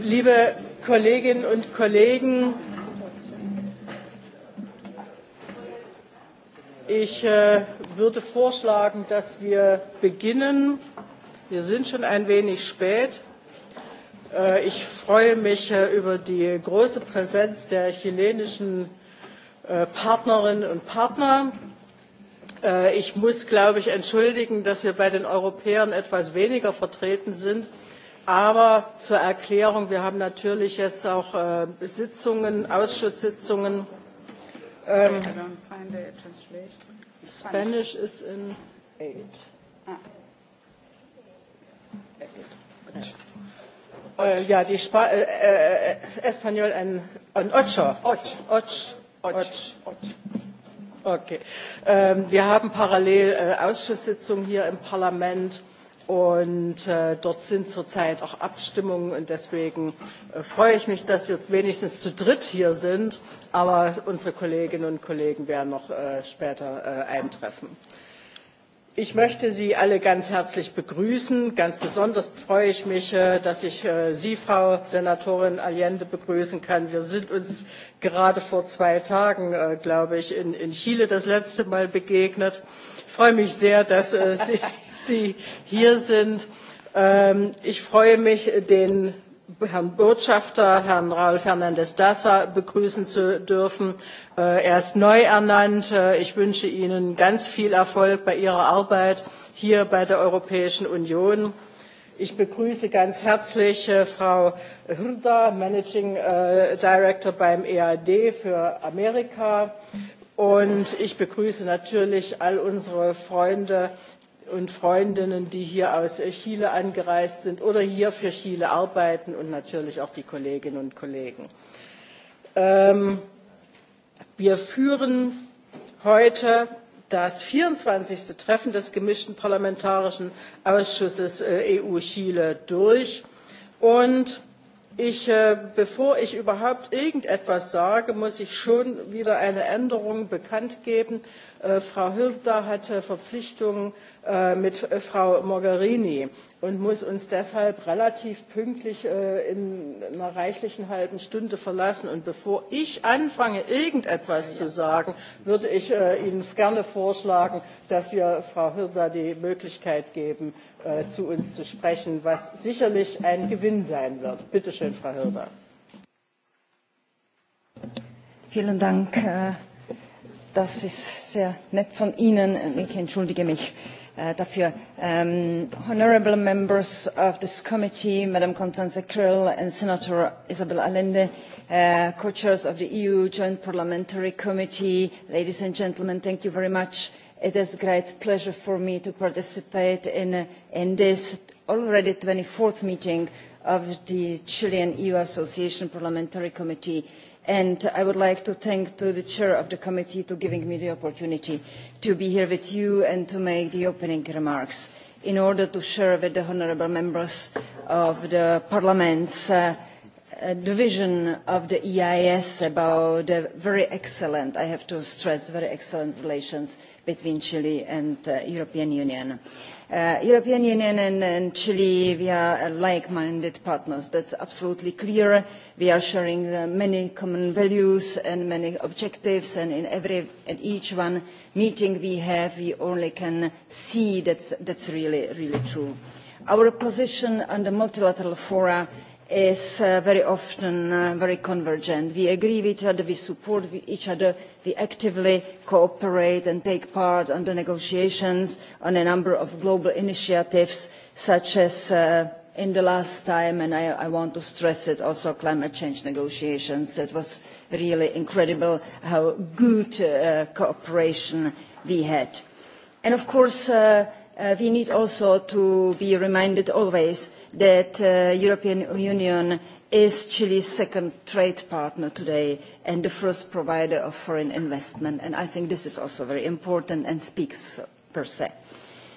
Liebe Kolleginnen und Kollegen, ich äh, würde vorschlagen, dass wir beginnen. Wir sind schon ein wenig spät. Äh, ich freue mich äh, über die große Präsenz der chilenischen äh, Partnerinnen und Partner. Äh, ich muss, glaube ich, entschuldigen, dass wir bei den Europäern etwas weniger vertreten sind Aber zur Erklärung, wir haben natürlich jetzt auch äh, Sitzungen, Ausschusssitzungen. Ähm, ähm Spanish is in eight. Ah. Äh, ja, die Spa äh, äh, Espanol en, en ocho. Och. Och. Och. Och. Okay. Ähm, wir haben parallel äh, Ausschusssitzungen hier im Parlament Und äh, dort sind zurzeit auch Abstimmungen und deswegen äh, freue ich mich, dass wir jetzt wenigstens zu dritt hier sind. Aber unsere Kolleginnen und Kollegen werden noch äh, später äh, eintreffen. Ich möchte Sie alle ganz herzlich begrüßen. Ganz besonders freue ich mich, äh, dass ich äh, Sie, Frau Senatorin Allende, begrüßen kann. Wir sind uns gerade vor zwei Tagen, äh, glaube ich, in, Chile das letzte Mal begegnet freue mich sehr, dass äh, Sie, Sie hier sind. Ähm, ich freue mich, den Herrn Botschafter, Herrn Raul Fernandez Daza, begrüßen zu dürfen. Äh, er ist neu ernannt. Äh, ich wünsche Ihnen ganz viel Erfolg bei Ihrer Arbeit hier bei der Europäischen Union. Ich begrüße ganz herzlich äh, Frau Hürda, Managing äh, Director beim EAD für Amerika. Und ich begrüße natürlich all unsere Freunde und Freundinnen, die hier aus Chile angereist sind oder hier für Chile arbeiten und natürlich auch die Kolleginnen und Kollegen. Ähm, wir führen heute das 24. Treffen des gemischten parlamentarischen Ausschusses äh, EU-Chile durch und Äh, bevor ich überhaupt irgendetwas sage muss ich schon wieder eine änderung bekannt geben Äh, Frau Hübner hatte Verpflichtungen äh, mit äh, Frau Mogherini und muss uns deshalb relativ pünktlich in einer reichlichen halben Stunde verlassen. Und bevor ich anfange, irgendetwas zu sagen, würde ich Ihnen gerne vorschlagen, dass wir Frau Hübner die Möglichkeit geben, zu uns zu sprechen, was sicherlich ein Gewinn sein wird. Bitte schön, Frau Hübner. Vielen Dank. Äh Das ist sehr nett von Ihnen. Ich entschuldige mich äh, dafür. Um, honorable members of this committee, Madam Constanze Krill and Senator Isabel Allende, uh, co-chairs of the EU Joint Parliamentary Committee, ladies and gentlemen, thank you very much. It is a great pleasure for me to participate in, uh, in this already 24th meeting of the Chilean EU Association Parliamentary Committee and I would like to thank to the chair of the committee for giving me the opportunity to be here with you and to make the opening remarks in order to share with the honourable members of the parliament's uh, the uh, vision of the EIS about the very excellent, I have to stress, very excellent relations between Chile and the uh, European Union. Uh, European Union and, and Chile, we are uh, like-minded partners. That's absolutely clear. We are sharing uh, many common values and many objectives, and in every and each one meeting we have, we only can see that's, that's really, really true. Our position on the multilateral fora is uh, very often uh, very convergent. We agree with each other, we support each other, we actively cooperate and take part on the negotiations on a number of global initiatives such as uh, in the last time, and I, I want to stress it also, climate change negotiations. It was really incredible how good uh, cooperation we had. And of course, uh, Uh, we need also to be reminded always that the uh, European Union is Chile's second trade partner today and the first provider of foreign investment. And I think this is also very important and speaks per se.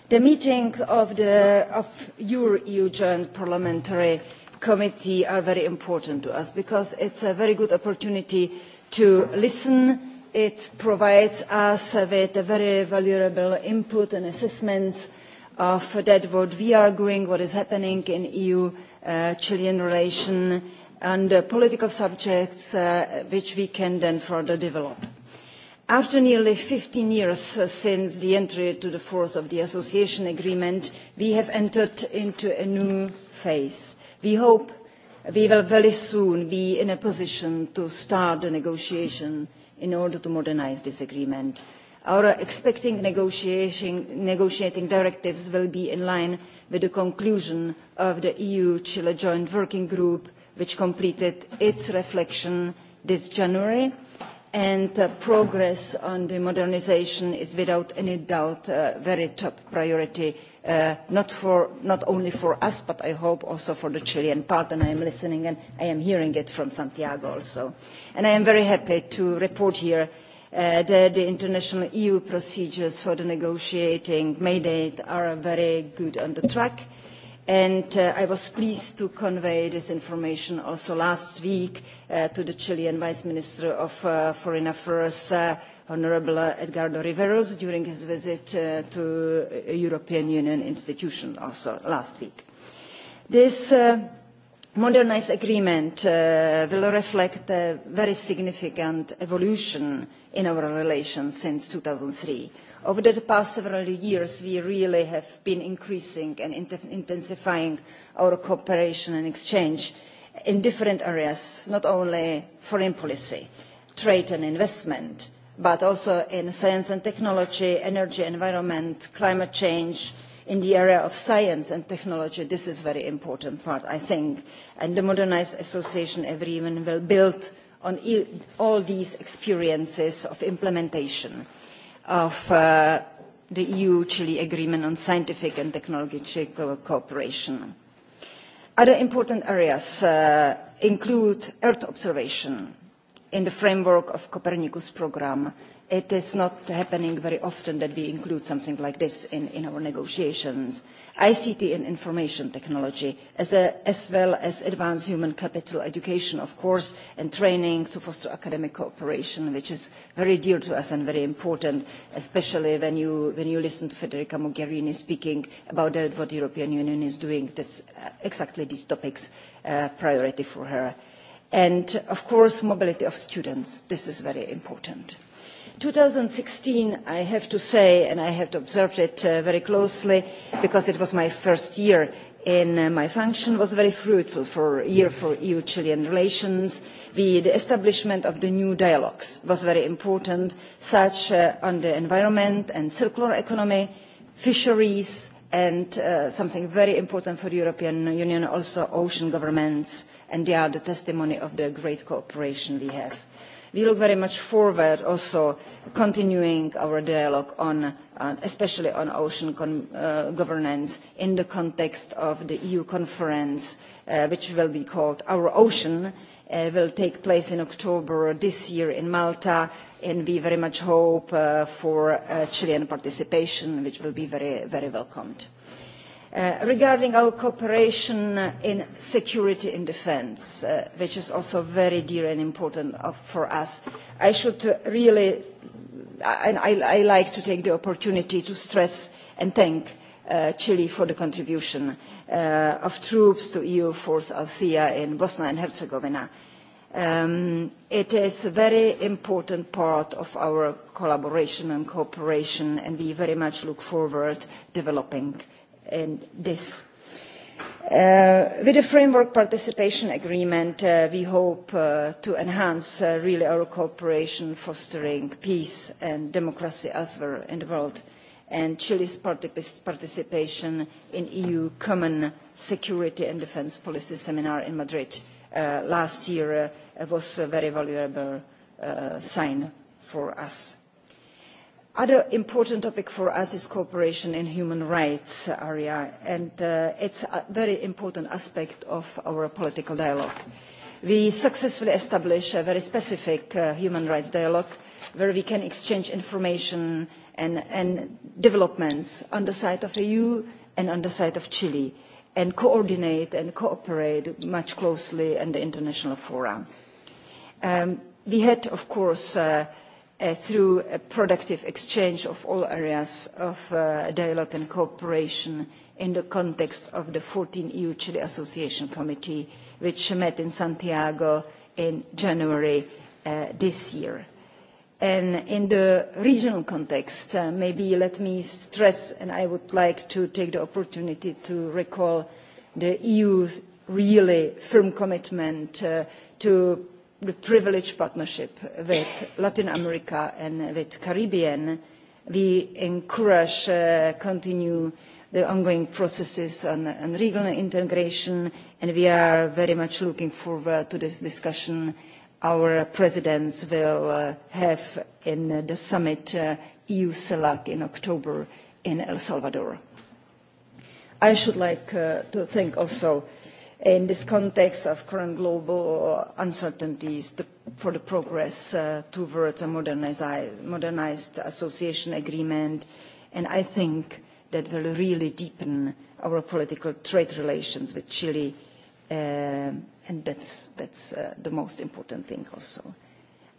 The meeting of the of your EU Joint Parliamentary Committee are very important to us because it's a very good opportunity to listen it provides us with a very valuable input and assessments of that what we are doing, what is happening in EU-Chilean uh, relation and uh, political subjects uh, which we can then further develop. After nearly 15 years uh, since the entry to the force of the association agreement, we have entered into a new phase. We hope we will very soon be in a position to start the negotiation in order to modernise this agreement. Our expecting negotiating directives will be in line with the conclusion of the EU-Chile Joint Working Group, which completed its reflection this January, and uh, progress on the modernisation is without any doubt a uh, very top priority Uh, not, only for us, but I hope also for the Chilean part, and I am listening and I am hearing it from Santiago also. And I am very happy to report here uh, that the, international EU procedures for the negotiating mandate are very good on the track. And uh, I was pleased to convey this information also last week to the Chilean Vice Minister of Foreign Affairs, Honourable Edgardo Riveros during his visit uh, to a European Union institution also last week. This uh, modernised agreement uh, will reflect a very significant evolution in our relations since 2003. Over the past several years, we really have been increasing and intensifying our cooperation and exchange in different areas, not only foreign policy, trade and investment, but also in science and technology, energy, environment, climate change, in the area of science and technology, this is a very important part, I think. And the modernised association agreement will build on e, all these experiences of implementation of uh, the EU-Chile agreement on scientific and technological cooperation. Other important areas uh, include Earth observation, in the framework of the Copernicus programme. It is not happening very often that we include something like this in, our negotiations. ICT and information technology, as, well as advanced human capital education, of course, and training to foster academic cooperation, which is very dear to us and very important, especially when you, when you listen to Federica Mogherini speaking about what the European Union is doing. that is uh, exactly these topics a uh, priority for her and of course mobility of students this is very important. two thousand and sixteen i have to say and i have observed it uh, very closely because it was my first year in uh, my function was a very fruitful year for eu chilean relations. The, establishment of the new dialogues was very important such as uh, on the environment and circular economy fisheries and uh, something very important for the European Union, also ocean governments, and they are the testimony of the great cooperation we have. We look very much forward also continuing our dialogue on, uh, especially on ocean con uh, governance in the context of the EU conference, uh, which will be called Our Ocean, uh, will take place in October this year in Malta, and we very much hope uh, for uh, Chilean participation, which will be very, very welcomed. Uh, regarding our cooperation in security and defence, uh, which is also very dear and important uh, for us, I should really, and I, I like to take the opportunity to stress and thank uh, Chile for the contribution uh, of troops to EU force Althea in Bosnia and Herzegovina Um, it is a very important part of our collaboration and cooperation, and we very much look forward to developing in this. Uh, with the framework participation agreement, uh, we hope uh, to enhance uh, really our cooperation, fostering peace and democracy elsewhere in the world, and Chile's participation in EU common security and defence policy seminar in Madrid Uh, last year uh, was a very valuable uh, sign for us. Other important topic for us is cooperation in human rights area, and it's a very important aspect of our political dialogue. We successfully established a very specific human rights dialogue where we can exchange information and, and developments on the side of EU e and on the side of Chile and coordinate and cooperate much closely in the international forum. Um, we had, of course, uh, uh, through a productive exchange of all areas of uh, dialogue and cooperation in the context of the 14 EU-Chile Association Committee, which met in Santiago in January uh, this year. And in the regional context, uh, maybe let me stress, and I would like to take the opportunity to recall the EU's really firm commitment uh, to the privileged partnership with Latin America and with Caribbean. We encourage, uh, continue the ongoing processes on, on regional integration, and we are very much looking forward to this discussion our presidents will uh, have in uh, the summit uh, EU CELAC in October in El Salvador. I should like uh, to thank also in this context of current global uncertainties for the progress uh, towards a modernised association agreement and I think that will really deepen our political trade relations with Chile uh, and that's, that's uh, the most important thing also.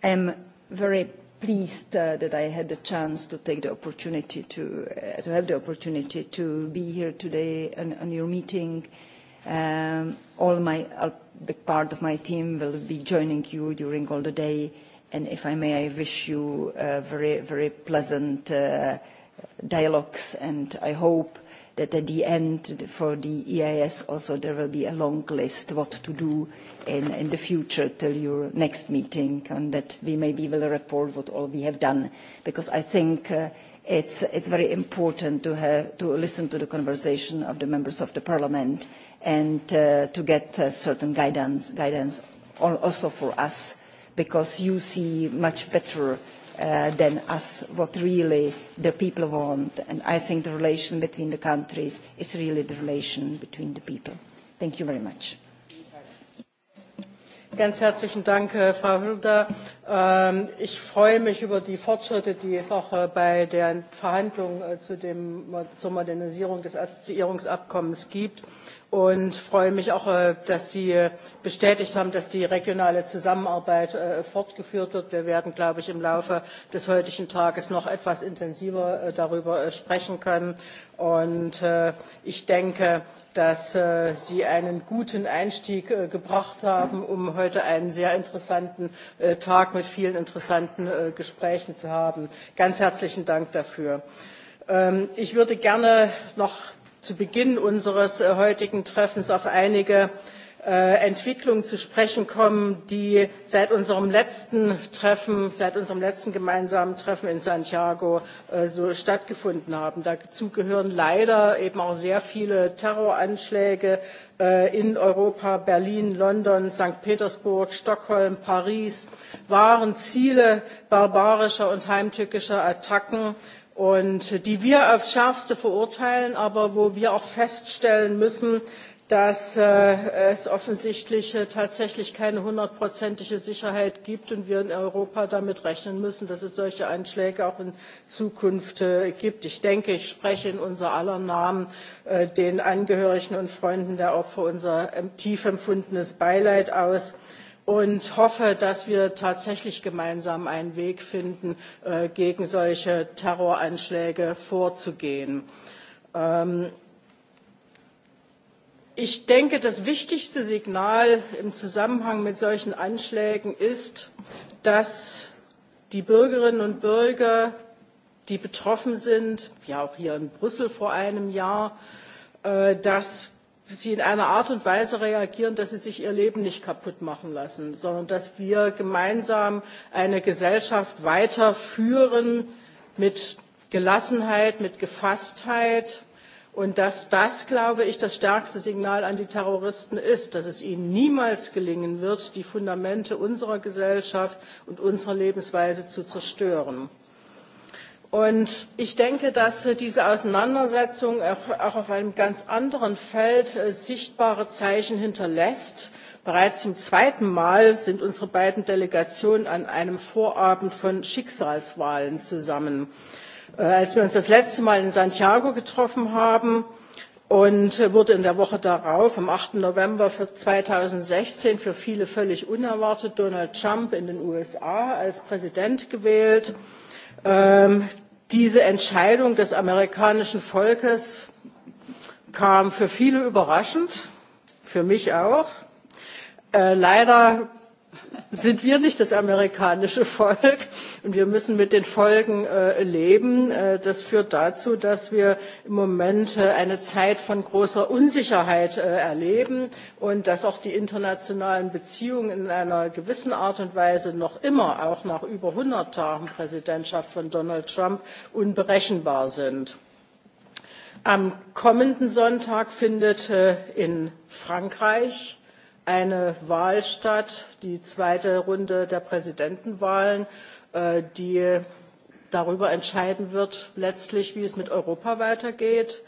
I am very pleased uh, that I had the chance to take the opportunity to, uh, to have the opportunity to be here today on, on your meeting. Um, all my, a big part of my team will be joining you during all the day. And if I may, I wish you uh, very, very pleasant uh, dialogues. And I hope that at the end for the EIS also there will be a long list what to do in, in the future till your next meeting and that we maybe will report what all we have done because I think uh, it's, it's very important to, have, to listen to the conversation of the members of the parliament and uh, to get uh, certain guidance, guidance also for us because you see much better Uh, than as what really the people want. And I think the relation between the countries is really the relation between the people. Thank you very much. Ganz herzlichen Dank, äh, Frau Hülder. Ähm, ich freue mich über die Fortschritte, die es auch äh, bei der Verhandlung äh, zu dem, zur Modernisierung des Assoziierungsabkommens gibt und freue mich auch, äh, dass Sie äh, bestätigt haben, dass die regionale Zusammenarbeit äh, fortgeführt wird. Wir werden, glaube ich, im Laufe des heutigen Tages noch etwas intensiver darüber sprechen können. Und ich denke, dass Sie einen guten Einstieg gebracht haben, um heute einen sehr interessanten Tag mit vielen interessanten Gesprächen zu haben. Ganz herzlichen Dank dafür. Ähm, ich würde gerne noch zu Beginn unseres äh, heutigen Treffens auf einige äh, Entwicklungen zu sprechen kommen, die seit unserem letzten Treffen, seit unserem letzten gemeinsamen Treffen in Santiago äh, stattgefunden haben. Dazu gehören leider eben auch sehr viele Terroranschläge in Europa, Berlin, London, sankt Petersburg, Stockholm, Paris, waren Ziele barbarischer und heimtückischer Attacken und die wir aufs schärfste verurteilen, aber wo wir auch feststellen müssen, dass äh, es offensichtlich äh, tatsächlich keine hundertprozentige Sicherheit gibt und wir in Europa damit rechnen müssen, dass es solche Anschläge auch in Zukunft äh, gibt. Ich denke, ich spreche in unser aller Namen den Angehörigen und Freunden der Opfer unser ähm, tief empfundenes Beileid aus und hoffe, dass wir tatsächlich gemeinsam einen Weg finden, äh, gegen solche Terroranschläge vorzugehen. Ähm, ich denke, das wichtigste Signal im Zusammenhang mit solchen Anschlägen ist, dass die Bürgerinnen und Bürger, die betroffen sind, ja auch hier in Brüssel vor einem Jahr, äh, dass sie in einer Art und Weise reagieren, dass sie sich ihr Leben nicht kaputt machen lassen, sondern dass wir gemeinsam eine Gesellschaft weiterführen mit Gelassenheit, mit Gefasstheit und dass das, glaube ich, das stärkste Signal an die Terroristen ist, dass es ihnen niemals gelingen wird, die Fundamente unserer Gesellschaft und unserer Lebensweise zu zerstören. Und ich denke, dass äh, diese Auseinandersetzung auch auf einem ganz anderen Feld äh, sichtbare Zeichen hinterlässt. Bereits zum zweiten Mal sind unsere beiden Delegationen an einem Vorabend von Schicksalswahlen zusammen. Äh, als wir uns das letzte Mal in Santiago getroffen haben, und wurde in der Woche darauf, am 8. November 2016, für viele völlig unerwartet Donald Trump in den USA als Präsident gewählt. Ähm, diese entscheidung des amerikanischen volkes kam für viele überraschend für mich auch. Äh, leider sind wir nicht das amerikanische Volk und wir müssen mit den Folgen äh, leben. Äh, das führt dazu, dass wir im Moment äh, eine Zeit von großer Unsicherheit äh, erleben und dass auch die internationalen Beziehungen in einer gewissen Art und Weise noch immer, auch nach über 100 Tagen Präsidentschaft von Donald Trump, unberechenbar sind. Am kommenden Sonntag findet äh, in Frankreich eine Wahl statt, die zweite Runde der Präsidentenwahlen, äh, die darüber entscheiden wird, letztlich, wie es mit Europa weitergeht,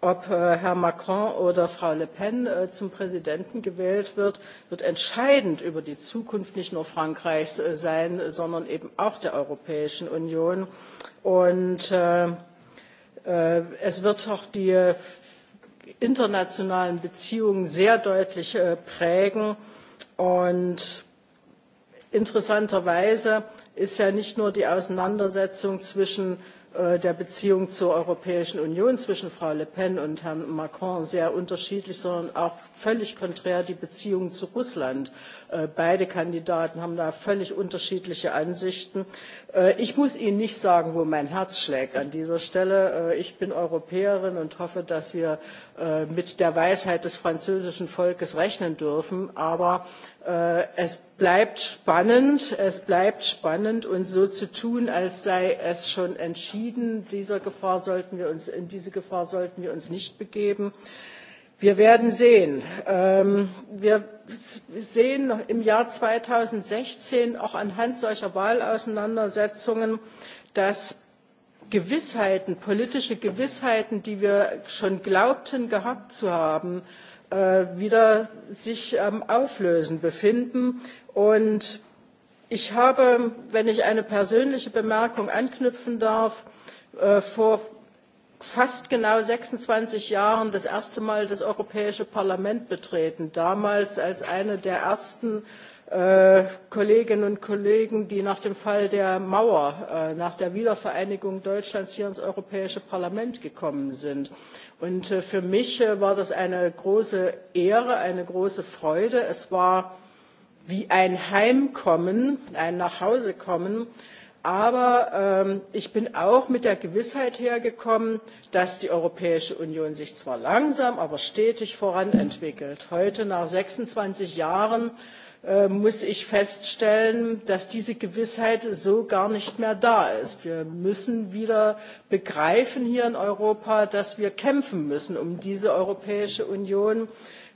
ob äh, Herr Macron oder Frau Le Pen äh, zum Präsidenten gewählt wird, wird entscheidend über die Zukunft nicht nur Frankreichs sein, sondern eben auch der Europäischen Union. Und es wird auch die internationalen Beziehungen sehr deutlich äh, prägen. Und interessanterweise ist ja nicht nur die Auseinandersetzung zwischen äh, der Beziehung zur Europäischen Union zwischen Frau Le Pen und Herrn Macron sehr unterschiedlich, sondern auch völlig konträr die Beziehung zu Russland. Äh, beide Kandidaten haben da völlig unterschiedliche Ansichten. Ich muss Ihnen nicht sagen, wo mein Herz schlägt an dieser Stelle. Ich bin Europäerin und hoffe, dass wir Äh, mit der Weisheit des französischen Volkes rechnen dürfen. Aber äh, es bleibt spannend, es bleibt spannend und so zu tun, als sei es schon entschieden, in diese Gefahr sollten wir uns nicht begeben. Wir werden sehen. Ähm, wir sehen im Jahr zweitausendsechzehn auch anhand solcher Wahlauseinandersetzungen, dass Gewissheiten, politische Gewissheiten, die wir schon glaubten gehabt zu haben, äh, sich wieder am ähm, Auflösen befinden. Und ich habe, wenn ich eine persönliche Bemerkung anknüpfen darf, äh, vor fast genau sechsundzwanzig Jahren das erste Mal das Europäische Parlament betreten, damals als eine der ersten Äh, Kolleginnen und Kollegen, die nach dem Fall der Mauer, äh, nach der Wiedervereinigung Deutschlands hier ins Europäische Parlament gekommen sind. Äh, für mich war das eine große Ehre, eine große Freude. Es war wie ein Heimkommen, ein Nachhausekommen. Aber ähm, ich bin auch mit der Gewissheit hergekommen, dass die Europäische Union sich zwar langsam, aber stetig voranentwickelt. Heute, nach sechsundzwanzig Jahren, Äh, muss ich feststellen dass diese gewissheit so gar nicht mehr da ist. wir müssen wieder begreifen hier in europa dass wir kämpfen müssen um diese europäische union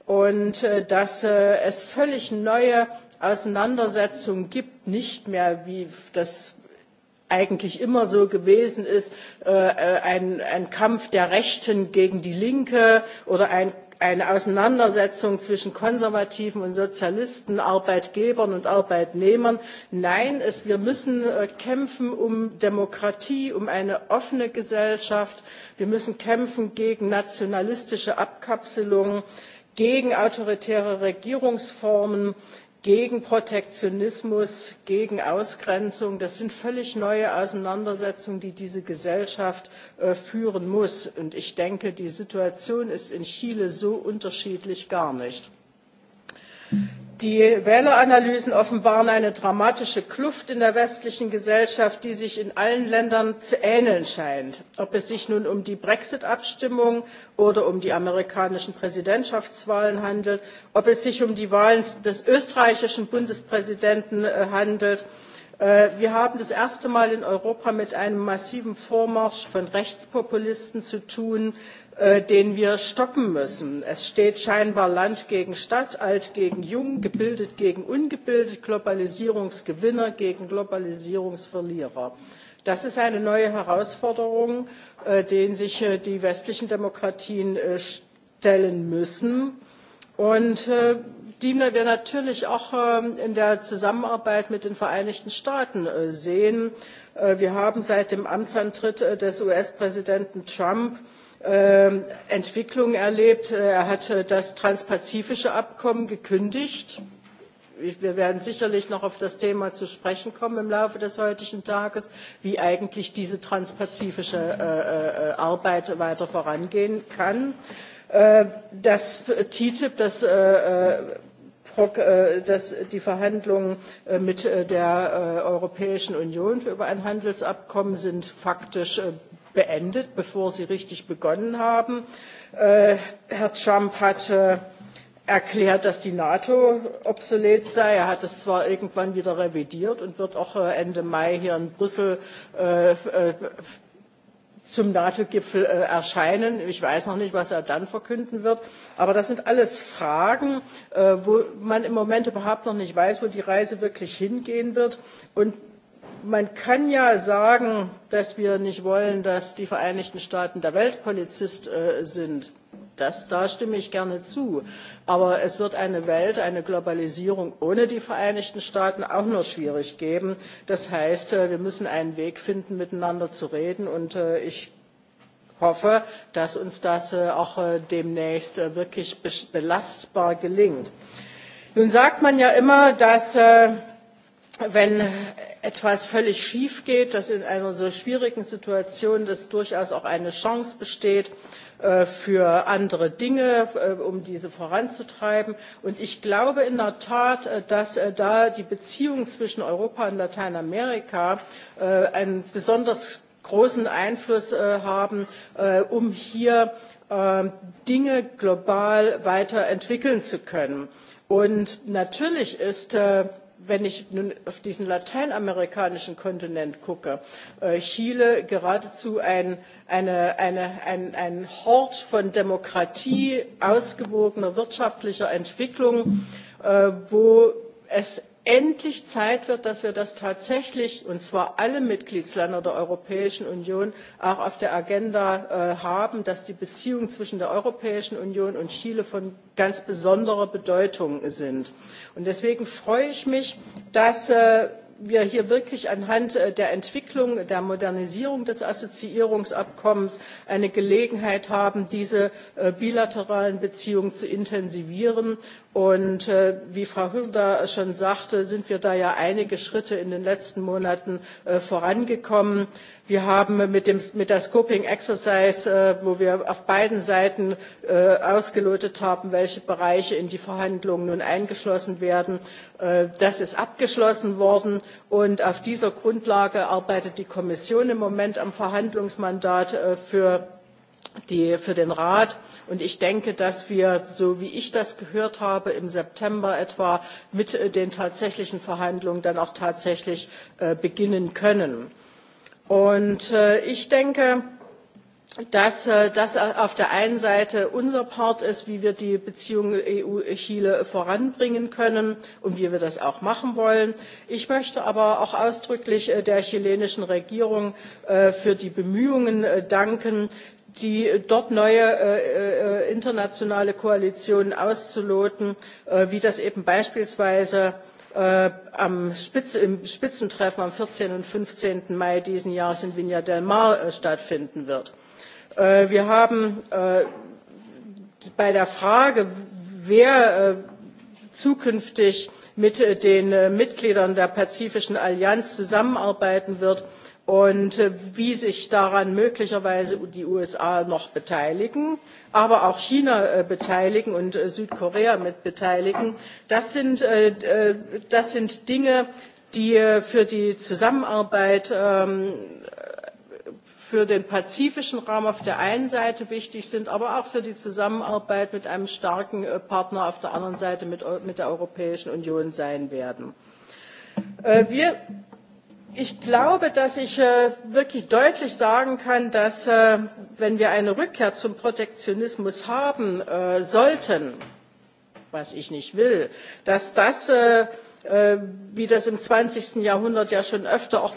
und äh, dass äh, es völlig neue auseinandersetzungen gibt nicht mehr wie das eigentlich immer so gewesen ist ein, ein kampf der rechten gegen die linke oder ein eine auseinandersetzung zwischen konservativen und sozialisten arbeitgebern und arbeitnehmern nein wir müssen äh, kämpfen um demokratie um eine offene gesellschaft wir müssen kämpfen gegen nationalistische abkapselung gegen autoritäre regierungsformen gegen Protektionismus, gegen Ausgrenzung. Das sind völlig neue Auseinandersetzungen, die diese Gesellschaft äh, führen muss. Und ich denke, die Situation ist in Chile so unterschiedlich gar nicht. Die Wähleranalysen offenbaren eine dramatische Kluft in der westlichen Gesellschaft, die sich in allen Ländern zu ähneln scheint. Ob es sich nun um die Brexit-Abstimmung oder um die amerikanischen Präsidentschaftswahlen handelt, ob es sich um die Wahlen des österreichischen Bundespräsidenten äh, handelt, äh, wir haben das erste Mal in Europa mit einem massiven Vormarsch von Rechtspopulisten zu tun, Äh, den wir stoppen müssen. Es steht scheinbar Land gegen Stadt, alt gegen jung, gebildet gegen ungebildet, Globalisierungsgewinner gegen Globalisierungsverlierer. Das ist eine neue Herausforderung, äh, den sich äh, die westlichen Demokratien stellen müssen und die wir natürlich auch ähm, in der Zusammenarbeit mit den Vereinigten Staaten sehen. Wir haben seit dem Amtsantritt des US-Präsidenten Trump Ähm, Entwicklung erlebt. Äh, er hat das transpazifische Abkommen gekündigt. Wir werden sicherlich noch auf das Thema zu sprechen kommen im Laufe des heutigen Tages, wie eigentlich diese transpazifische äh, äh, Arbeit weiter vorangehen kann. Das TTIP, das dass die Verhandlungen mit der Europäischen Union über ein Handelsabkommen sind faktisch beendet, bevor sie richtig begonnen haben. Äh, Herr Trump hatte erklärt, dass die NATO obsolet sei. Er hat es zwar irgendwann wieder revidiert und wird auch äh, Ende Mai hier in Brüssel äh, äh, zum NATO-Gipfel äh, erscheinen. Ich weiß noch nicht, was er dann verkünden wird. Aber das sind alles Fragen, äh, wo man im Moment überhaupt noch nicht weiß, wo die Reise wirklich hingehen wird. Und man kann ja sagen, dass wir nicht wollen, dass die Vereinigten Staaten der Weltpolizist äh, sind. Das, da stimme ich gerne zu. Aber es wird eine Welt, eine Globalisierung ohne die Vereinigten Staaten auch nur schwierig geben. Das heißt, äh, wir müssen einen Weg finden, miteinander zu reden. Und äh, ich hoffe, dass uns das auch demnächst wirklich belastbar gelingt. Nun sagt man ja immer, dass wenn etwas völlig schief geht, dass in einer so schwierigen Situation das durchaus auch eine Chance besteht äh, für andere Dinge, äh, um diese voranzutreiben. Und ich glaube in der Tat, äh, dass da die Beziehung zwischen Europa und Lateinamerika einen besonders großen Einfluss haben, um hier Dinge global weiterentwickeln zu können. Und natürlich ist wenn ich nun auf diesen lateinamerikanischen kontinent gucke äh, chile geradezu ein, eine, eine, ein, ein hort von demokratie ausgewogener wirtschaftlicher entwicklung äh, wo es endlich Zeit wird, dass wir das tatsächlich, und zwar alle mitgliedstaaten der Europäischen Union, auch auf der Agenda äh, haben, dass die Beziehungen zwischen der Europäischen Union und Chile von ganz besonderer Bedeutung sind. deswegen freue ich mich, dass äh, wir hier wirklich anhand äh, der entwicklung der modernisierung des assoziierungsabkommens eine gelegenheit haben diese äh, bilateralen beziehungen zu intensivieren und äh, wie frau hyrder schon sagte sind wir da ja einige schritte in den letzten monaten vorangekommen. Wir haben mit, der Scoping Exercise, äh, wo wir auf beiden Seiten äh, ausgelotet haben, welche Bereiche in die Verhandlungen nun eingeschlossen werden. Äh, das ist abgeschlossen worden und auf dieser Grundlage arbeitet die Kommission im Moment am Verhandlungsmandat für den Rat. Und ich denke, dass wir, so wie ich das gehört habe, im September etwa mit den tatsächlichen Verhandlungen dann auch tatsächlich beginnen können Und äh, ich denke, dass äh, das auf der einen Seite unser Part ist, wie wir die Beziehungen EU-Chile voranbringen können und wie wir das auch machen wollen. Ich möchte aber auch ausdrücklich äh, der chilenischen Regierung für die Bemühungen danken, die dort neue internationale Koalitionen auszuloten, wie das eben beispielsweise Äh, am im Spitzentreffen am 14. und 15. Mai dieses Jahres in Viña del Mar äh, stattfinden wird. Äh, wir haben bei der Frage, wer zukünftig mit den Mitgliedern der Pazifischen Allianz zusammenarbeiten wird, und äh, wie sich daran möglicherweise die USA noch beteiligen, aber auch China äh, beteiligen und äh, Südkorea mit beteiligen. Das sind, das sind Dinge, die für die Zusammenarbeit ähm, für den pazifischen Raum auf der einen Seite wichtig sind, aber auch für die Zusammenarbeit mit einem starken Partner auf der anderen Seite mit, mit der Europäischen Union sein werden. Wir Ich glaube, dass ich äh, wirklich deutlich sagen kann, dass äh, wenn wir eine Rückkehr zum Protektionismus haben äh, sollten, was ich nicht will, dass das, wie das im 20. Jahrhundert ja schon öfter auch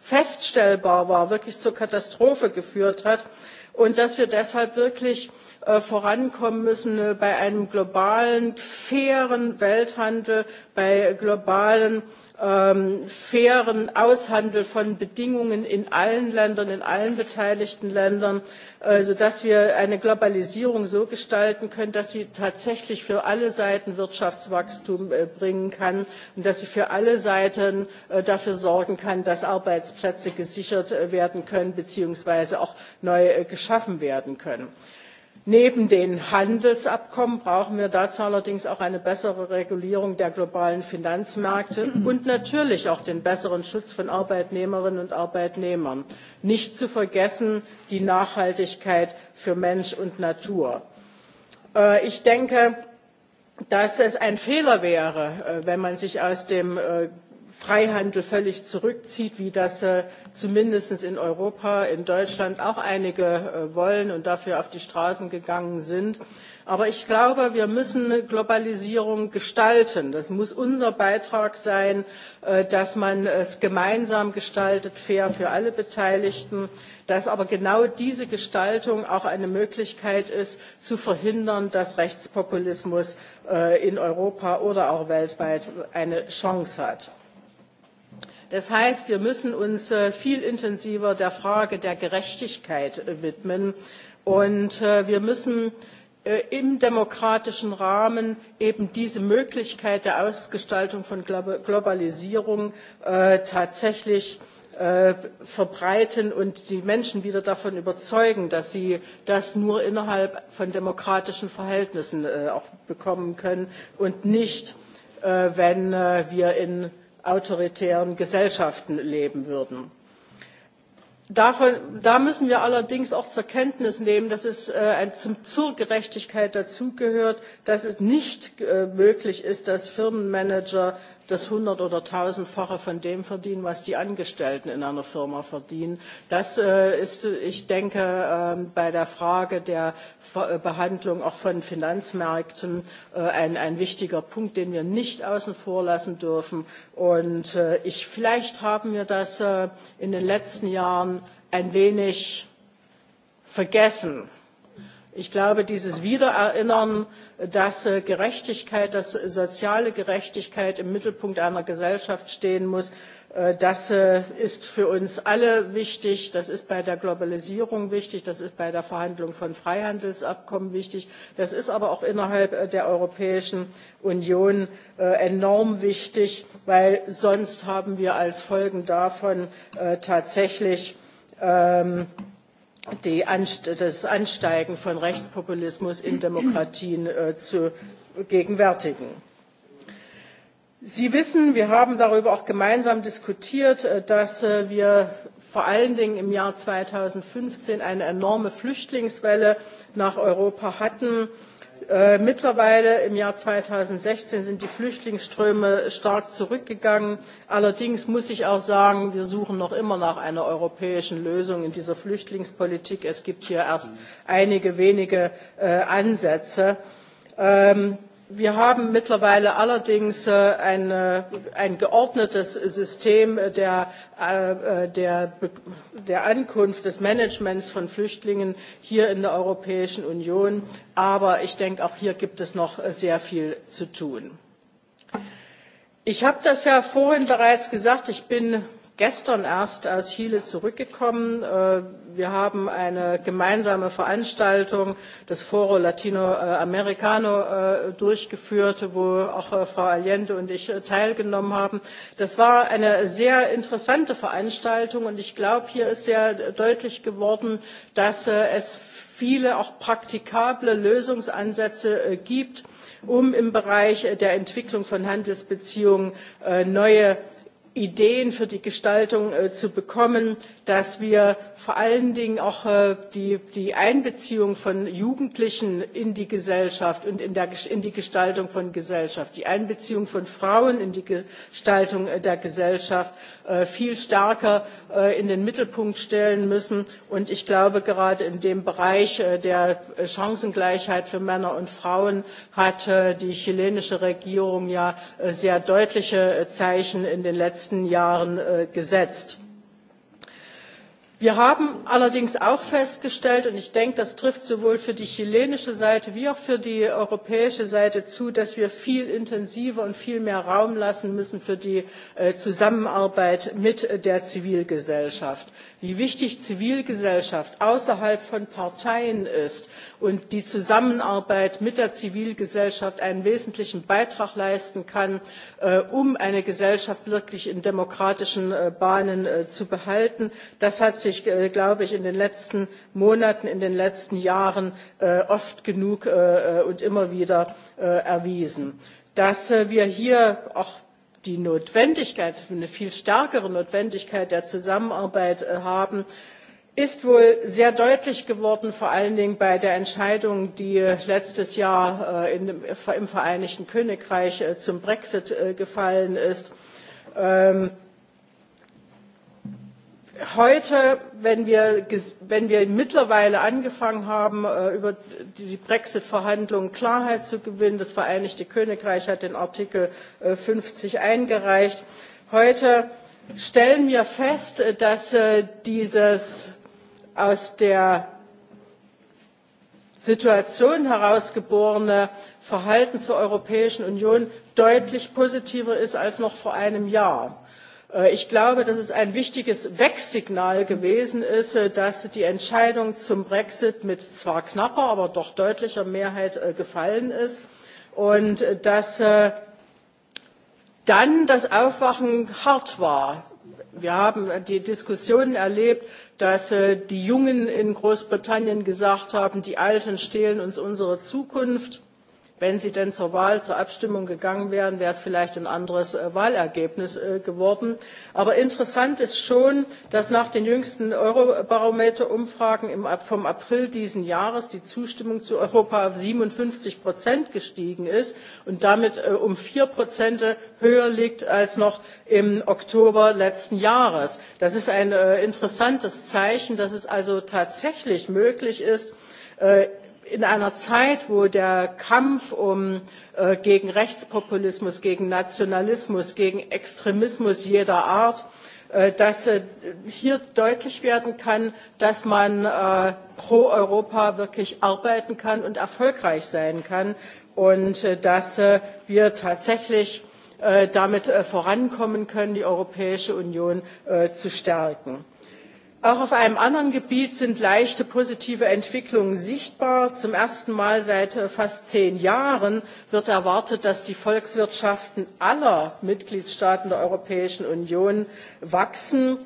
feststellbar war, wirklich zur Katastrophe geführt hat und dass wir deshalb wirklich Äh, vorankommen müssen äh, bei einem globalen, fairen Welthandel, bei globalen, ähm, fairen Aushandel von Bedingungen in allen Ländern, in allen beteiligten Ländern, äh, sodass wir eine Globalisierung so gestalten können, dass sie tatsächlich für alle Seiten Wirtschaftswachstum äh, bringen kann und dass sie für alle Seiten dafür sorgen kann, dass Arbeitsplätze gesichert werden können bzw. auch neu geschaffen werden können neben den handelsabkommen brauchen wir dazu allerdings auch eine bessere regulierung der globalen finanzmärkte und natürlich auch den besseren schutz von arbeitnehmerinnen und arbeitnehmern nicht zu vergessen die nachhaltigkeit für mensch und natur. Äh, ich denke dass es ein fehler wäre äh, wenn man sich aus dem äh, freihandel völlig zurückzieht wie das äh, zumindest in europa in deutschland auch einige äh, wollen und dafür auf die straßen gegangen sind. aber ich glaube wir müssen globalisierung gestalten. das muss unser beitrag sein äh, dass man es gemeinsam gestaltet fair für alle beteiligten dass aber genau diese gestaltung auch eine möglichkeit ist zu verhindern dass rechtspopulismus in europa oder auch weltweit eine chance hat. Das heißt, wir müssen uns äh, viel intensiver der Frage der Gerechtigkeit äh, widmen und äh, wir müssen im demokratischen Rahmen eben diese Möglichkeit der Ausgestaltung von Globalisierung tatsächlich verbreiten und die Menschen wieder davon überzeugen, dass sie das nur innerhalb von demokratischen Verhältnissen auch bekommen können und nicht, wenn wir in autoritären Gesellschaften leben würden. Davon, da müssen wir allerdings auch zur Kenntnis nehmen, dass es äh, zum, zur Gerechtigkeit dazugehört, dass es nicht äh, möglich ist, dass Firmenmanager das hundert- oder tausendfache von dem verdienen, was die Angestellten in einer Firma verdienen. Das äh, ist, ich denke, ähm, bei der Frage der äh, Behandlung auch von Finanzmärkten äh, ein, ein wichtiger Punkt, den wir nicht außen vor lassen dürfen. Und ich, vielleicht haben wir das in den letzten Jahren ein wenig vergessen. Ich glaube, dieses Wiedererinnern dass äh, Gerechtigkeit, dass soziale Gerechtigkeit im Mittelpunkt einer Gesellschaft stehen muss. Äh, das äh, ist für uns alle wichtig. Das ist bei der Globalisierung wichtig. Das ist bei der Verhandlung von Freihandelsabkommen wichtig. Das ist aber auch innerhalb der Europäischen Union enorm wichtig, weil sonst haben wir als Folgen davon tatsächlich ähm, das Ansteigen von Rechtspopulismus in Demokratien äh, zu gegenwärtigen. Sie wissen, wir haben darüber auch gemeinsam diskutiert, äh, dass äh, wir vor allen Dingen im Jahr 2015 eine enorme Flüchtlingswelle nach Europa hatten Äh, mittlerweile im jahr zweitausendsechzehn sind die flüchtlingsströme stark zurückgegangen. allerdings muss ich auch sagen wir suchen noch immer nach einer europäischen lösung in dieser flüchtlingspolitik. es gibt hier erst einige wenige äh, ansätze. Ähm, Wir haben mittlerweile allerdings äh, ein, äh, ein geordnetes System der, äh, der, der Ankunft des Managements von Flüchtlingen hier in der Europäischen Union. Aber ich denke, auch hier gibt es noch sehr viel zu tun. Ich habe das ja vorhin bereits gesagt, ich bin gestern erst aus Chile zurückgekommen. Äh, wir haben eine gemeinsame Veranstaltung des Foro Latinoamericano äh, durchgeführt, wo auch äh, Frau Allende und ich teilgenommen haben. Das war eine sehr interessante Veranstaltung und ich glaube, hier ist sehr deutlich geworden, dass es viele auch praktikable Lösungsansätze gibt, um im Bereich der Entwicklung von Handelsbeziehungen neue Ideen für die Gestaltung äh, zu bekommen, dass wir vor allen Dingen auch äh, die, die Einbeziehung von Jugendlichen in die Gesellschaft und in, der, in die Gestaltung von Gesellschaft, die Einbeziehung von Frauen in die Gestaltung äh, der Gesellschaft äh, viel stärker äh, in den Mittelpunkt stellen müssen. Und ich glaube, gerade in dem Bereich äh, der äh, Chancengleichheit für Männer und Frauen hat äh, die chilenische Regierung ja äh, sehr deutliche äh, Zeichen in den letzten letzten jahren äh, gesetzt wir haben allerdings auch festgestellt und ich denke das trifft sowohl für die chilenische seite wie auch für die europäische seite zu dass wir viel intensiver und viel mehr raum lassen müssen für die äh, zusammenarbeit mit der zivilgesellschaft wie wichtig zivilgesellschaft außerhalb von parteien ist und die zusammenarbeit mit der zivilgesellschaft einen wesentlichen beitrag leisten kann äh, um eine gesellschaft wirklich in demokratischen äh, bahnen zu behalten das sich, äh, glaube ich, in den letzten Monaten, in den letzten Jahren äh, oft genug äh, und immer wieder erwiesen. Dass wir hier auch die Notwendigkeit, eine viel stärkere Notwendigkeit der Zusammenarbeit haben, ist wohl sehr deutlich geworden, vor allen Dingen bei der Entscheidung, die letztes Jahr in im Vereinigten Königreich zum Brexit gefallen ist. Ähm, heute, wenn wir, wenn wir mittlerweile angefangen haben, äh, über die Brexit-Verhandlungen Klarheit zu gewinnen, das Vereinigte Königreich hat den Artikel 50 äh, eingereicht, heute stellen wir fest, äh, dass dieses aus der Situation herausgeborene Verhalten zur Europäischen Union deutlich positiver ist als noch vor einem Jahr Äh, ich glaube, dass es ein wichtiges Wegsignal gewesen ist, äh, dass die Entscheidung zum Brexit mit zwar knapper, aber doch deutlicher Mehrheit äh, gefallen ist und dass dann das Aufwachen hart war. Wir haben die Diskussionen erlebt, dass die Jungen in Großbritannien gesagt haben, die Alten stehlen uns unsere Zukunft wenn sie denn zur Wahl, zur Abstimmung gegangen wären, wäre es vielleicht ein anderes äh, Wahlergebnis äh, geworden. Aber interessant ist schon, dass nach den jüngsten Eurobarometer-Umfragen vom April dieses Jahres die Zustimmung zu Europa auf siebenundfünfzig gestiegen ist und damit äh, um vier Prozent höher liegt als noch im Oktober letzten Jahres. Das ist ein interessantes Zeichen, dass es also tatsächlich möglich ist, in einer Zeit, wo der Kampf um, äh, gegen Rechtspopulismus, gegen Nationalismus, gegen Extremismus jeder Art, äh, dass äh, hier deutlich werden kann, dass man äh, pro Europa wirklich arbeiten kann und erfolgreich sein kann und äh, dass äh, wir tatsächlich äh, damit äh, vorankommen können, die Europäische Union äh, zu stärken. Auch auf einem anderen Gebiet sind leichte positive Entwicklungen sichtbar. Zum ersten Mal seit äh, fast zehn Jahren wird erwartet, dass die Volkswirtschaften aller Mitgliedstaaten der Europäischen Union wachsen.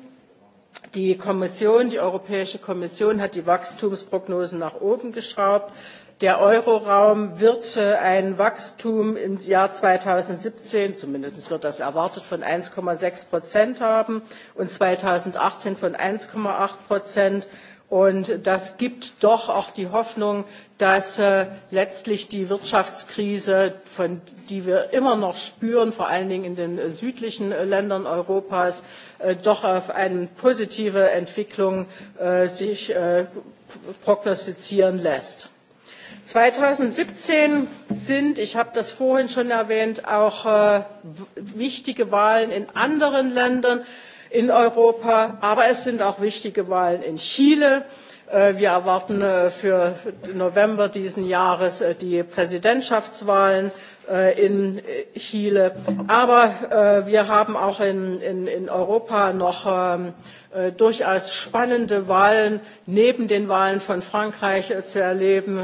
Die Kommission, die Europäische Kommission hat die Wachstumsprognosen nach oben geschraubt. Der Euroraum wird äh, ein Wachstum im Jahr 2017, zumindest wird das erwartet, von 1,6 Prozent haben und 2018 von 1,8 Prozent. Und das gibt doch auch die Hoffnung, dass äh, letztlich die Wirtschaftskrise, von, die wir immer noch spüren, vor allen Dingen in den äh, südlichen äh, Ländern Europas, äh, doch auf eine positive Entwicklung äh, sich äh, prognostizieren lässt zweitausendsiebzehn sind ich habe das vorhin schon erwähnt auch äh, wichtige wahlen in anderen ländern in europa aber es sind auch wichtige wahlen in chile Äh, wir erwarten äh, für November diesen Jahres äh, die Präsidentschaftswahlen in Chile. Aber wir haben auch in, in, in Europa noch ähm, durchaus spannende Wahlen neben den Wahlen von Frankreich zu erleben.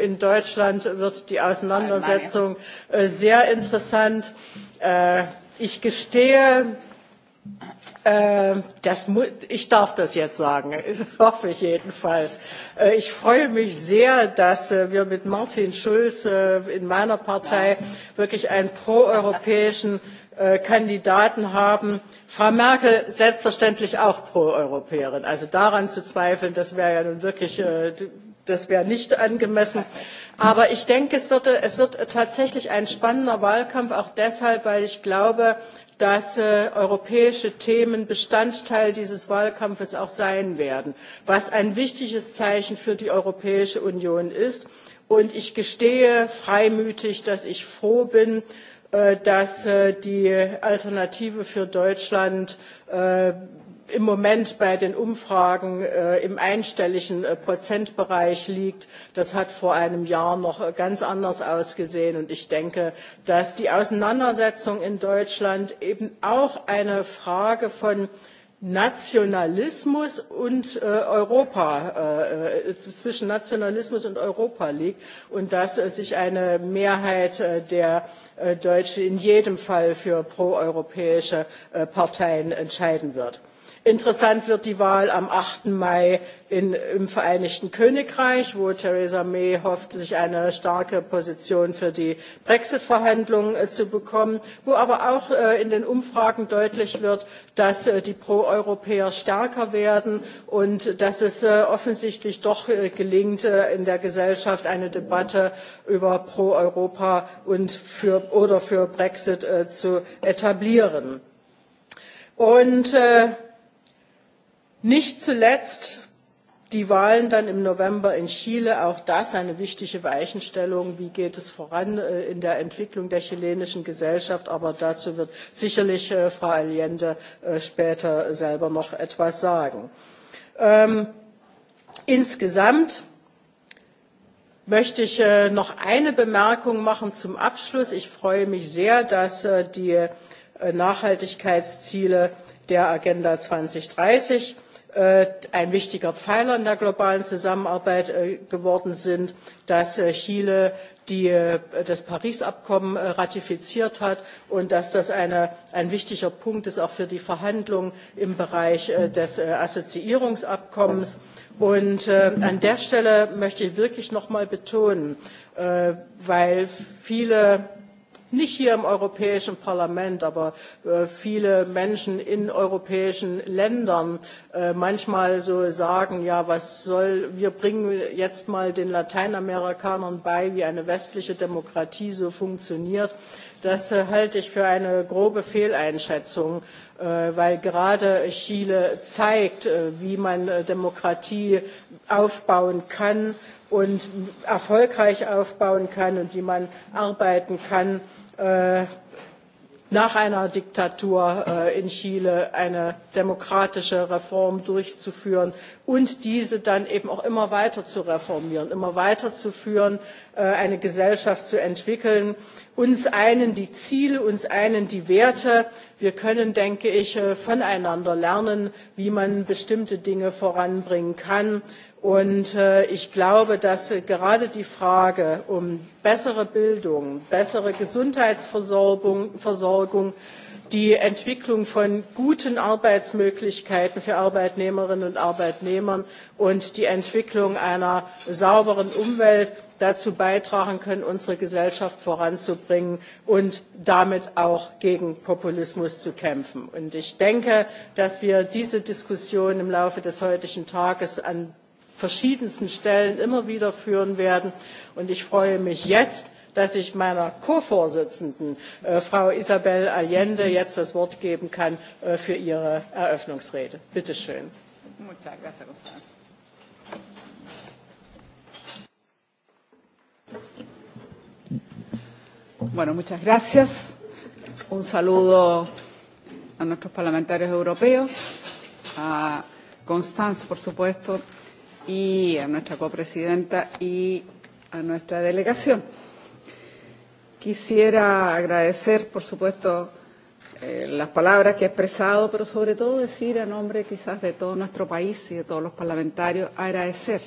In Deutschland wird die Auseinandersetzung sehr interessant. Ich gestehe, Ähm, das, ich darf das jetzt sagen, hoffe ich jedenfalls. Äh, ich freue mich sehr, dass äh, wir mit Martin Schulz äh, in meiner Partei wirklich einen proeuropäischen Kandidaten haben. Frau Merkel selbstverständlich auch Proeuropäerin. Also daran zu zweifeln, das wäre ja nun wirklich, das wäre nicht angemessen. Aber ich denke, es wird, es wird tatsächlich ein spannender Wahlkampf, auch deshalb, weil ich glaube, dass äh, europäische Themen Bestandteil dieses Wahlkampfes auch sein werden, was ein wichtiges Zeichen für die Europäische Union ist. Und ich gestehe freimütig, dass ich froh bin, äh, dass äh, die Alternative für Deutschland im Moment bei den Umfragen äh, im einstelligen äh, Prozentbereich liegt. Das hat vor einem Jahr noch äh, ganz anders ausgesehen. Und ich denke, dass die Auseinandersetzung in Deutschland eben auch eine Frage von Nationalismus und äh, Europa, äh, äh zwischen Nationalismus und Europa liegt und dass äh, sich eine Mehrheit äh, der äh, Deutschen in jedem Fall für proeuropäische äh, Parteien entscheiden wird. Interessant wird die Wahl am acht Mai im Vereinigten Königreich, wo Theresa May hofft, sich eine starke Position für die Brexit-Verhandlungen äh, zu bekommen, wo aber auch äh, in den Umfragen deutlich wird, dass äh, die Pro-Europäer stärker werden und dass es offensichtlich doch gelingt, in der Gesellschaft eine Debatte über Pro-Europa oder für Brexit zu etablieren. Und Nicht zuletzt die Wahlen dann im November in Chile, auch das eine wichtige Weichenstellung. Wie geht es voran äh, in der Entwicklung der chilenischen Gesellschaft? Aber dazu wird sicherlich äh, Frau Allende äh, später selber noch etwas sagen. Ähm, insgesamt möchte ich noch eine Bemerkung machen zum Abschluss. Ich freue mich sehr, dass die Nachhaltigkeitsziele der Agenda 2030 Äh, ein wichtiger Pfeiler in der globalen Zusammenarbeit äh, geworden sind, dass äh, Chile die, das Paris-Abkommen ratifiziert hat und dass das ein wichtiger Punkt ist auch für die Verhandlungen im Bereich des Assoziierungsabkommens. an der Stelle möchte ich wirklich noch einmal betonen, weil viele nicht hier im Europäischen Parlament, aber äh, viele Menschen in europäischen Ländern äh, manchmal so sagen, ja, was soll, wir bringen jetzt mal den Lateinamerikanern bei, wie eine westliche Demokratie so funktioniert. Das äh, halte ich für eine grobe Fehleinschätzung, weil gerade Chile zeigt, wie man Demokratie aufbauen kann und erfolgreich aufbauen kann und wie man arbeiten kann Äh, nach einer Diktatur äh, in Chile eine demokratische Reform durchzuführen und diese dann eben auch immer weiter zu reformieren, immer weiterzuführen, äh, eine Gesellschaft zu entwickeln. Uns einen die Ziele, uns einen die Werte. Wir können, denke ich, voneinander lernen, wie man bestimmte Dinge voranbringen kann Und äh, ich glaube, dass äh, gerade die Frage um bessere Bildung, bessere Gesundheitsversorgung, Versorgung, die Entwicklung von guten Arbeitsmöglichkeiten für Arbeitnehmerinnen und Arbeitnehmer und die Entwicklung einer sauberen Umwelt dazu beitragen können, unsere Gesellschaft voranzubringen und damit auch gegen Populismus zu kämpfen. Und ich denke, dass wir diese Diskussion im Laufe des heutigen Tages an verschiedensten Stellen immer wieder führen werden. Und ich freue mich jetzt, dass ich meiner ko vorsitzenden äh, frau isabel allende jetzt das wort geben kann äh, für ihre eröffnungsrede. bitte schön. Bueno, muchas gracias. Un saludo a nuestros parlamentarios europeos, a Constance, por supuesto, y a nuestra copresidenta y a nuestra delegación. Quisiera agradecer, por supuesto, eh, las palabras que ha expresado, pero sobre todo decir a nombre quizás de todo nuestro país y de todos los parlamentarios, agradecer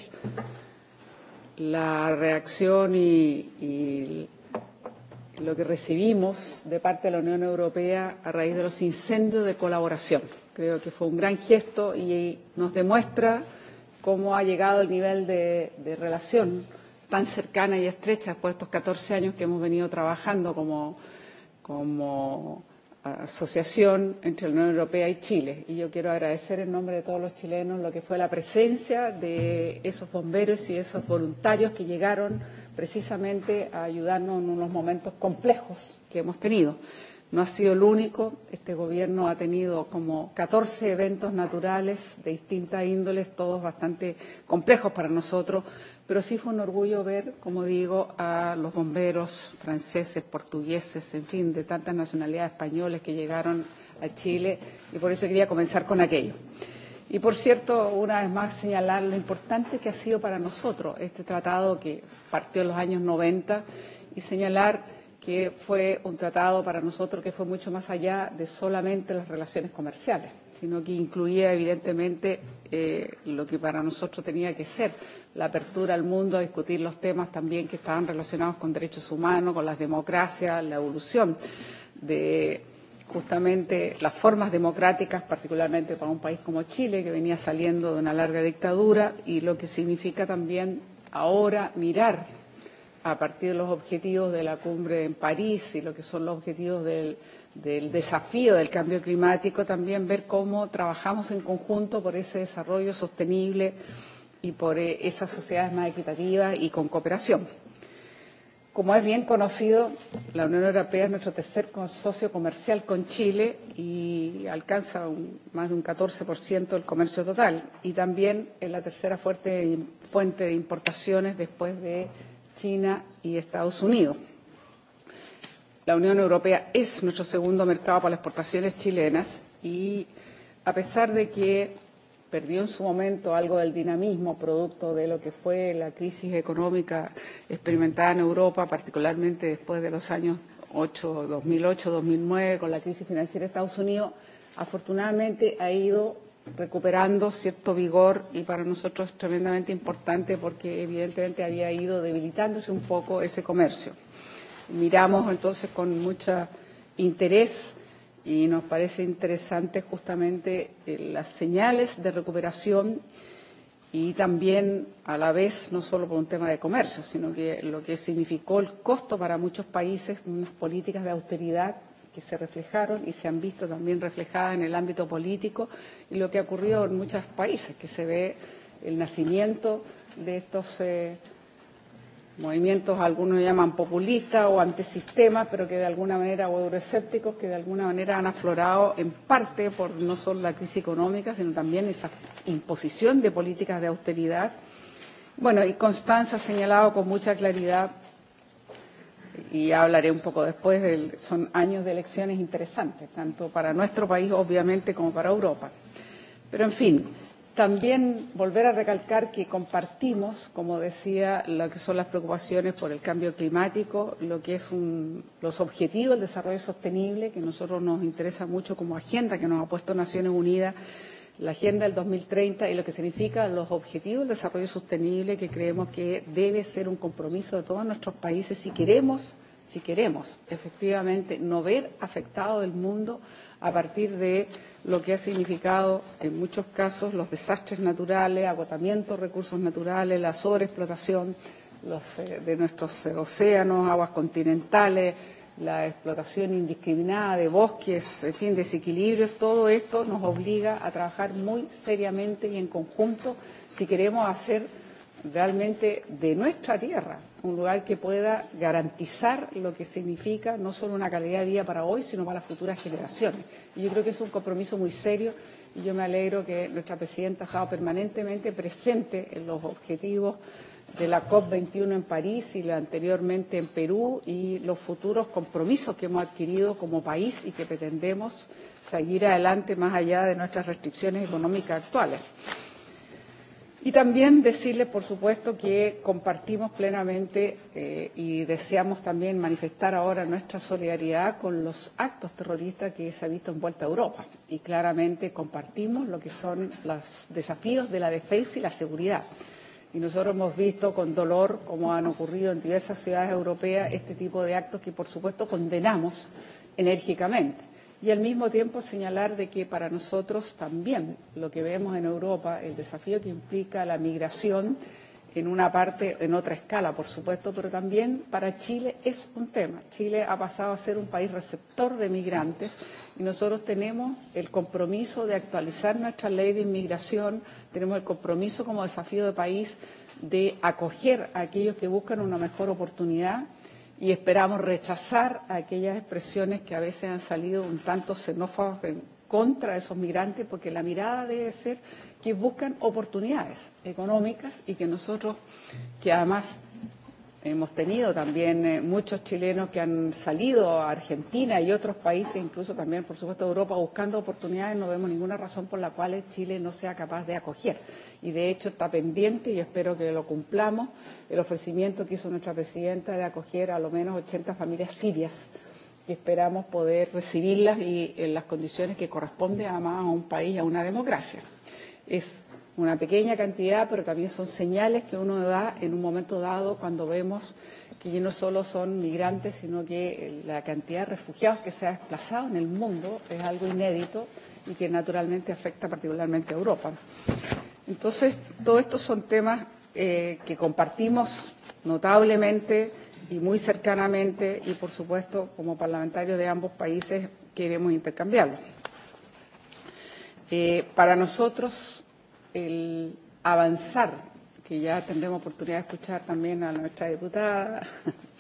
la reacción y, y lo que recibimos de parte de la Unión Europea a raíz de los incendios de colaboración. Creo que fue un gran gesto y nos demuestra cómo ha llegado el nivel de, de relación tan cercana y estrecha después de estos 14 años que hemos venido trabajando como, como eh, asociación entre la Unión Europea y Chile. Y yo quiero agradecer en nombre de todos los chilenos lo que fue la presencia de esos bomberos y esos voluntarios que llegaron precisamente a ayudarnos en unos momentos complejos que hemos tenido. No ha sido el único. Este gobierno ha tenido como 14 eventos naturales de distintas índoles, todos bastante complejos para nosotros, pero sí fue un orgullo ver, como digo, a los bomberos franceses, portugueses, en fin, de tantas nacionalidades españoles que llegaron a Chile y por eso quería comenzar con aquello. Y por cierto, una vez más señalar lo importante que ha sido para nosotros este tratado que partió en los años 90 y señalar que fue un tratado para nosotros que fue mucho más allá de solamente las relaciones comerciales, sino que incluía evidentemente eh, lo que para nosotros tenía que ser la apertura al mundo a discutir los temas también que estaban relacionados con derechos humanos, con las democracias, la evolución de justamente las formas democráticas, particularmente para un país como Chile, que venía saliendo de una larga dictadura, y lo que significa también ahora mirar a partir de los objetivos de la cumbre en París y lo que son los objetivos del, del desafío del cambio climático, también ver cómo trabajamos en conjunto por ese desarrollo sostenible y por eh, esas sociedades más equitativas y con cooperación. Como es bien conocido, la Unión Europea es nuestro tercer socio comercial con Chile y alcanza un, más de un 14% del comercio total. Y también es la tercera fuerte, fuente de importaciones después de China y Estados Unidos. La Unión Europea es nuestro segundo mercado para las exportaciones chilenas y, a pesar de que perdió en su momento algo del dinamismo producto de lo que fue la crisis económica experimentada en Europa, particularmente después de los años 2008, 2009, con la crisis financiera de Estados Unidos, afortunadamente ha ido recuperando cierto vigor y para nosotros tremendamente importante porque evidentemente había ido debilitándose un poco ese comercio. Miramos entonces con mucho interés y nos parece interesante justamente eh, las señales de recuperación y también a la vez no solo por un tema de comercio, sino que lo que significó el costo para muchos países, unas políticas de austeridad que se reflejaron y se han visto también reflejadas en el ámbito político y lo que ha ocurrido en muchos países, que se ve el nacimiento de estos eh, movimientos, algunos llaman populistas o antisistemas, pero que de alguna manera, o euroescépticos, que de alguna manera han aflorado en parte por no solo la crisis económica, sino también esa imposición de políticas de austeridad. Bueno, y Constanza ha señalado con mucha claridad y hablaré un poco después. de, son años de elecciones interesantes, tanto para nuestro país, obviamente, como para Europa. Pero, en fin, también volver a recalcar que compartimos, como decía, lo que son las preocupaciones por el cambio climático, lo que es un, los objetivos del desarrollo sostenible, que a nosotros nos interesa mucho como agenda que nos ha puesto Naciones Unidas la Agenda del 2030 y lo que significan los Objetivos del Desarrollo Sostenible, que creemos que debe ser un compromiso de todos nuestros países si queremos, si queremos efectivamente no ver afectado el mundo a partir de lo que ha significado en muchos casos los desastres naturales, agotamiento de recursos naturales, la sobreexplotación los, eh, de nuestros eh, océanos, aguas continentales, la explotación indiscriminada de bosques, en fin, desequilibrios, todo esto nos obliga a trabajar muy seriamente y en conjunto si queremos hacer realmente de nuestra tierra un lugar que pueda garantizar lo que significa no solo una calidad de vida para hoy, sino para las futuras generaciones. Y yo creo que es un compromiso muy serio y yo me alegro que nuestra presidenta ha estado permanentemente presente en los objetivos de la COP21 en París y la anteriormente en Perú y los futuros compromisos que hemos adquirido como país y que pretendemos seguir adelante más allá de nuestras restricciones económicas actuales. Y también decirles, por supuesto, que compartimos plenamente eh, y deseamos también manifestar ahora nuestra solidaridad con los actos terroristas que se han visto en vuelta a Europa. Y claramente compartimos lo que son los desafíos de la defensa y la seguridad y nosotros hemos visto con dolor como han ocurrido en diversas ciudades europeas este tipo de actos que, por supuesto, condenamos enérgicamente. Y al mismo tiempo señalar de que para nosotros también lo que vemos en Europa, el desafío que implica la migración en una parte, en otra escala, por supuesto, pero también para Chile es un tema. Chile ha pasado a ser un país receptor de migrantes y nosotros tenemos el compromiso de actualizar nuestra ley de inmigración Tenemos el compromiso como desafío de país de acoger a aquellos que buscan una mejor oportunidad y esperamos rechazar aquellas expresiones que a veces han salido un tanto xenófobas en contra de esos migrantes, porque la mirada debe ser que buscan oportunidades económicas y que nosotros, que además Hemos tenido también eh, muchos chilenos que han salido a Argentina y otros países, incluso también, por supuesto, Europa, buscando oportunidades. No vemos ninguna razón por la cual Chile no sea capaz de acoger. Y, de hecho, está pendiente, y espero que lo cumplamos, el ofrecimiento que hizo nuestra presidenta de acoger a lo menos 80 familias sirias que esperamos poder recibirlas y en las condiciones que corresponde además a un país, a una democracia. Es una pequeña cantidad, pero también son señales que uno da en un momento dado cuando vemos que no solo son migrantes, sino que la cantidad de refugiados que se ha desplazado en el mundo es algo inédito y que naturalmente afecta particularmente a Europa. Entonces, todos estos son temas eh, que compartimos notablemente y muy cercanamente y, por supuesto, como parlamentarios de ambos países queremos intercambiarlos. Eh, para nosotros, el avanzar, que ya tendremos oportunidad de escuchar también a nuestra diputada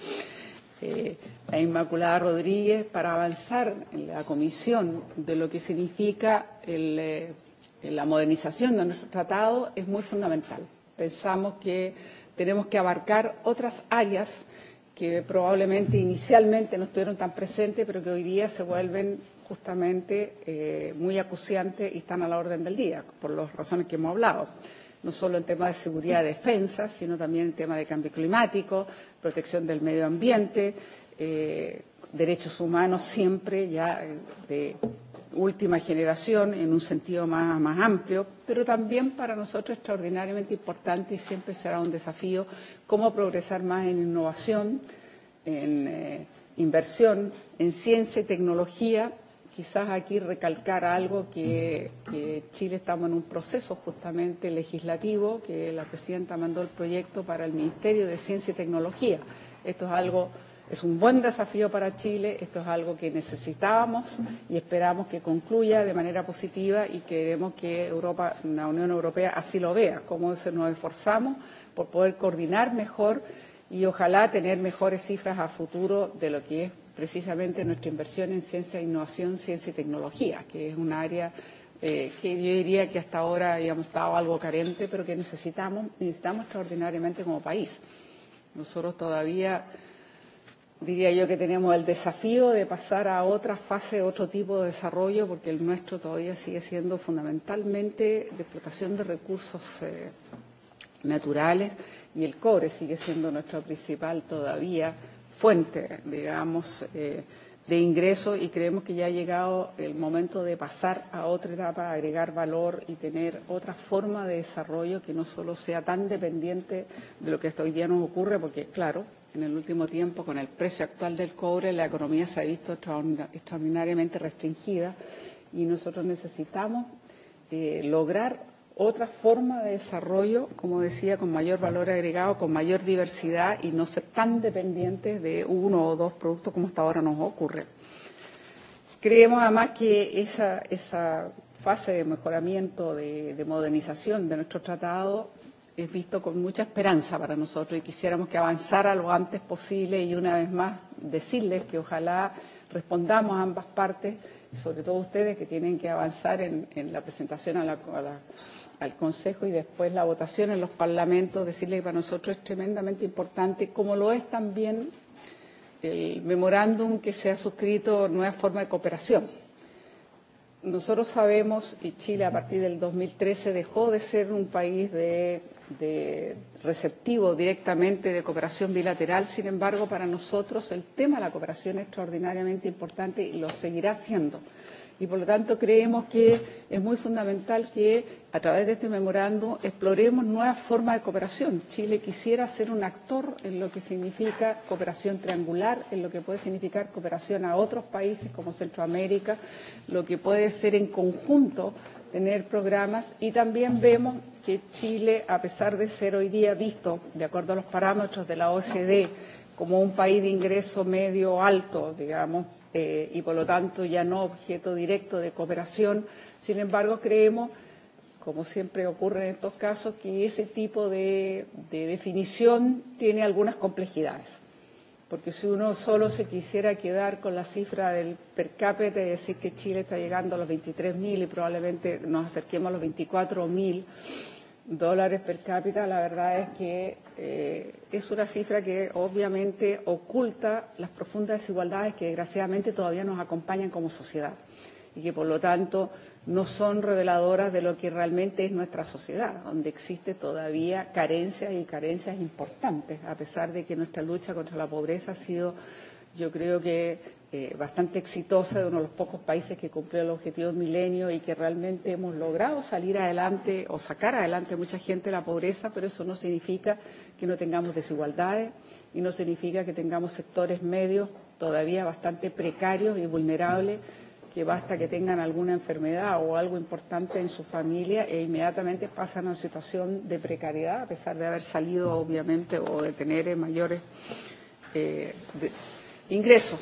eh, la Inmaculada Rodríguez, para avanzar en la comisión de lo que significa el, eh, la modernización de nuestro tratado, es muy fundamental. Pensamos que tenemos que abarcar otras áreas que probablemente inicialmente no estuvieron tan presentes, pero que hoy día se vuelven justamente eh, muy acuciante y están a la orden del día, por las razones que hemos hablado. No solo en tema de seguridad y defensa, sino también en tema de cambio climático, protección del medio ambiente, eh, derechos humanos siempre ya eh, de última generación en un sentido más, más amplio, pero también para nosotros extraordinariamente importante y siempre será un desafío cómo progresar más en innovación, en eh, inversión, en ciencia y tecnología quizás aquí recalcar algo que, que Chile estamos en un proceso justamente legislativo que la presidenta mandó el proyecto para el Ministerio de Ciencia y Tecnología. Esto es algo es un buen desafío para Chile, esto es algo que necesitábamos y esperamos que concluya de manera positiva y queremos que Europa, la Unión Europea así lo vea, cómo se nos esforzamos por poder coordinar mejor y ojalá tener mejores cifras a futuro de lo que es precisamente nuestra inversión en ciencia, innovación, ciencia y tecnología, que es un área eh, que yo diría que hasta ahora habíamos estado algo carente, pero que necesitamos, necesitamos extraordinariamente como país. Nosotros todavía diría yo que tenemos el desafío de pasar a otra fase, otro tipo de desarrollo, porque el nuestro todavía sigue siendo fundamentalmente de explotación de recursos eh, naturales y el cobre sigue siendo nuestro principal todavía fuente, digamos, eh, de ingreso y creemos que ya ha llegado el momento de pasar a otra etapa, agregar valor y tener otra forma de desarrollo que no solo sea tan dependiente de lo que hoy día nos ocurre, porque claro, en el último tiempo con el precio actual del cobre la economía se ha visto extraordinariamente restringida y nosotros necesitamos eh, lograr otra forma de desarrollo, como decía, con mayor valor agregado, con mayor diversidad y no ser tan dependientes de uno o dos productos como hasta ahora nos ocurre. Creemos además que esa, esa fase de mejoramiento, de, de modernización de nuestro tratado es visto con mucha esperanza para nosotros y quisiéramos que avanzara lo antes posible y una vez más decirles que ojalá respondamos a ambas partes, sobre todo ustedes que tienen que avanzar en, en la presentación a la, a la al Consejo y después la votación en los parlamentos, decirle que para nosotros es tremendamente importante, como lo es también el memorándum que se ha suscrito Nueva Forma de Cooperación. Nosotros sabemos, y Chile a partir del 2013 dejó de ser un país de, de receptivo directamente de cooperación bilateral, sin embargo, para nosotros el tema de la cooperación es extraordinariamente importante y lo seguirá siendo y por lo tanto creemos que es muy fundamental que a través de este memorando exploremos nuevas formas de cooperación. Chile quisiera ser un actor en lo que significa cooperación triangular, en lo que puede significar cooperación a otros países como Centroamérica, lo que puede ser en conjunto tener programas y también vemos que Chile, a pesar de ser hoy día visto, de acuerdo a los parámetros de la OCDE, como un país de ingreso medio alto, digamos, eh, y por lo tanto ya no objeto directo de cooperación. Sin embargo, creemos, como siempre ocurre en estos casos, que ese tipo de, de definición tiene algunas complejidades. Porque si uno solo se quisiera quedar con la cifra del per cápita y decir que Chile está llegando a los 23.000 y probablemente nos acerquemos a los 24.000, dólares per cápita, la verdad es que eh, es una cifra que obviamente oculta las profundas desigualdades que desgraciadamente todavía nos acompañan como sociedad y que por lo tanto no son reveladoras de lo que realmente es nuestra sociedad, donde existe todavía carencias y carencias importantes, a pesar de que nuestra lucha contra la pobreza ha sido, yo creo que eh, bastante exitosa de uno de los pocos países que cumplió el objetivo del milenio y que realmente hemos logrado salir adelante o sacar adelante a mucha gente de la pobreza, pero eso no significa que no tengamos desigualdades y no significa que tengamos sectores medios todavía bastante precarios y vulnerables que basta que tengan alguna enfermedad o algo importante en su familia e inmediatamente pasan a una situación de precariedad, a pesar de haber salido, obviamente, o de tener mayores eh, de ingresos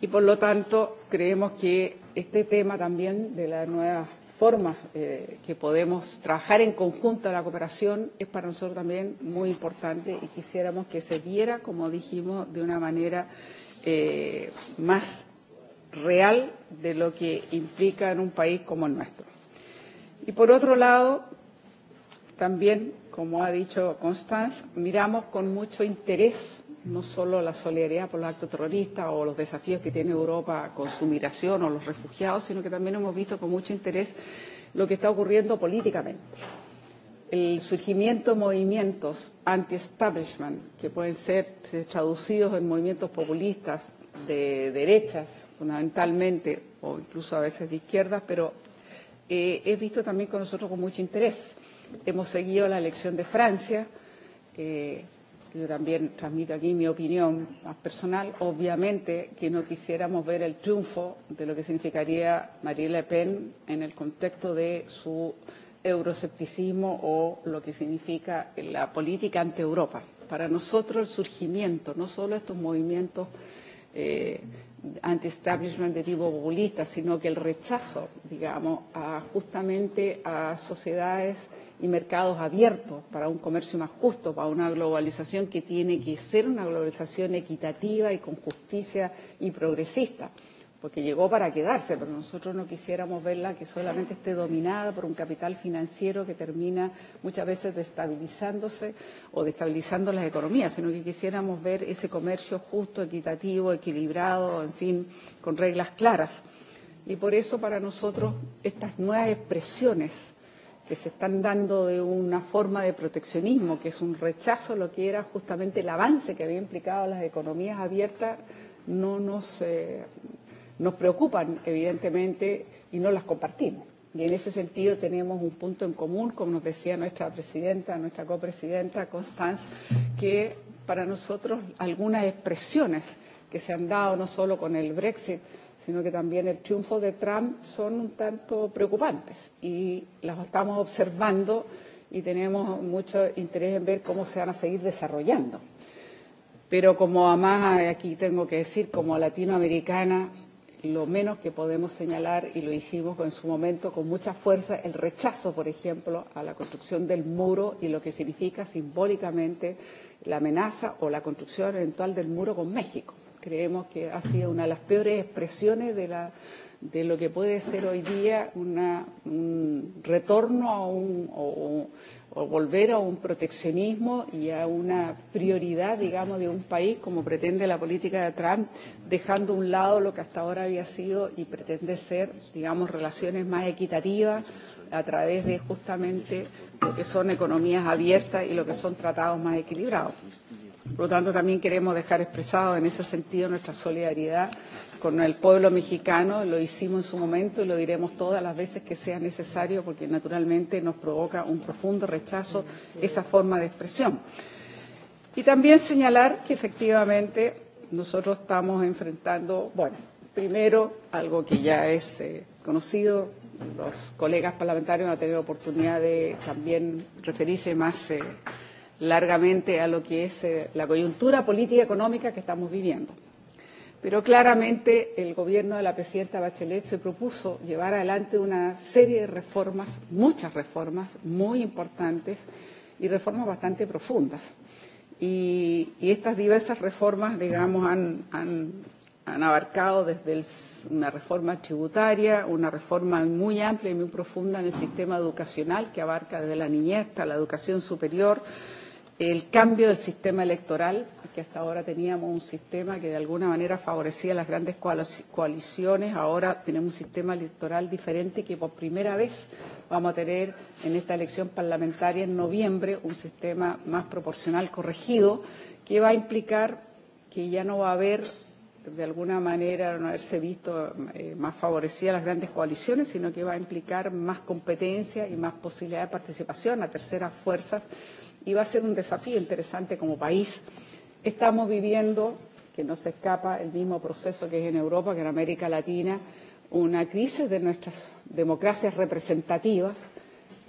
y por lo tanto creemos que este tema también de la nueva forma eh, que podemos trabajar en conjunto la cooperación es para nosotros también muy importante y quisiéramos que se viera, como dijimos, de una manera eh, más real de lo que implica en un país como el nuestro. Y por otro lado, también, como ha dicho Constance, miramos con mucho interés no solo la solidaridad por los actos terroristas o los desafíos que tiene Europa con su migración o los refugiados, sino que también hemos visto con mucho interés lo que está ocurriendo políticamente. El surgimiento de movimientos anti-establishment, que pueden ser traducidos en movimientos populistas de derechas, fundamentalmente, o incluso a veces de izquierdas, pero eh, es visto también con nosotros con mucho interés. Hemos seguido la elección de Francia. Eh, yo también transmito aquí mi opinión más personal. Obviamente que no quisiéramos ver el triunfo de lo que significaría Marie Le Pen en el contexto de su euroscepticismo o lo que significa la política ante Europa. Para nosotros el surgimiento, no solo estos movimientos eh, anti-establishment de tipo populista, sino que el rechazo, digamos, a, justamente a sociedades y mercados abiertos para un comercio más justo, para una globalización que tiene que ser una globalización equitativa y con justicia y progresista, porque llegó para quedarse, pero nosotros no quisiéramos verla que solamente esté dominada por un capital financiero que termina muchas veces destabilizándose o destabilizando las economías, sino que quisiéramos ver ese comercio justo, equitativo, equilibrado, en fin, con reglas claras. Y por eso para nosotros estas nuevas expresiones que se están dando de una forma de proteccionismo, que es un rechazo a lo que era justamente el avance que había implicado las economías abiertas, no nos, eh, nos preocupan, evidentemente, y no las compartimos. Y en ese sentido tenemos un punto en común, como nos decía nuestra presidenta, nuestra copresidenta Constance, que para nosotros algunas expresiones que se han dado no solo con el Brexit, sino que también el triunfo de Trump son un tanto preocupantes y las estamos observando y tenemos mucho interés en ver cómo se van a seguir desarrollando. Pero como además aquí tengo que decir, como latinoamericana, lo menos que podemos señalar, y lo hicimos en su momento con mucha fuerza, el rechazo, por ejemplo, a la construcción del muro y lo que significa simbólicamente la amenaza o la construcción eventual del muro con México Creemos que ha sido una de las peores expresiones de, la, de lo que puede ser hoy día una, un retorno a un, o, o volver a un proteccionismo y a una prioridad, digamos, de un país, como pretende la política de Trump, dejando a un lado lo que hasta ahora había sido y pretende ser, digamos, relaciones más equitativas a través de justamente lo que son economías abiertas y lo que son tratados más equilibrados. Por lo tanto, también queremos dejar expresado en ese sentido nuestra solidaridad con el pueblo mexicano. Lo hicimos en su momento y lo diremos todas las veces que sea necesario porque naturalmente nos provoca un profundo rechazo esa forma de expresión. Y también señalar que efectivamente nosotros estamos enfrentando, bueno, primero algo que ya es eh, conocido, los colegas parlamentarios van a tener oportunidad de también referirse más. Eh, largamente a lo que es eh, la coyuntura política y económica que estamos viviendo. Pero claramente el gobierno de la presidenta Bachelet se propuso llevar adelante una serie de reformas, muchas reformas muy importantes y reformas bastante profundas. Y, y estas diversas reformas, digamos, han, han, han abarcado desde el, una reforma tributaria, una reforma muy amplia y muy profunda en el sistema educacional, que abarca desde la niñez hasta la educación superior, el cambio del sistema electoral, que hasta ahora teníamos un sistema que de alguna manera favorecía las grandes coaliciones, ahora tenemos un sistema electoral diferente que por primera vez vamos a tener en esta elección parlamentaria en noviembre un sistema más proporcional corregido que va a implicar que ya no va a haber de alguna manera no haberse visto eh, más favorecidas las grandes coaliciones, sino que va a implicar más competencia y más posibilidad de participación a terceras fuerzas y va a ser un desafío interesante como país. Estamos viviendo, que no se escapa, el mismo proceso que es en Europa, que en América Latina, una crisis de nuestras democracias representativas.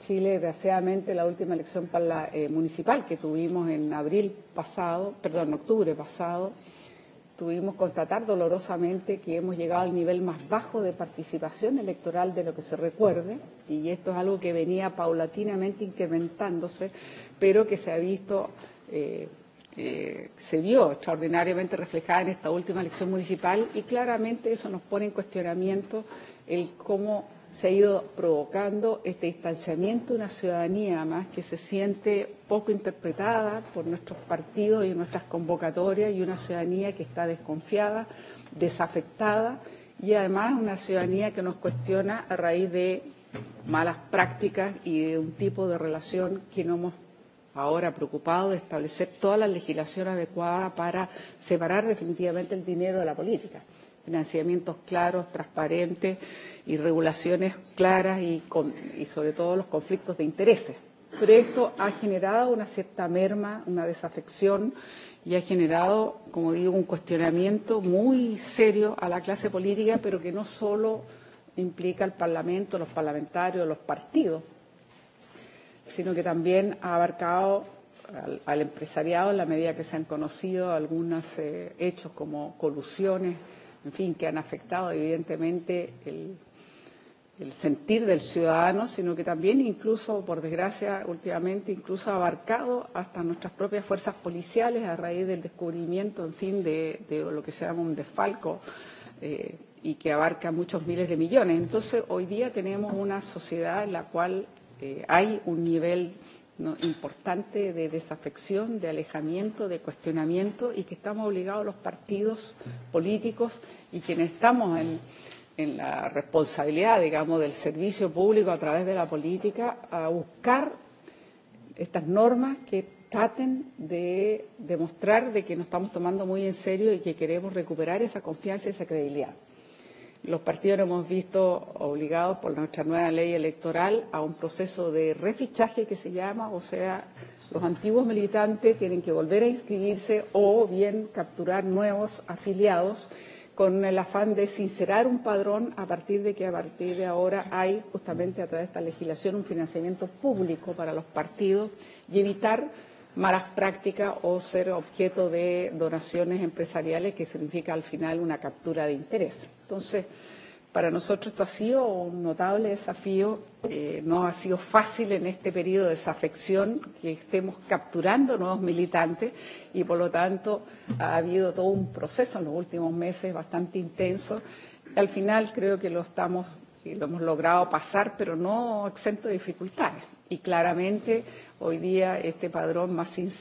Chile, desgraciadamente, la última elección para la, eh, municipal que tuvimos en abril pasado, perdón, octubre pasado, tuvimos constatar dolorosamente que hemos llegado al nivel más bajo de participación electoral de lo que se recuerde, y esto es algo que venía paulatinamente incrementándose pero que se ha visto, eh, eh, se vio extraordinariamente reflejada en esta última elección municipal y claramente eso nos pone en cuestionamiento el cómo se ha ido provocando este distanciamiento de una ciudadanía más que se siente poco interpretada por nuestros partidos y nuestras convocatorias y una ciudadanía que está desconfiada, desafectada y además una ciudadanía que nos cuestiona a raíz de malas prácticas y de un tipo de relación que no hemos ahora preocupado de establecer toda la legislación adecuada para separar definitivamente el dinero de la política. Financiamientos claros, transparentes y regulaciones claras y, con, y sobre todo los conflictos de intereses. Pero esto ha generado una cierta merma, una desafección y ha generado, como digo, un cuestionamiento muy serio a la clase política, pero que no solo implica al Parlamento, los parlamentarios, los partidos, sino que también ha abarcado al, al empresariado en la medida que se han conocido algunos eh, hechos como colusiones, en fin, que han afectado evidentemente el, el sentir del ciudadano, sino que también incluso, por desgracia, últimamente incluso ha abarcado hasta nuestras propias fuerzas policiales a raíz del descubrimiento, en fin, de, de lo que se llama un desfalco eh, y que abarca muchos miles de millones. Entonces, hoy día tenemos una sociedad en la cual eh, hay un nivel ¿no? importante de desafección, de alejamiento, de cuestionamiento y que estamos obligados los partidos políticos y quienes estamos en, en la responsabilidad, digamos, del servicio público a través de la política a buscar estas normas que traten de demostrar de que nos estamos tomando muy en serio y que queremos recuperar esa confianza y esa credibilidad los partidos nos hemos visto obligados por nuestra nueva ley electoral a un proceso de refichaje que se llama, o sea, los antiguos militantes tienen que volver a inscribirse o bien capturar nuevos afiliados con el afán de sincerar un padrón a partir de que a partir de ahora hay justamente a través de esta legislación un financiamiento público para los partidos y evitar malas prácticas o ser objeto de donaciones empresariales, que significa al final una captura de interés. Entonces, para nosotros esto ha sido un notable desafío. Eh, no ha sido fácil en este periodo de desafección que estemos capturando nuevos militantes y, por lo tanto, ha habido todo un proceso en los últimos meses bastante intenso. Al final creo que lo estamos y lo hemos logrado pasar, pero no exento de dificultades. Y claramente hoy día este padrón más, sin,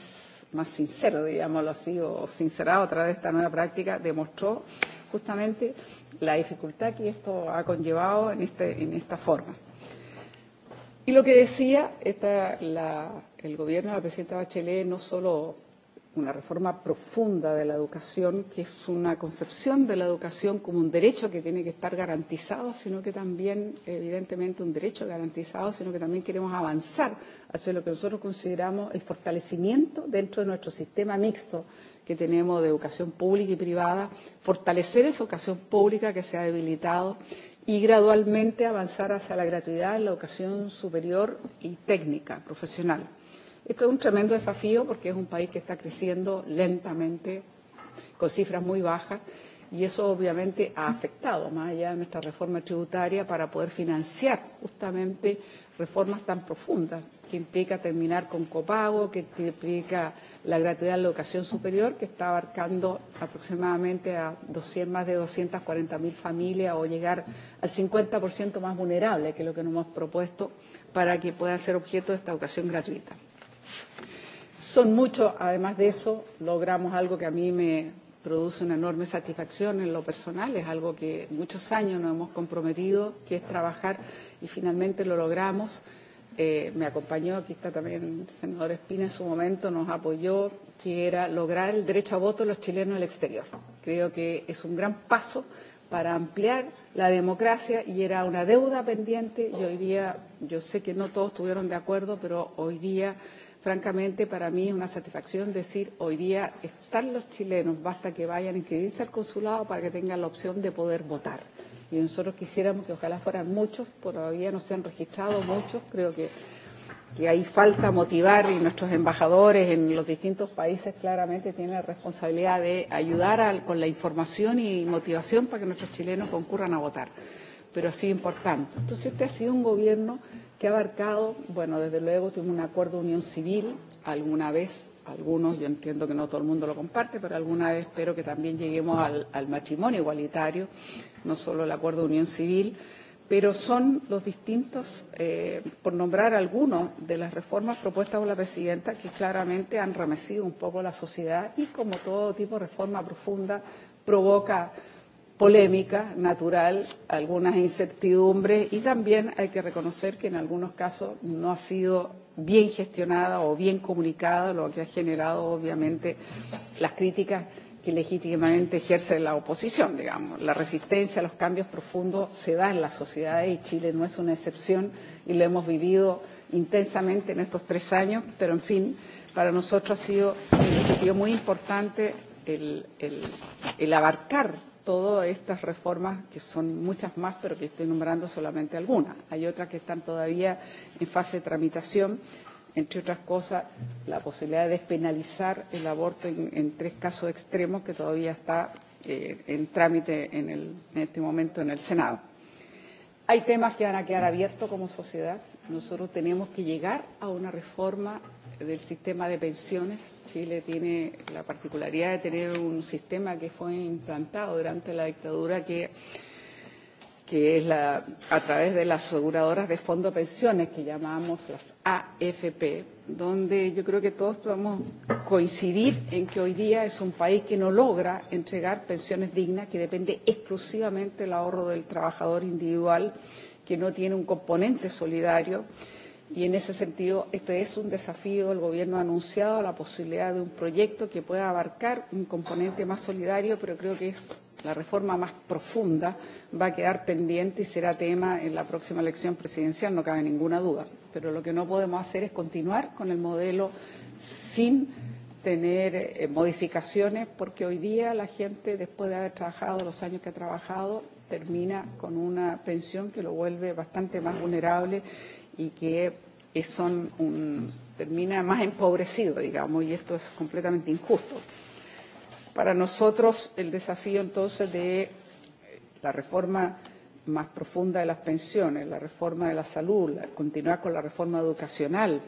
más sincero, digámoslo así, o sincerado a través de esta nueva práctica, demostró justamente la dificultad que esto ha conllevado en, este, en esta forma. Y lo que decía esta, la, el gobierno de la presidenta Bachelet no solo una reforma profunda de la educación, que es una concepción de la educación como un derecho que tiene que estar garantizado, sino que también, evidentemente, un derecho garantizado, sino que también queremos avanzar hacia lo que nosotros consideramos el fortalecimiento dentro de nuestro sistema mixto que tenemos de educación pública y privada, fortalecer esa educación pública que se ha debilitado y gradualmente avanzar hacia la gratuidad en la educación superior y técnica, profesional. Esto es un tremendo desafío porque es un país que está creciendo lentamente, con cifras muy bajas, y eso obviamente ha afectado más allá de nuestra reforma tributaria para poder financiar justamente reformas tan profundas que implica terminar con copago, que implica la gratuidad de la educación superior, que está abarcando aproximadamente a 200, más de 240.000 familias o llegar al 50% más vulnerable, que lo que nos hemos propuesto, para que pueda ser objeto de esta educación gratuita. Son muchos, además de eso, logramos algo que a mí me produce una enorme satisfacción en lo personal, es algo que muchos años nos hemos comprometido, que es trabajar y finalmente lo logramos. Eh, me acompañó, aquí está también el senador Espina en su momento, nos apoyó, que era lograr el derecho a voto de los chilenos en el exterior. Creo que es un gran paso para ampliar la democracia y era una deuda pendiente y hoy día, yo sé que no todos estuvieron de acuerdo, pero hoy día francamente para mí es una satisfacción decir hoy día están los chilenos, basta que vayan a inscribirse al consulado para que tengan la opción de poder votar. Y nosotros quisiéramos que ojalá fueran muchos, todavía no se han registrado muchos, creo que, que hay falta motivar y nuestros embajadores en los distintos países claramente tienen la responsabilidad de ayudar a, con la información y motivación para que nuestros chilenos concurran a votar. Pero sí importante. Entonces este ha sido un gobierno que ha abarcado, bueno, desde luego tuvimos un acuerdo de unión civil alguna vez, algunos, yo entiendo que no todo el mundo lo comparte, pero alguna vez espero que también lleguemos al, al matrimonio igualitario, no solo el acuerdo de unión civil, pero son los distintos, eh, por nombrar algunos, de las reformas propuestas por la presidenta que claramente han remecido un poco la sociedad y como todo tipo de reforma profunda provoca polémica, natural, algunas incertidumbres y también hay que reconocer que en algunos casos no ha sido bien gestionada o bien comunicada, lo que ha generado obviamente las críticas que legítimamente ejerce la oposición, digamos. La resistencia a los cambios profundos se da en las sociedades y Chile no es una excepción y lo hemos vivido intensamente en estos tres años, pero en fin, para nosotros ha sido un desafío muy importante el, el, el abarcar todas estas reformas, que son muchas más, pero que estoy nombrando solamente algunas. Hay otras que están todavía en fase de tramitación, entre otras cosas, la posibilidad de despenalizar el aborto en, en tres casos extremos que todavía está eh, en trámite en, el, en este momento en el Senado. Hay temas que van a quedar abiertos como sociedad. Nosotros tenemos que llegar a una reforma del sistema de pensiones. Chile tiene la particularidad de tener un sistema que fue implantado durante la dictadura que que es la, a través de las aseguradoras de fondo pensiones, que llamamos las AFP, donde yo creo que todos podemos coincidir en que hoy día es un país que no logra entregar pensiones dignas, que depende exclusivamente del ahorro del trabajador individual, que no tiene un componente solidario. Y en ese sentido, este es un desafío. El Gobierno ha anunciado la posibilidad de un proyecto que pueda abarcar un componente más solidario, pero creo que es la reforma más profunda va a quedar pendiente y será tema en la próxima elección presidencial, no cabe ninguna duda. Pero lo que no podemos hacer es continuar con el modelo sin tener eh, modificaciones, porque hoy día la gente, después de haber trabajado los años que ha trabajado, termina con una pensión que lo vuelve bastante más vulnerable y que son un, termina más empobrecido, digamos, y esto es completamente injusto. Para nosotros el desafío entonces de eh, la reforma más profunda de las pensiones, la reforma de la salud, la, continuar con la reforma educacional,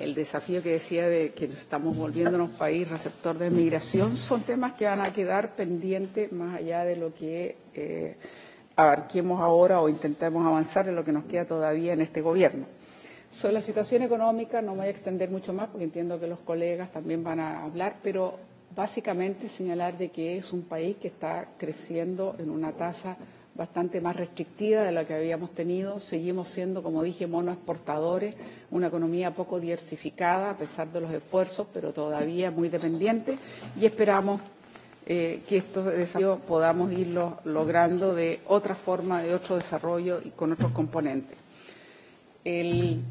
el desafío que decía de que estamos volviendo a un país receptor de migración, son temas que van a quedar pendientes más allá de lo que eh, abarquemos ahora o intentemos avanzar en lo que nos queda todavía en este gobierno. Sobre la situación económica no me voy a extender mucho más porque entiendo que los colegas también van a hablar, pero básicamente señalar de que es un país que está creciendo en una tasa bastante más restrictiva de la que habíamos tenido. Seguimos siendo, como dije, monoexportadores, una economía poco diversificada a pesar de los esfuerzos, pero todavía muy dependiente y esperamos eh, que estos desafíos podamos irlos logrando de otra forma, de otro desarrollo y con otros componentes. El,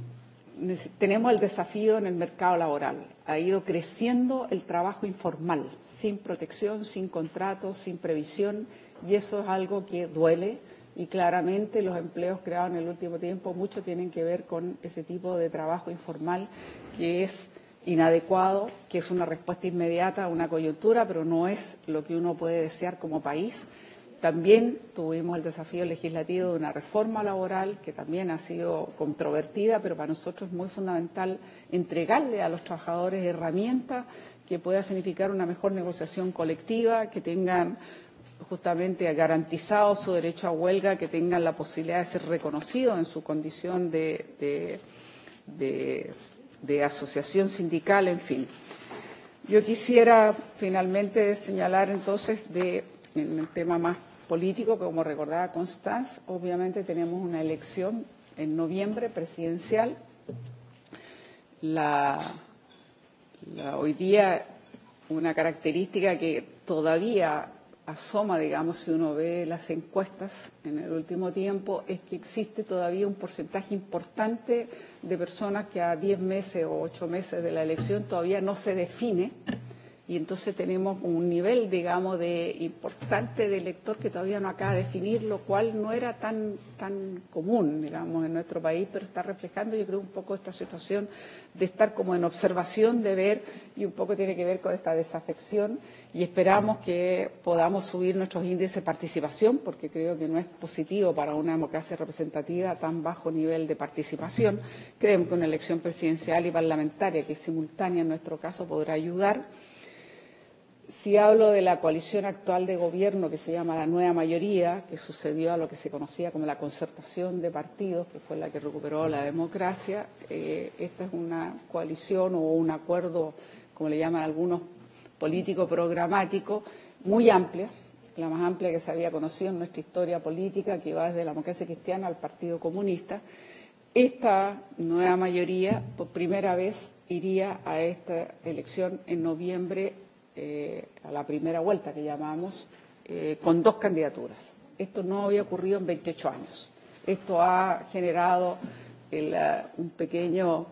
tenemos el desafío en el mercado laboral. Ha ido creciendo el trabajo informal, sin protección, sin contrato, sin previsión, y eso es algo que duele. Y claramente los empleos creados en el último tiempo mucho tienen que ver con ese tipo de trabajo informal que es inadecuado, que es una respuesta inmediata a una coyuntura, pero no es lo que uno puede desear como país. También tuvimos el desafío legislativo de una reforma laboral que también ha sido controvertida, pero para nosotros es muy fundamental entregarle a los trabajadores herramientas que puedan significar una mejor negociación colectiva, que tengan justamente garantizado su derecho a huelga, que tengan la posibilidad de ser reconocidos en su condición de, de, de de asociación sindical, en fin. Yo quisiera finalmente señalar entonces de, en el tema más político, como recordaba Constanz, obviamente tenemos una elección en noviembre presidencial. La, la, hoy día una característica que todavía asoma, digamos, si uno ve las encuestas en el último tiempo, es que existe todavía un porcentaje importante de personas que a 10 meses o 8 meses de la elección todavía no se define y entonces tenemos un nivel, digamos, de importante de elector que todavía no acaba de definir, lo cual no era tan, tan común, digamos, en nuestro país, pero está reflejando, yo creo, un poco esta situación de estar como en observación, de ver, y un poco tiene que ver con esta desafección y esperamos que podamos subir nuestros índices de participación, porque creo que no es positivo para una democracia representativa tan bajo nivel de participación. Creemos que una elección presidencial y parlamentaria, que es simultánea en nuestro caso, podrá ayudar. Si hablo de la coalición actual de gobierno, que se llama la nueva mayoría, que sucedió a lo que se conocía como la concertación de partidos, que fue la que recuperó la democracia, eh, esta es una coalición o un acuerdo, como le llaman algunos político programático muy amplia, la más amplia que se había conocido en nuestra historia política, que va desde la democracia cristiana al Partido Comunista. Esta nueva mayoría, por primera vez, iría a esta elección en noviembre, eh, a la primera vuelta que llamamos, eh, con dos candidaturas. Esto no había ocurrido en 28 años. Esto ha generado el, uh, un pequeño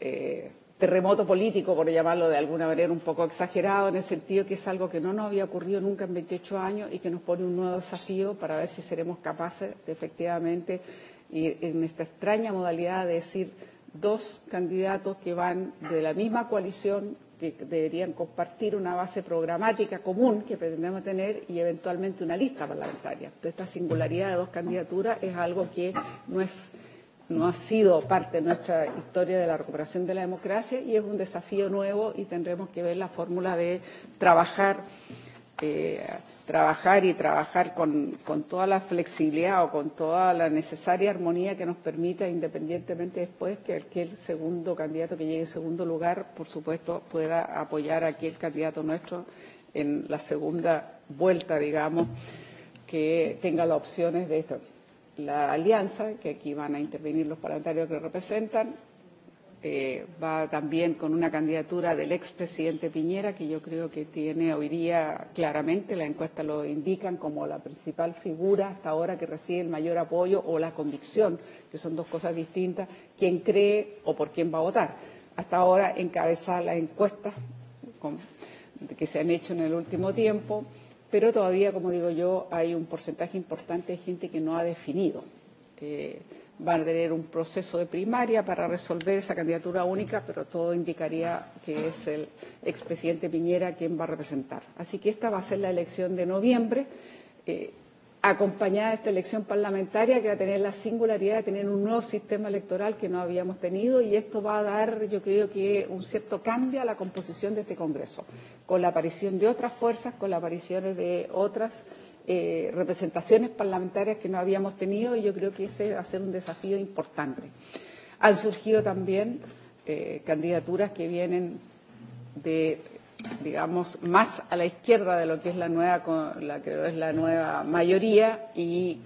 eh, terremoto político, por llamarlo de alguna manera un poco exagerado, en el sentido que es algo que no nos había ocurrido nunca en 28 años y que nos pone un nuevo desafío para ver si seremos capaces de efectivamente ir en esta extraña modalidad de decir dos candidatos que van de la misma coalición, que deberían compartir una base programática común que pretendemos tener y eventualmente una lista parlamentaria. Entonces, esta singularidad de dos candidaturas es algo que no es no ha sido parte de nuestra historia de la recuperación de la democracia y es un desafío nuevo y tendremos que ver la fórmula de trabajar, eh, trabajar y trabajar con, con toda la flexibilidad o con toda la necesaria armonía que nos permita, independientemente después, que aquel segundo candidato que llegue en segundo lugar, por supuesto, pueda apoyar a aquel candidato nuestro en la segunda vuelta, digamos, que tenga las opciones de esto la alianza, que aquí van a intervenir los parlamentarios que lo representan, eh, va también con una candidatura del expresidente Piñera, que yo creo que tiene hoy día claramente, la encuesta lo indican como la principal figura hasta ahora que recibe el mayor apoyo o la convicción, que son dos cosas distintas, quién cree o por quién va a votar. Hasta ahora encabeza la encuesta con, que se han hecho en el último tiempo pero todavía, como digo yo, hay un porcentaje importante de gente que no ha definido. Eh, van a tener un proceso de primaria para resolver esa candidatura única, pero todo indicaría que es el expresidente Piñera quien va a representar. Así que esta va a ser la elección de noviembre. Eh, acompañada de esta elección parlamentaria que va a tener la singularidad de tener un nuevo sistema electoral que no habíamos tenido y esto va a dar, yo creo que, un cierto cambio a la composición de este Congreso, con la aparición de otras fuerzas, con la aparición de otras eh, representaciones parlamentarias que no habíamos tenido y yo creo que ese va a ser un desafío importante. Han surgido también eh, candidaturas que vienen de digamos, más a la izquierda de lo que es la nueva, la, creo es la nueva mayoría y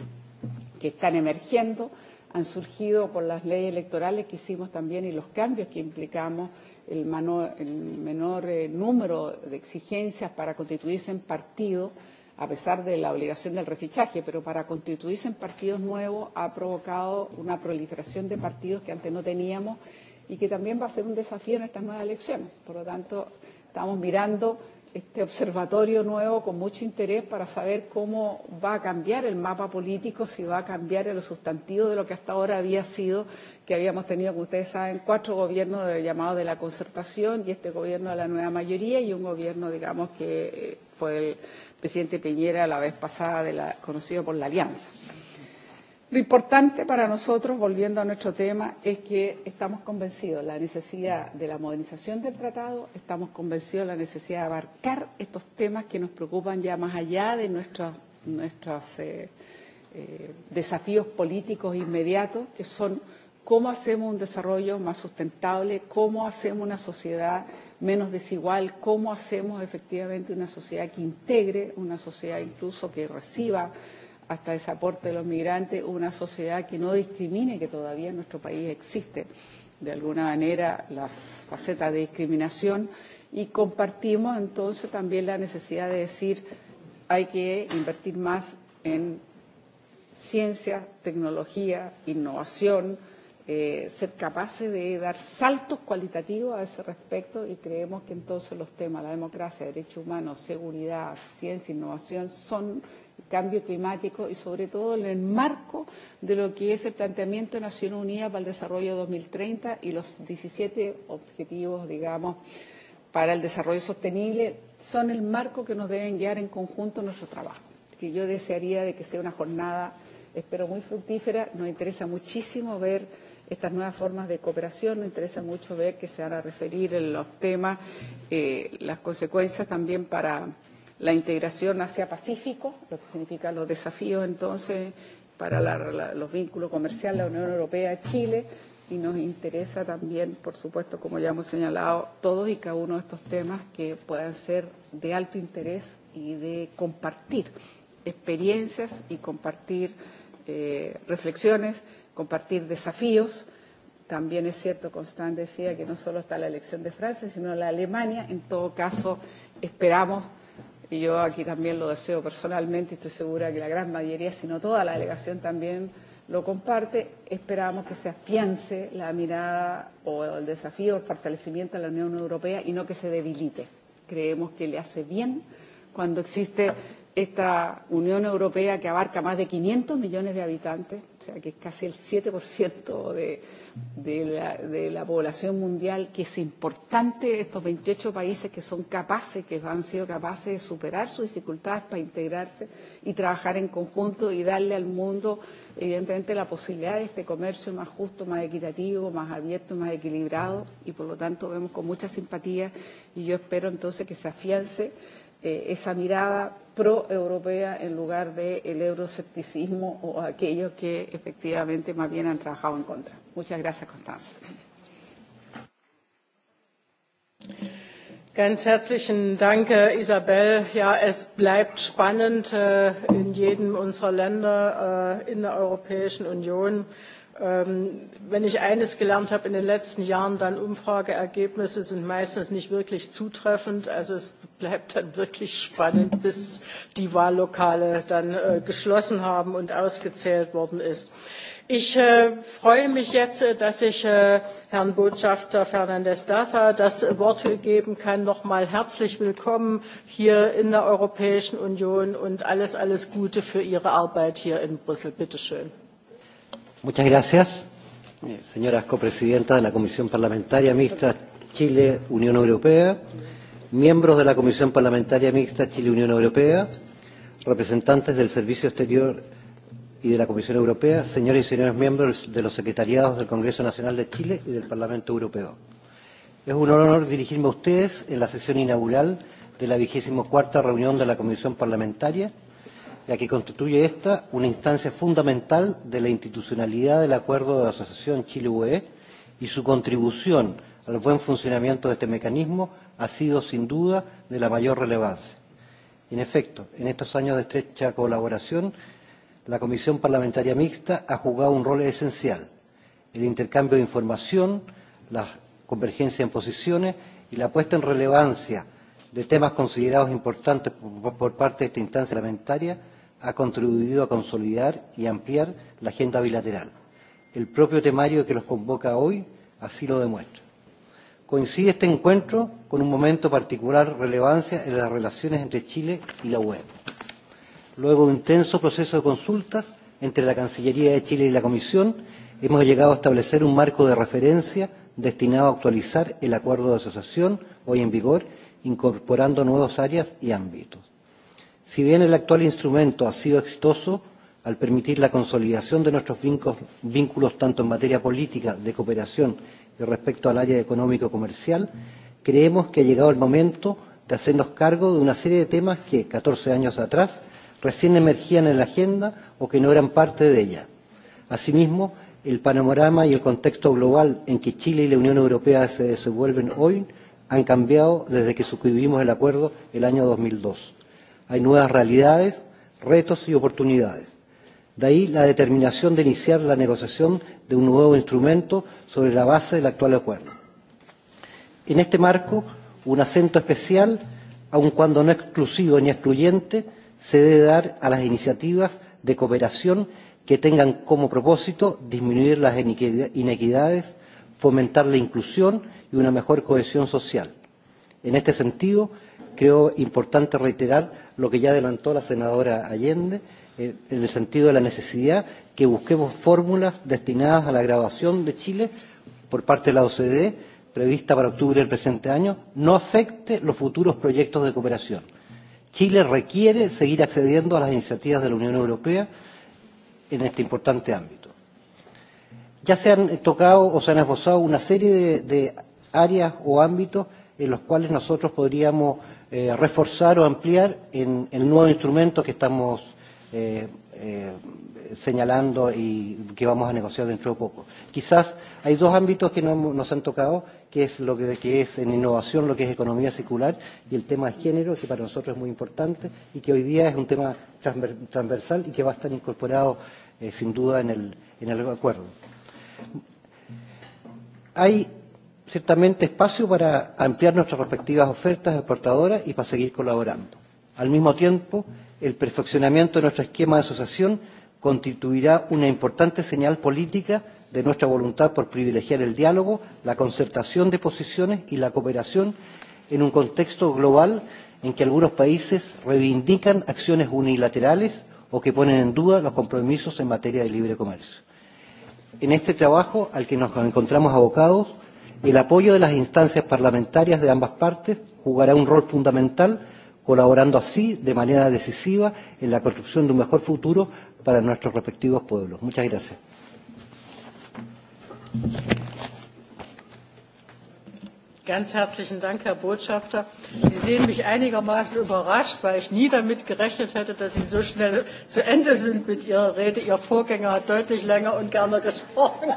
que están emergiendo, han surgido por las leyes electorales que hicimos también y los cambios que implicamos, el, mano, el menor eh, número de exigencias para constituirse en partido, a pesar de la obligación del refichaje, pero para constituirse en partidos nuevos ha provocado una proliferación de partidos que antes no teníamos y que también va a ser un desafío en estas nuevas elecciones. Por lo tanto, Estamos mirando este observatorio nuevo con mucho interés para saber cómo va a cambiar el mapa político, si va a cambiar el sustantivo de lo que hasta ahora había sido, que habíamos tenido, como ustedes saben, cuatro gobiernos de, llamados de la concertación y este gobierno de la nueva mayoría y un gobierno, digamos, que fue el presidente Piñera la vez pasada de la, conocido por la alianza. Lo importante para nosotros, volviendo a nuestro tema, es que estamos convencidos de la necesidad de la modernización del tratado, estamos convencidos de la necesidad de abarcar estos temas que nos preocupan ya más allá de nuestros, nuestros eh, eh, desafíos políticos inmediatos, que son cómo hacemos un desarrollo más sustentable, cómo hacemos una sociedad menos desigual, cómo hacemos efectivamente una sociedad que integre, una sociedad incluso que reciba. Sí hasta ese aporte de los migrantes, una sociedad que no discrimine, que todavía en nuestro país existe de alguna manera las facetas de discriminación y compartimos entonces también la necesidad de decir hay que invertir más en ciencia, tecnología, innovación, eh, ser capaces de dar saltos cualitativos a ese respecto y creemos que entonces los temas, la democracia, derechos humanos, seguridad, ciencia, innovación son cambio climático y sobre todo en el marco de lo que es el planteamiento de Naciones Unidas para el Desarrollo 2030 y los 17 objetivos, digamos, para el desarrollo sostenible son el marco que nos deben guiar en conjunto nuestro trabajo. Que yo desearía de que sea una jornada, espero, muy fructífera. Nos interesa muchísimo ver estas nuevas formas de cooperación. Nos interesa mucho ver que se van a referir en los temas, eh, las consecuencias también para la integración hacia pacífico lo que significa los desafíos entonces para la, la, los vínculos comerciales, la Unión Europea-Chile, y nos interesa también, por supuesto, como ya hemos señalado, todos y cada uno de estos temas que puedan ser de alto interés y de compartir experiencias y compartir eh, reflexiones, compartir desafíos. También es cierto, Constant decía que no solo está la elección de Francia, sino la Alemania. En todo caso, esperamos y yo aquí también lo deseo personalmente, estoy segura que la gran mayoría, si no toda la delegación también lo comparte, esperamos que se afiance la mirada o el desafío, o el fortalecimiento de la Unión Europea y no que se debilite. Creemos que le hace bien cuando existe esta Unión Europea que abarca más de 500 millones de habitantes, o sea que es casi el 7% de, de, la, de la población mundial, que es importante estos 28 países que son capaces, que han sido capaces de superar sus dificultades para integrarse y trabajar en conjunto y darle al mundo, evidentemente, la posibilidad de este comercio más justo, más equitativo, más abierto, más equilibrado y por lo tanto vemos con mucha simpatía y yo espero entonces que se afiance eh, esa mirada pro-europea en lugar del de euroscepticismo o aquellos que efectivamente más bien han trabajado en contra. Muchas gracias, Constanza. Ganz herzlichen Dank, eh, Isabel. Ja, es bleibt spannend eh, in jedem unserer Länder eh, in der Europäischen Union. Ähm, wenn ich eines gelernt habe in den letzten Jahren, dann Umfrageergebnisse sind meistens nicht wirklich zutreffend. Also es bleibt dann wirklich spannend, bis die Wahllokale dann äh, geschlossen haben und ausgezählt worden ist. Ich äh, freue mich jetzt, äh, dass ich äh, Herrn Botschafter Fernandes Dafa das Wort geben kann. Nochmal herzlich willkommen hier in der Europäischen Union und alles, alles Gute für Ihre Arbeit hier in Brüssel. Bitte schön. Muchas gracias, eh, señora copresidenta de la Comisión Parlamentaria Mixta Chile-Unión Europea, miembros de la Comisión Parlamentaria Mixta Chile-Unión Europea, representantes del Servicio Exterior y de la Comisión Europea, señores y señores miembros de los secretariados del Congreso Nacional de Chile y del Parlamento Europeo. Es un honor dirigirme a ustedes en la sesión inaugural de la vigésimo cuarta reunión de la Comisión Parlamentaria ya que constituye esta una instancia fundamental de la institucionalidad del Acuerdo de Asociación Chile-UE e, y su contribución al buen funcionamiento de este mecanismo ha sido sin duda de la mayor relevancia. En efecto, en estos años de estrecha colaboración, la Comisión Parlamentaria Mixta ha jugado un rol esencial. El intercambio de información, la convergencia en posiciones y la puesta en relevancia de temas considerados importantes por parte de esta instancia parlamentaria ha contribuido a consolidar y ampliar la agenda bilateral. El propio temario que los convoca hoy así lo demuestra. Coincide este encuentro con un momento particular relevancia en las relaciones entre Chile y la UE. Luego de un intenso proceso de consultas entre la Cancillería de Chile y la Comisión, hemos llegado a establecer un marco de referencia destinado a actualizar el acuerdo de asociación hoy en vigor, incorporando nuevas áreas y ámbitos. Si bien el actual instrumento ha sido exitoso al permitir la consolidación de nuestros vínculos tanto en materia política, de cooperación y respecto al área económico-comercial, creemos que ha llegado el momento de hacernos cargo de una serie de temas que, 14 años atrás, recién emergían en la agenda o que no eran parte de ella. Asimismo, el panorama y el contexto global en que Chile y la Unión Europea se desenvuelven hoy han cambiado desde que suscribimos el acuerdo el año 2002 Hay nuevas realidades, retos y oportunidades. De ahí la determinación de iniciar la negociación de un nuevo instrumento sobre la base del actual acuerdo. En este marco, un acento especial, aun cuando no exclusivo ni excluyente, se debe dar a las iniciativas de cooperación que tengan como propósito disminuir las inequidades, fomentar la inclusión y una mejor cohesión social. En este sentido, creo importante reiterar lo que ya adelantó la senadora Allende eh, en el sentido de la necesidad que busquemos fórmulas destinadas a la graduación de Chile por parte de la OCDE prevista para octubre del presente año no afecte los futuros proyectos de cooperación. Chile requiere seguir accediendo a las iniciativas de la Unión Europea en este importante ámbito. Ya se han tocado o se han esbozado una serie de, de áreas o ámbitos en los cuales nosotros podríamos eh, reforzar o ampliar en, en el nuevo instrumento que estamos eh, eh, señalando y que vamos a negociar dentro de poco. Quizás hay dos ámbitos que no nos han tocado, que es lo que, que es en innovación, lo que es economía circular y el tema de género, que para nosotros es muy importante y que hoy día es un tema transversal y que va a estar incorporado eh, sin duda en el, en el acuerdo. Hay ciertamente espacio para ampliar nuestras respectivas ofertas exportadoras y para seguir colaborando. Al mismo tiempo, el perfeccionamiento de nuestro esquema de asociación constituirá una importante señal política de nuestra voluntad por privilegiar el diálogo, la concertación de posiciones y la cooperación en un contexto global en que algunos países reivindican acciones unilaterales o que ponen en duda los compromisos en materia de libre comercio. En este trabajo al que nos encontramos abocados, el apoyo de las instancias parlamentarias de ambas partes jugará un rol fundamental, colaborando así de manera decisiva en la construcción de un mejor futuro para nuestros respectivos pueblos. Muchas gracias. Ganz herzlichen Dank, Herr Botschafter. Sie sehen mich einigermaßen überrascht, weil ich nie damit gerechnet hätte, dass Sie so schnell zu Ende sind mit Ihrer Rede. Ihr Vorgänger hat deutlich länger und gerne gesprochen.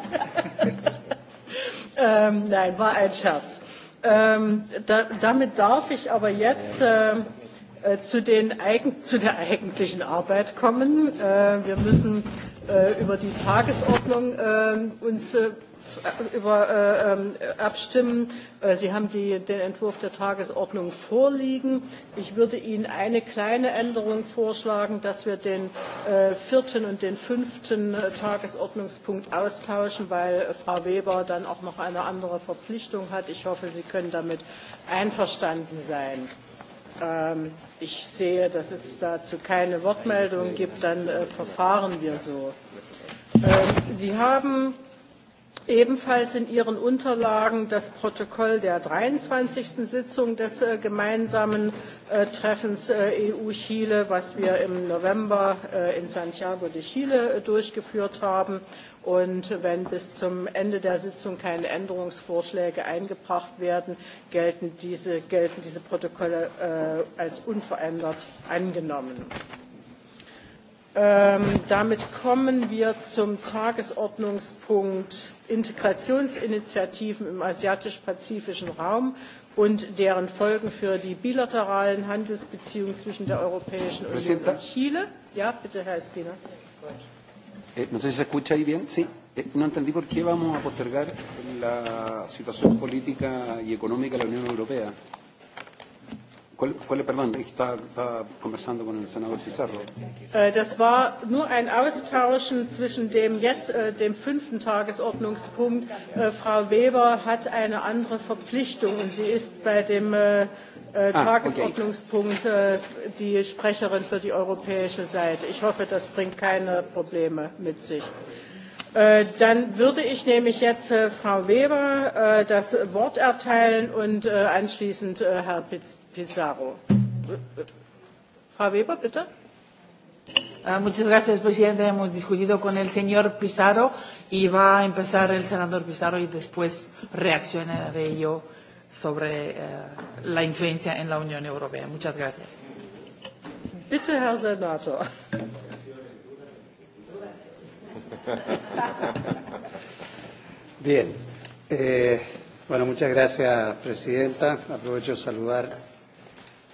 Ähm, nein, war ein Scherz. Ähm, da, damit darf ich aber jetzt äh, äh zu, den zu der eigentlichen Arbeit kommen. Äh, wir müssen äh, über die Tagesordnung äh, uns äh, über, äh, ähm, abstimmen. Äh, Sie haben die, den Entwurf der Tagesordnung vorliegen. Ich würde Ihnen eine kleine Änderung vorschlagen, dass wir den äh, vierten und den fünften äh, Tagesordnungspunkt austauschen, weil Frau Weber dann auch noch eine andere Verpflichtung hat. Ich hoffe, Sie können damit einverstanden sein. Ähm, ich sehe, dass es dazu keine Wortmeldungen gibt, dann äh, verfahren wir so. Ähm, Sie haben ebenfalls in ihren unterlagen das protokoll der. dreiundzwanzig sitzung des äh, gemeinsamen äh, treffens äh, eu chile das wir im november äh, in santiago de chile äh, durchgeführt haben und wenn bis zum ende der sitzung keine änderungsvorschläge eingebracht werden gelten diese, gelten diese protokolle äh, als unverändert angenommen. Ähm, damit kommen wir zum tagesordnungspunkt Integrationsinitiativen im asiatisch-pazifischen Raum und deren Folgen für die bilateralen Handelsbeziehungen zwischen der Europäischen Union und Chile. Ja, bitte, Herr Espina. Eh, no sé si se escucha ahí bien. Sí. Eh, no entendí por qué vamos a postergar la situación política y económica de la Unión Europea. ¿Cuál, cuál perdón, está, está conversando con el senador Pizarro? Äh, das war nur ein Austauschen zwischen dem jetzt, äh, dem fünften Tagesordnungspunkt. Äh, Frau Weber hat eine andere Verpflichtung und sie ist bei dem ah, Tagesordnungspunkt die Sprecherin für die europäische Seite. Ich hoffe, das bringt keine Probleme mit sich. Dann würde ich nämlich jetzt Frau Weber das Wort erteilen und anschließend Herr Pizarro. Pizarro. Frau Weber, bitte. Ah, muchas gracias, presidente. Hemos discutido con el señor Pizarro y va a empezar el senador Pizarro y después reaccionaré yo sobre uh, la influencia en la Unión Europea. Muchas gracias. Bitte, Herr Senator. Bien. Eh, bueno, muchas gracias, presidenta. Aprovecho de saludar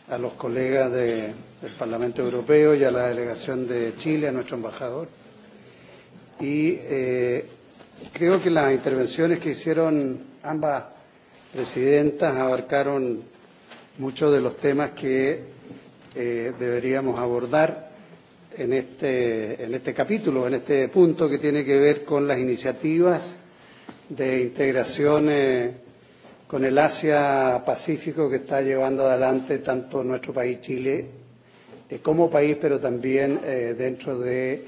a los colegas de, del Parlamento Europeo y a la delegación de Chile, a nuestro embajador. Y eh, creo que las intervenciones que hicieron ambas presidentas abarcaron muchos de los temas que eh, deberíamos abordar en este, en este capítulo, en este punto que tiene que ver con las iniciativas de integración eh, con el Asia-Pacífico que está llevando adelante tanto nuestro país Chile eh, como país, pero también eh, dentro de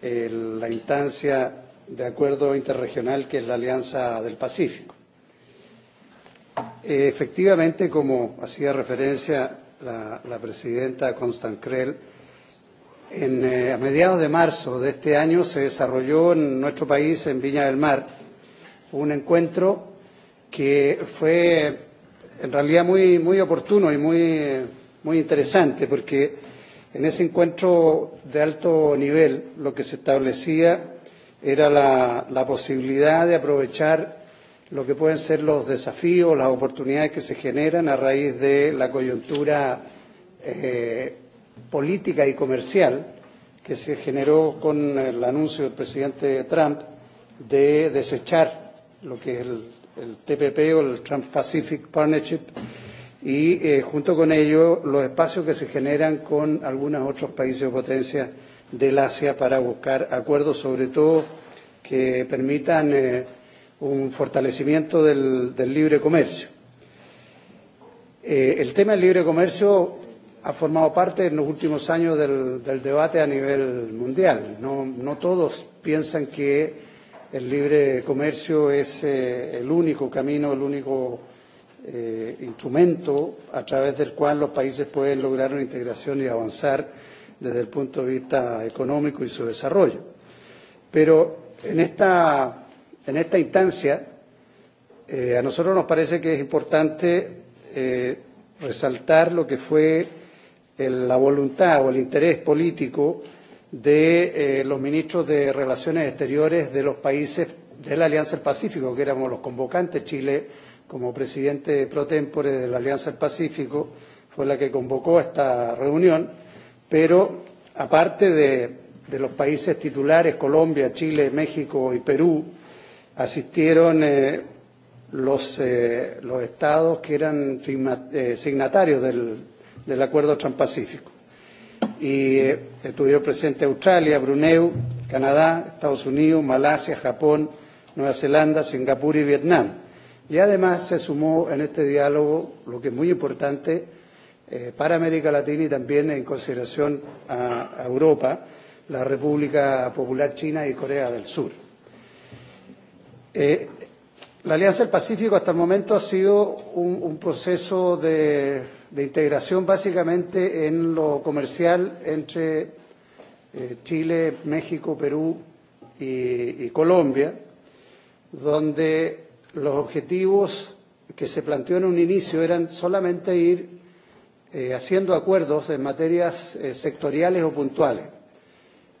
eh, la instancia de acuerdo interregional que es la Alianza del Pacífico. Eh, efectivamente, como hacía referencia la, la presidenta Constant Krell, en, eh, a mediados de marzo de este año se desarrolló en nuestro país, en Viña del Mar, un encuentro que fue en realidad muy, muy oportuno y muy, muy interesante porque en ese encuentro de alto nivel lo que se establecía era la, la posibilidad de aprovechar lo que pueden ser los desafíos, las oportunidades que se generan a raíz de la coyuntura eh, política y comercial que se generó con el anuncio del presidente Trump de desechar lo que es el el TPP o el Trans-Pacific Partnership, y eh, junto con ello los espacios que se generan con algunos otros países o potencias del Asia para buscar acuerdos, sobre todo que permitan eh, un fortalecimiento del, del libre comercio. Eh, el tema del libre comercio ha formado parte en los últimos años del, del debate a nivel mundial. No, no todos piensan que el libre comercio es eh, el único camino, el único eh, instrumento a través del cual los países pueden lograr una integración y avanzar desde el punto de vista económico y su desarrollo. Pero en esta, en esta instancia, eh, a nosotros nos parece que es importante eh, resaltar lo que fue el, la voluntad o el interés político de eh, los ministros de Relaciones Exteriores de los países de la Alianza del Pacífico, que éramos los convocantes. Chile, como presidente pro tempore de la Alianza del Pacífico, fue la que convocó esta reunión, pero aparte de, de los países titulares, Colombia, Chile, México y Perú, asistieron eh, los, eh, los estados que eran eh, signatarios del, del Acuerdo Transpacífico y eh, estuvieron presentes Australia, Brunei, Canadá, Estados Unidos, Malasia, Japón, Nueva Zelanda, Singapur y Vietnam. Y además se sumó en este diálogo, lo que es muy importante eh, para América Latina y también en consideración a, a Europa, la República Popular China y Corea del Sur. Eh, La Alianza del Pacífico hasta el momento ha sido un, un proceso de, de integración básicamente en lo comercial entre eh, Chile, México, Perú y, y Colombia, donde los objetivos que se planteó en un inicio eran solamente ir eh, haciendo acuerdos en materias eh, sectoriales o puntuales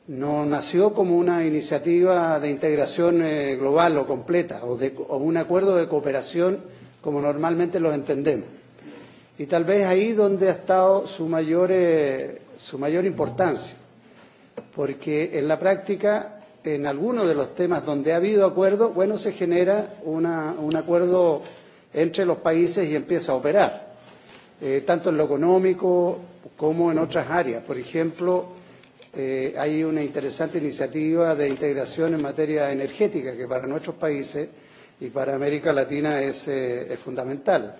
no nació como una iniciativa de integración eh, global o completa o, de, o un acuerdo de cooperación como normalmente los entendemos. Y tal vez ahí donde ha estado su mayor, eh, su mayor importancia, porque en la práctica, en algunos de los temas donde ha habido acuerdo, bueno, se genera una, un acuerdo entre los países y empieza a operar, eh, tanto en lo económico como en otras áreas. Por ejemplo, eh, hay una interesante iniciativa de integración en materia energética que para nuestros países y para América Latina es, eh, es fundamental.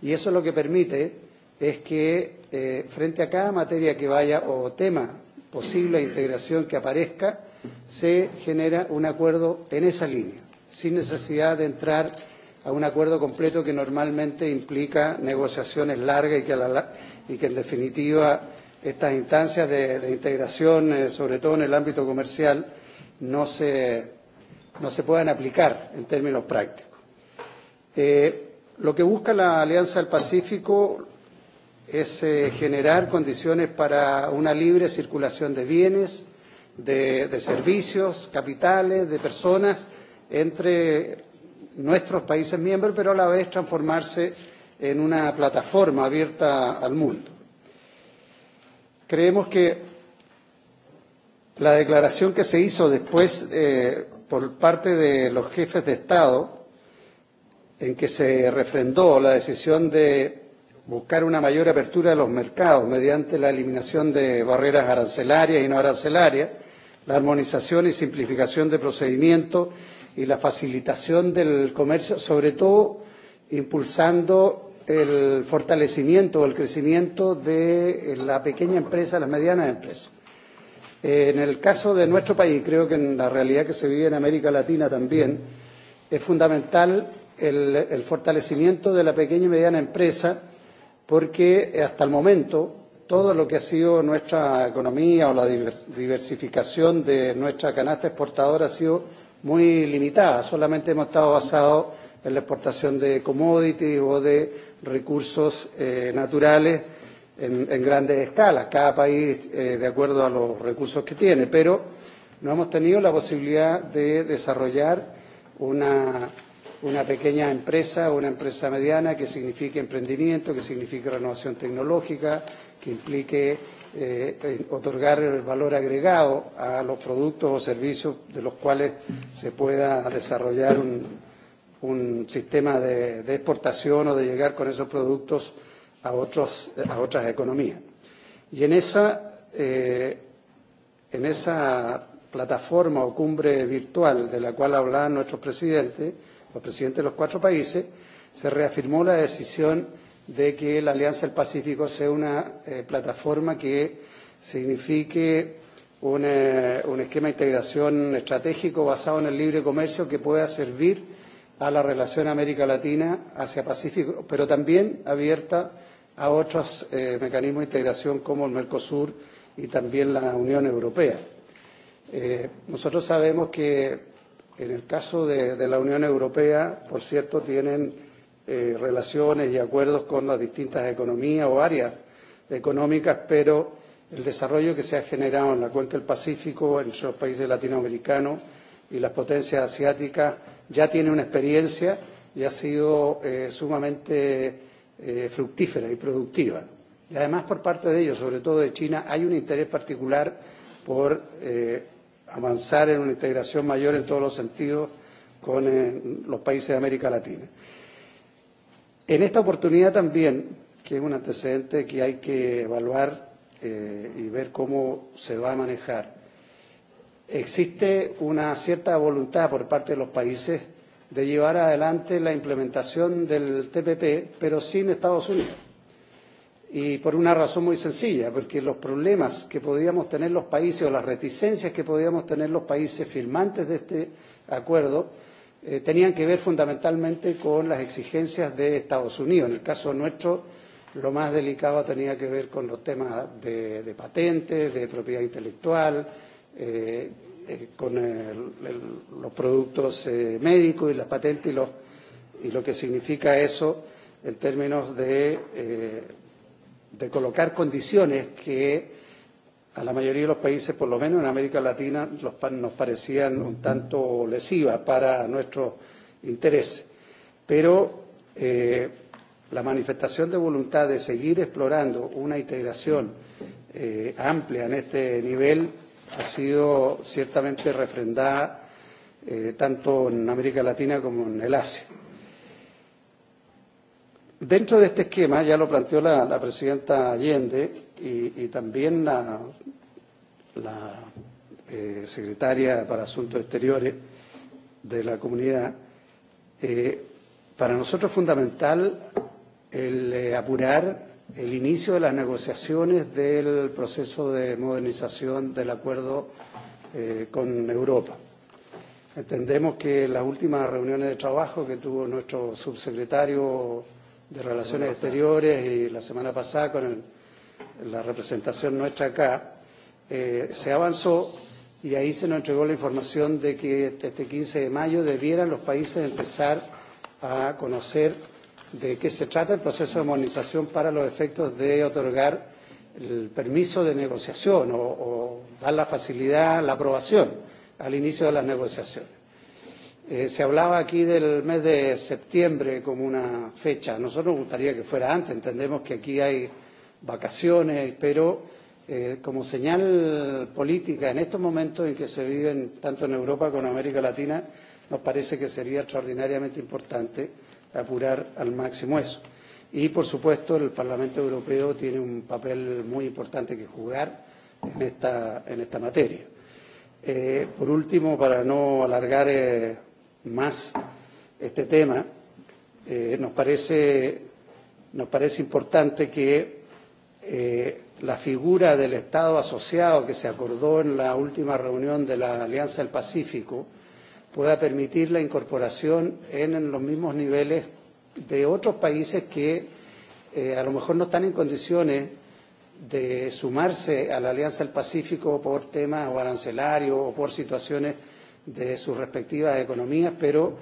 Y eso lo que permite es que eh, frente a cada materia que vaya o tema posible de integración que aparezca, se genera un acuerdo en esa línea, sin necesidad de entrar a un acuerdo completo que normalmente implica negociaciones largas y que, a la, y que en definitiva estas instancias de, de integración, eh, sobre todo en el ámbito comercial, no se, no se puedan aplicar en términos prácticos. Eh, lo que busca la Alianza del Pacífico es eh, generar condiciones para una libre circulación de bienes, de, de servicios, capitales, de personas entre nuestros países miembros, pero a la vez transformarse en una plataforma abierta al mundo. Creemos que la declaración que se hizo después eh, por parte de los jefes de Estado, en que se refrendó la decisión de buscar una mayor apertura de los mercados mediante la eliminación de barreras arancelarias y no arancelarias, la armonización y simplificación de procedimientos y la facilitación del comercio, sobre todo impulsando el fortalecimiento o el crecimiento de eh, la pequeña empresa, las medianas empresas. Eh, en el caso de nuestro país, creo que en la realidad que se vive en América Latina también, es fundamental el, el fortalecimiento de la pequeña y mediana empresa, porque hasta el momento todo lo que ha sido nuestra economía o la diversificación de nuestra canasta exportadora ha sido muy limitada. Solamente hemos estado basados en la exportación de commodities o de recursos eh, naturales en, en grandes escalas, cada país eh, de acuerdo a los recursos que tiene, pero no hemos tenido la posibilidad de desarrollar una, una pequeña empresa, una empresa mediana que signifique emprendimiento, que signifique renovación tecnológica, que implique eh, otorgar el valor agregado a los productos o servicios de los cuales se pueda desarrollar un, un sistema de, de exportación o de llegar con esos productos a, otros, a otras economías. Y en esa, eh, en esa plataforma o cumbre virtual de la cual hablaban nuestros presidentes, los presidentes de los cuatro países, se reafirmó la decisión de que la Alianza del Pacífico sea una eh, plataforma que signifique un, eh, un esquema de integración estratégico basado en el libre comercio que pueda servir a la relación América Latina hacia Pacífico, pero también abierta a otros eh, mecanismos de integración como el Mercosur y también la Unión Europea. Eh, nosotros sabemos que en el caso de, de la Unión Europea, por cierto, tienen eh, relaciones y acuerdos con las distintas economías o áreas económicas, pero el desarrollo que se ha generado en la cuenca del Pacífico, entre los países latinoamericanos y las potencias asiáticas, ya tiene una experiencia y ha sido eh, sumamente eh, fructífera y productiva. Y además por parte de ellos, sobre todo de China, hay un interés particular por eh, avanzar en una integración mayor en todos los sentidos con eh, los países de América Latina. En esta oportunidad también, que es un antecedente que hay que evaluar eh, y ver cómo se va a manejar, existe una cierta voluntad por parte de los países de llevar adelante la implementación del TPP, pero sin Estados Unidos. Y por una razón muy sencilla, porque los problemas que podíamos tener los países o las reticencias que podíamos tener los países firmantes de este acuerdo eh, tenían que ver fundamentalmente con las exigencias de Estados Unidos. En el caso nuestro, lo más delicado tenía que ver con los temas de, de patentes, de propiedad intelectual, eh, eh, con el, el, los productos eh, médicos y las patentes y, los, y lo que significa eso en términos de, eh, de colocar condiciones que a la mayoría de los países, por lo menos en América Latina, los, nos parecían un tanto lesivas para nuestro interés. Pero eh, la manifestación de voluntad de seguir explorando una integración eh, amplia en este nivel ha sido ciertamente refrendada eh, tanto en América Latina como en el Asia. Dentro de este esquema, ya lo planteó la, la presidenta Allende y, y también la, la eh, secretaria para Asuntos Exteriores de la comunidad, eh, para nosotros es fundamental el eh, apurar el inicio de las negociaciones del proceso de modernización del acuerdo eh, con Europa. Entendemos que las últimas reuniones de trabajo que tuvo nuestro subsecretario de Relaciones Exteriores y la semana pasada con el, la representación nuestra acá, eh, se avanzó y ahí se nos entregó la información de que este 15 de mayo debieran los países empezar a conocer de qué se trata el proceso de armonización para los efectos de otorgar el permiso de negociación o, o dar la facilidad, la aprobación al inicio de las negociaciones. Eh, se hablaba aquí del mes de septiembre como una fecha. A nosotros nos gustaría que fuera antes. Entendemos que aquí hay vacaciones, pero eh, como señal política en estos momentos en que se viven tanto en Europa como en América Latina, nos parece que sería extraordinariamente importante apurar al máximo eso. Y, por supuesto, el Parlamento Europeo tiene un papel muy importante que jugar en esta, en esta materia. Eh, por último, para no alargar eh, más este tema, eh, nos, parece, nos parece importante que eh, la figura del Estado asociado que se acordó en la última reunión de la Alianza del Pacífico pueda permitir la incorporación en en los mismos niveles de otros países que eh, a lo mejor no están en condiciones de sumarse a la Alianza del Pacífico por temas o arancelarios o por situaciones de sus respectivas economías, pero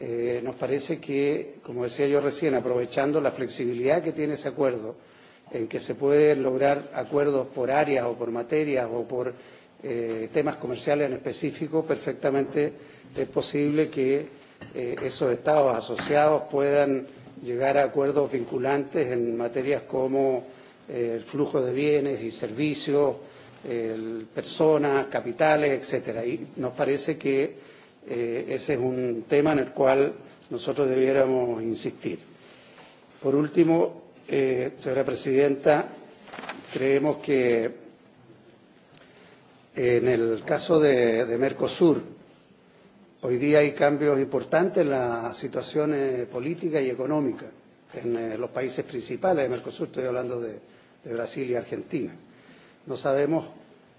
eh, nos parece que, como decía yo recién, aprovechando la flexibilidad que tiene ese acuerdo, en que se pueden lograr acuerdos por áreas o por materias o por eh, temas comerciales en específico, perfectamente es posible que eh, esos estados asociados puedan llegar a acuerdos vinculantes en materias como eh, el flujo de bienes y servicios, eh, personas, capitales, etcétera. Y nos parece que eh, ese es un tema en el cual nosotros debiéramos insistir. Por último, eh, señora presidenta, creemos que en el caso de, de Mercosur, Hoy día hay cambios importantes en la situación políticas política y económica en eh, los países principales de Mercosur, estoy hablando de, de Brasil y Argentina. No sabemos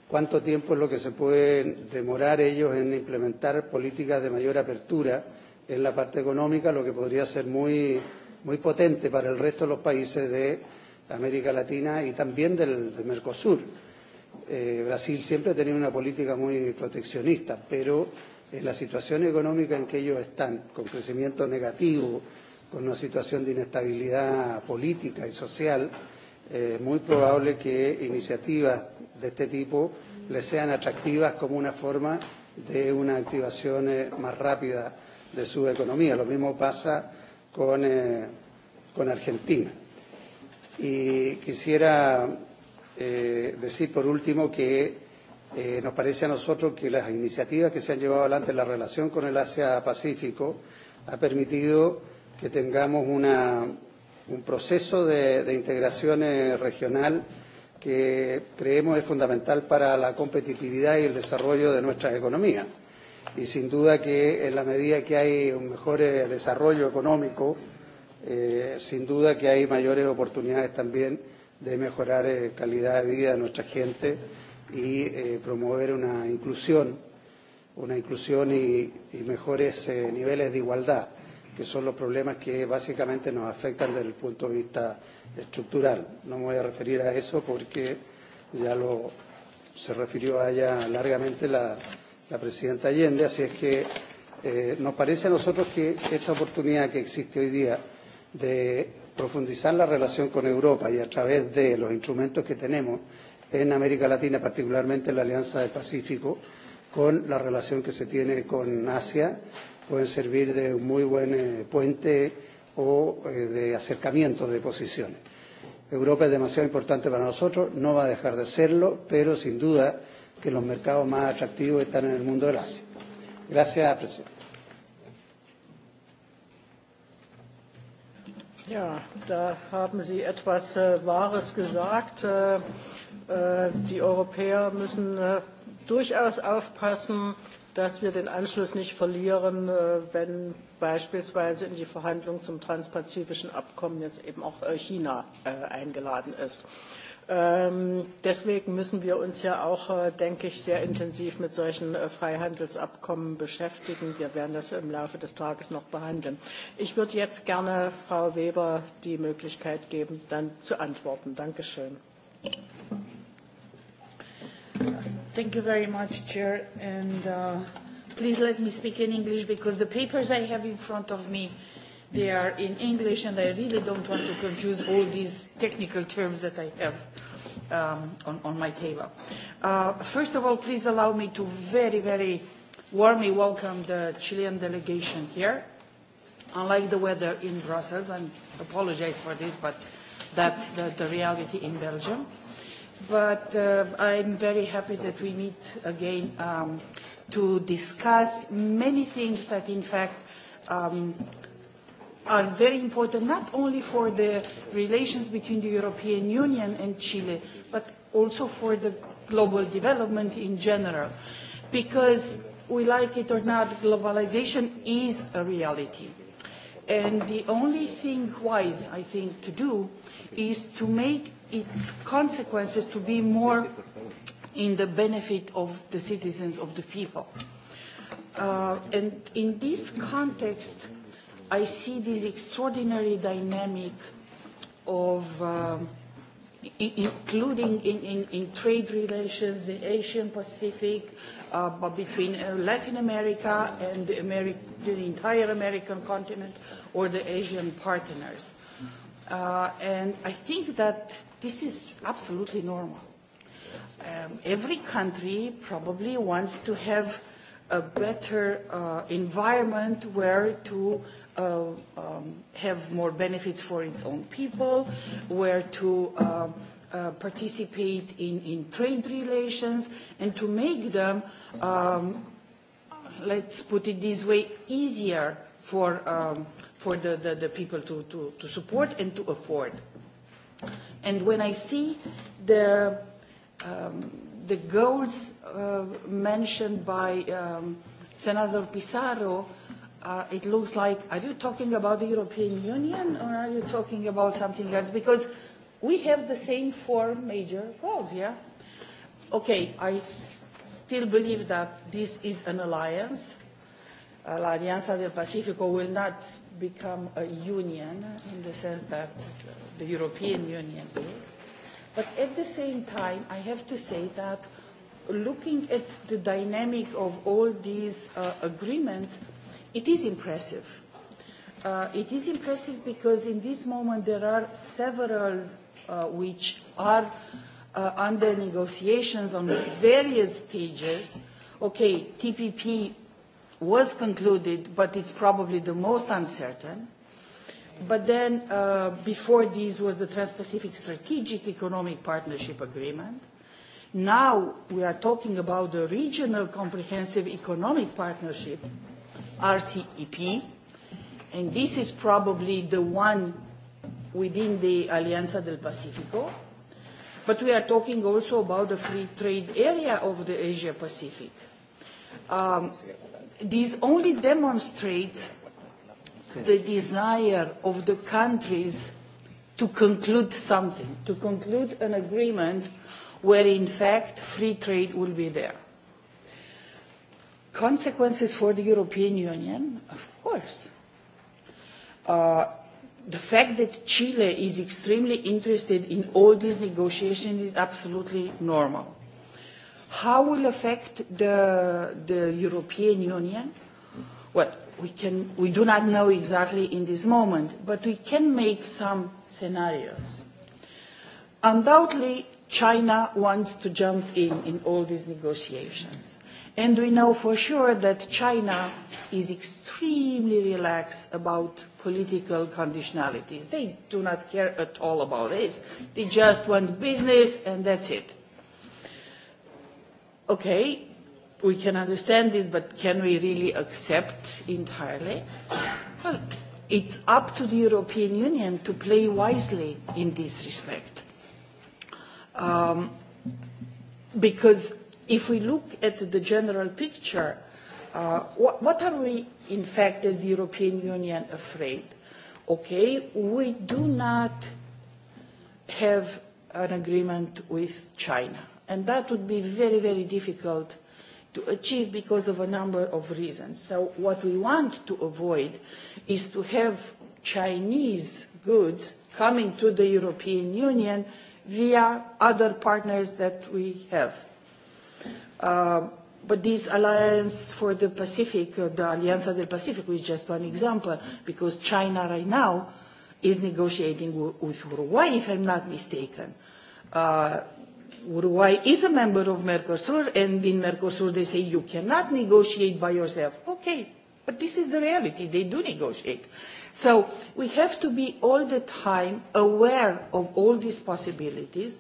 cuánto tiempo es lo que se puede demorar ellos en implementar políticas de mayor apertura en la parte económica, lo que podría ser muy, muy potente para el resto de los países de América Latina y también del, del Mercosur. Eh, Brasil siempre ha tenido una política muy proteccionista, pero en la situación económica en que ellos están, con crecimiento negativo, con una situación de inestabilidad política y social, es eh, muy probable que iniciativas de este tipo les sean atractivas como una forma de una activación eh, más rápida de su economía. Lo mismo pasa con, eh, con Argentina. Y quisiera eh, decir por último que Eh, nos parece a nosotros que las iniciativas que se han llevado adelante en la relación con el Asia-Pacífico ha permitido que tengamos una, un proceso de, de integración regional que creemos es fundamental para la competitividad y el desarrollo de nuestras economías. Y sin duda que en la medida que hay un mejor eh, desarrollo económico, eh, sin duda que hay mayores oportunidades también de mejorar eh, calidad de vida de nuestra gente y eh, promover una inclusión, una inclusión y, y mejores eh, niveles de igualdad, que son los problemas que básicamente nos afectan desde el punto de vista estructural. No me voy a referir a eso porque ya lo se refirió a ella largamente la, la presidenta Allende, así es que eh, nos parece a nosotros que esta oportunidad que existe hoy día de profundizar la relación con Europa y a través de los instrumentos que tenemos, en América Latina, particularmente en la Alianza del Pacífico, con la relación que se tiene con Asia, pueden servir de un muy buen eh, puente o eh, de acercamiento de posiciones. Europa es demasiado importante para nosotros, no va a dejar de serlo, pero sin duda que los mercados más atractivos están en el mundo del Asia. Gracias, presidente. Ja, da haben Sie etwas äh, Wahres gesagt. Äh, Äh, die Europäer müssen äh, durchaus aufpassen, dass wir den Anschluss nicht verlieren, äh, wenn beispielsweise in die Verhandlungen zum transpazifischen Abkommen jetzt eben auch China eingeladen ist. Ähm, deswegen müssen wir uns ja auch, denke ich, sehr intensiv mit solchen Freihandelsabkommen beschäftigen. Wir werden das im Laufe des Tages noch behandeln. Ich würde jetzt gerne Frau Weber die Möglichkeit geben, dann zu antworten. Dankeschön. Thank Thank you very much, Chair. And uh, please let me speak in English because the papers I have in front of me, they are in English and I really don't want to confuse all these technical terms that I have um, on, on my table. Uh, first of all, please allow me to very, very warmly welcome the Chilean delegation here. Unlike the weather in Brussels, I apologize for this, but that's the, the reality in Belgium but uh, I'm very happy that we meet again um, to discuss many things that, in fact, um, are very important not only for the relations between the European Union and Chile, but also for the global development in general. Because we like it or not, globalization is a reality. And the only thing wise, I think, to do is to make its consequences to be more in the benefit of the citizens, of the people. Uh, and in this context, I see this extraordinary dynamic of uh, including in, in, in trade relations, the Asian Pacific, uh, but between uh, Latin America and the, Ameri- the entire American continent or the Asian partners. Uh, and I think that this is absolutely normal. Um, every country probably wants to have a better uh, environment where to uh, um, have more benefits for its own people, where to uh, uh, participate in, in trade relations, and to make them, um, let's put it this way, easier for um, for the, the, the people to, to, to support and to afford. And when I see the, um, the goals uh, mentioned by um, Senator Pizarro, uh, it looks like, are you talking about the European Union or are you talking about something else? Because we have the same four major goals, yeah? Okay, I still believe that this is an alliance. Uh, La Alianza del Pacifico will not become a union in the sense that the European Union is. But at the same time, I have to say that looking at the dynamic of all these uh, agreements, it is impressive. Uh, it is impressive because in this moment there are several uh, which are uh, under negotiations on various stages. Okay, TPP was concluded, but it's probably the most uncertain. But then uh, before this was the Trans-Pacific Strategic Economic Partnership Agreement. Now we are talking about the Regional Comprehensive Economic Partnership, RCEP, and this is probably the one within the Alianza del Pacifico. But we are talking also about the free trade area of the Asia Pacific. Um, This only demonstrates the desire of the countries to conclude something, to conclude an agreement where in fact free trade will be there. Consequences for the European Union? Of course. Uh, the fact that Chile is extremely interested in all these negotiations is absolutely normal. How will affect the, the European Union? Well, we, can, we do not know exactly in this moment, but we can make some scenarios. Undoubtedly, China wants to jump in in all these negotiations. And we know for sure that China is extremely relaxed about political conditionalities. They do not care at all about this. They just want business and that's it okay, we can understand this, but can we really accept entirely? Well, it's up to the European Union to play wisely in this respect. Um, because if we look at the general picture, uh, what, what are we, in fact, as the European Union afraid? Okay, we do not have an agreement with China And that would be very, very difficult to achieve because of a number of reasons. So what we want to avoid is to have Chinese goods coming to the European Union via other partners that we have. Uh, but this alliance for the Pacific, uh, the Alianza del Pacific, is just one example, because China right now is negotiating with Uruguay, if I'm not mistaken. Uh, Uruguay is a member of Mercosur, and in Mercosur they say you cannot negotiate by yourself. Okay, but this is the reality. They do negotiate. So we have to be all the time aware of all these possibilities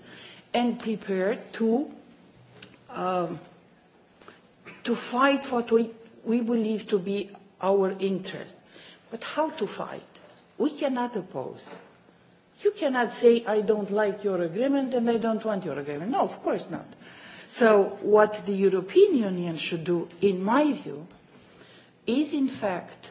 and prepared to, um, to fight for what we, believe to be our interest. But how to fight? We cannot oppose You cannot say, I don't like your agreement and I don't want your agreement. No, of course not. So what the European Union should do, in my view, is in fact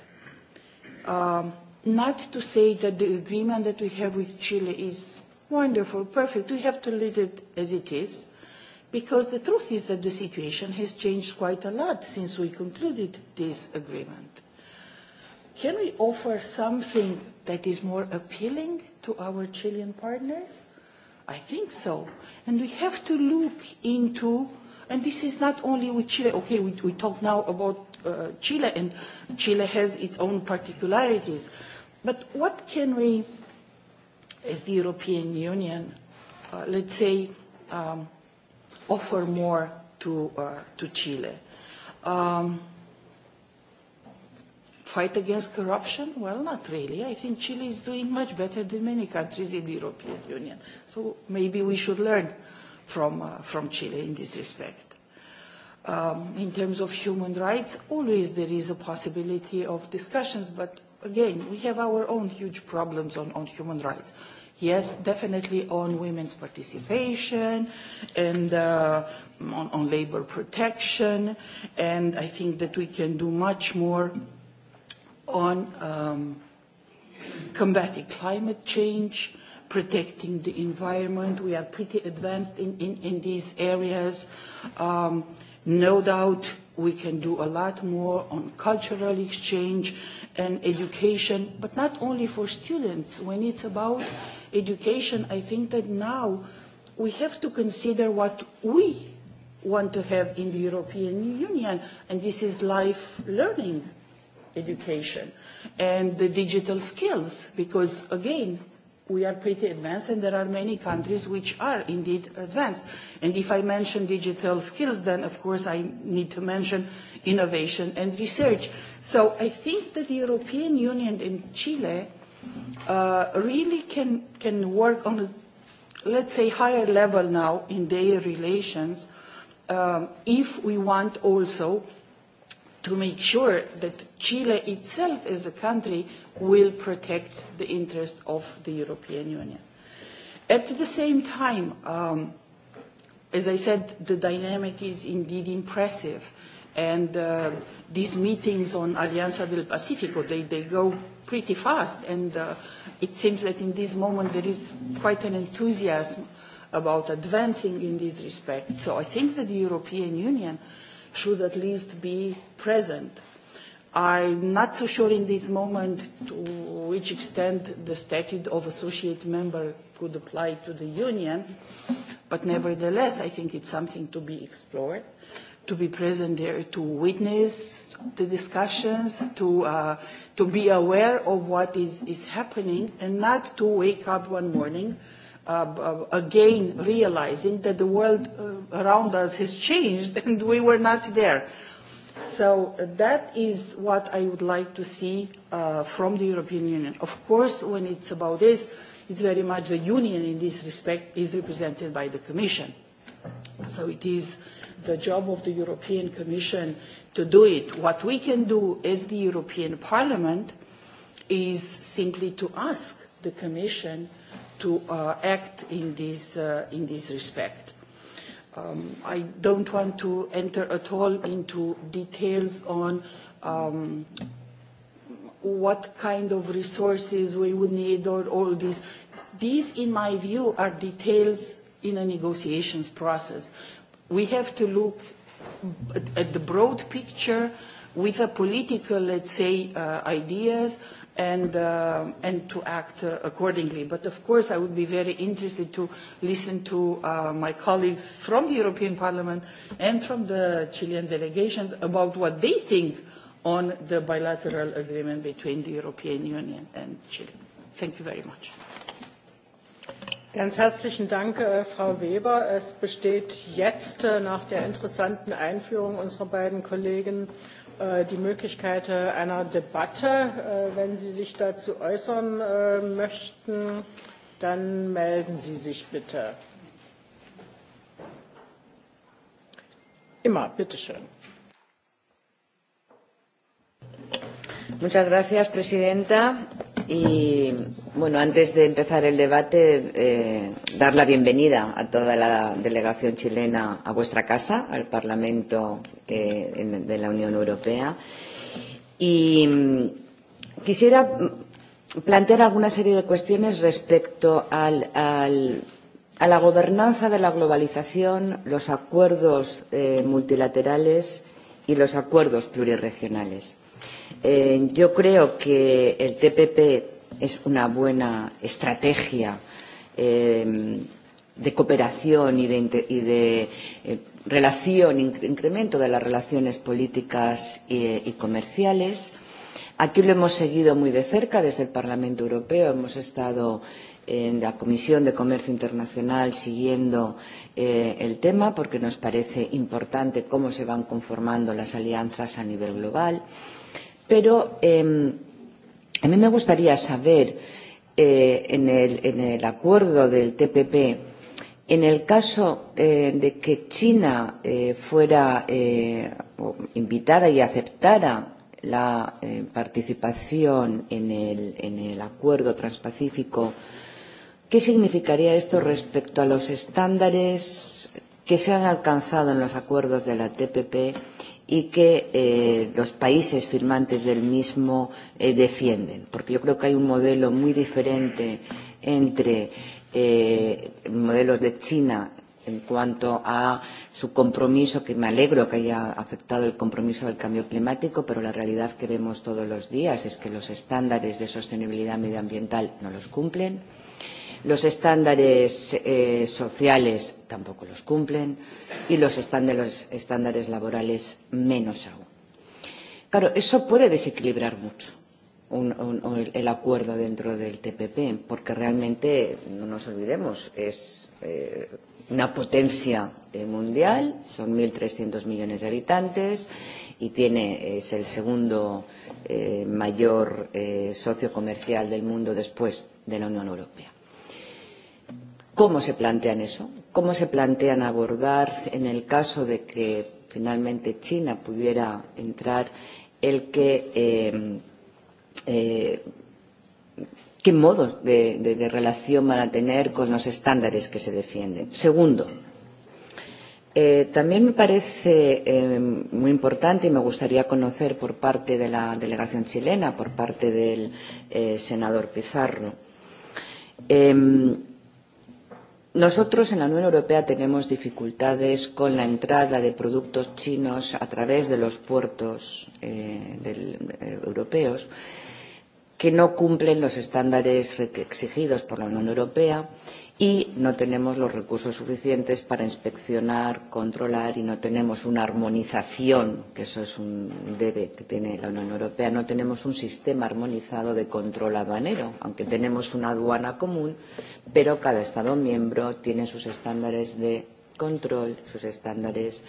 um, not to say that the agreement that we have with Chile is wonderful, perfect. We have to leave it as it is, because the truth is that the situation has changed quite a lot since we concluded this agreement. Can we offer something that is more appealing to our Chilean partners? I think so. And we have to look into, and this is not only with Chile, okay, we, we talk now about uh, Chile, and Chile has its own particularities, but what can we, as the European Union, uh, let's say, um, offer more to, uh, to Chile? Um, Fight against corruption? Well, not really. I think Chile is doing much better than many countries in the European Union. So maybe we should learn from, uh, from Chile in this respect. Um, in terms of human rights, always there is a possibility of discussions, but again, we have our own huge problems on, on human rights. Yes, definitely on women's participation and uh, on, on labor protection, and I think that we can do much more on um, combating climate change, protecting the environment. We are pretty advanced in, in, in these areas. Um, no doubt we can do a lot more on cultural exchange and education, but not only for students. When it's about education, I think that now we have to consider what we want to have in the European Union, and this is life learning education and the digital skills because again we are pretty advanced and there are many countries which are indeed advanced. And if I mention digital skills, then of course I need to mention innovation and research. So I think that the European Union and Chile uh, really can, can work on, a, let's say, higher level now in their relations um, if we want also to make sure that Chile itself as a country will protect the interests of the European Union. At the same time, um, as I said, the dynamic is indeed impressive. And uh, these meetings on Alianza del Pacifico, they, they go pretty fast. And uh, it seems that in this moment there is quite an enthusiasm about advancing in this respect. So I think that the European Union should at least be present I'm not so sure in this moment to which extent the statute of associate member could apply to the union, but nevertheless, I think it's something to be explored, to be present there, to witness the discussions, to, uh, to be aware of what is, is happening, and not to wake up one morning uh, again realizing that the world uh, around us has changed and we were not there So uh, that is what I would like to see uh, from the European Union. Of course, when it's about this, it's very much the Union in this respect is represented by the Commission. So it is the job of the European Commission to do it. What we can do as the European Parliament is simply to ask the Commission to uh, act in this, uh, in this respect. Um, I don't want to enter at all into details on um, what kind of resources we would need or all these. These, in my view, are details in a negotiations process. We have to look at, at the broad picture with a political, let's say, uh, ideas, uh, and, uh, and to act uh, accordingly. But of course, I would be very interested to listen to uh, my colleagues from the European Parliament and from the Chilean delegations about what they think on the bilateral agreement between the European Union and Chile. Thank you very much. Ganz herzlichen Dank, äh, Frau Weber. Es besteht jetzt äh, nach der interessanten Einführung unserer beiden Kollegen Äh, die Möglichkeit äh, einer Debatte. Äh, wenn Sie sich dazu äußern möchten, dann melden Sie sich bitte. Immer, bitteschön. Muchas gracias, Presidenta. Y bueno, antes de empezar el debate, eh, dar la bienvenida a toda la delegación chilena a vuestra casa, al Parlamento eh, en, de la Unión Europea. Y mm, quisiera mm, plantear alguna serie de cuestiones respecto al, al, a la gobernanza de la globalización, los acuerdos eh, multilaterales y los acuerdos pluriregionales. Eh, yo creo que el TPP es una buena estrategia eh, de cooperación y de, y de eh, relación, incremento de las relaciones políticas y, y comerciales. Aquí lo hemos seguido muy de cerca desde el Parlamento Europeo. Hemos estado en la Comisión de Comercio Internacional siguiendo eh, el tema porque nos parece importante cómo se van conformando las alianzas a nivel global. Pero eh, a mí me gustaría saber eh, en, el, en el acuerdo del TPP, en el caso eh, de que China eh, fuera eh, invitada y aceptara la eh, participación en el, en el acuerdo transpacífico, ¿qué significaría esto respecto a los estándares que se han alcanzado en los acuerdos de la TPP y que eh, los países firmantes del mismo eh, defienden. Porque yo creo que hay un modelo muy diferente entre eh, el modelo de China en cuanto a su compromiso, que me alegro que haya aceptado el compromiso del cambio climático, pero la realidad que vemos todos los días es que los estándares de sostenibilidad medioambiental no los cumplen los estándares eh, sociales tampoco los cumplen y los estándares, estándares laborales menos aún. Claro, eso puede desequilibrar mucho un, un, un, el acuerdo dentro del TPP, porque realmente, no nos olvidemos, es eh, una potencia eh, mundial, son 1.300 millones de habitantes y tiene, es el segundo eh, mayor eh, socio comercial del mundo después de la Unión Europea. ¿Cómo se plantean eso? ¿Cómo se plantean abordar, en el caso de que finalmente China pudiera entrar, el que eh, eh, qué modo de, de, de relación van a tener con los estándares que se defienden? Segundo, eh, también me parece eh, muy importante y me gustaría conocer por parte de la delegación chilena, por parte del eh, senador Pizarro, eh, Nosotros en la Unión Europea tenemos dificultades con la entrada de productos chinos a través de los puertos eh, del, eh, europeos que no cumplen los estándares exigidos por la Unión Europea y no tenemos los recursos suficientes para inspeccionar, controlar y no tenemos una armonización, que eso es un debe que tiene la Unión Europea, no tenemos un sistema armonizado de control aduanero, aunque tenemos una aduana común, pero cada Estado miembro tiene sus estándares de control, sus estándares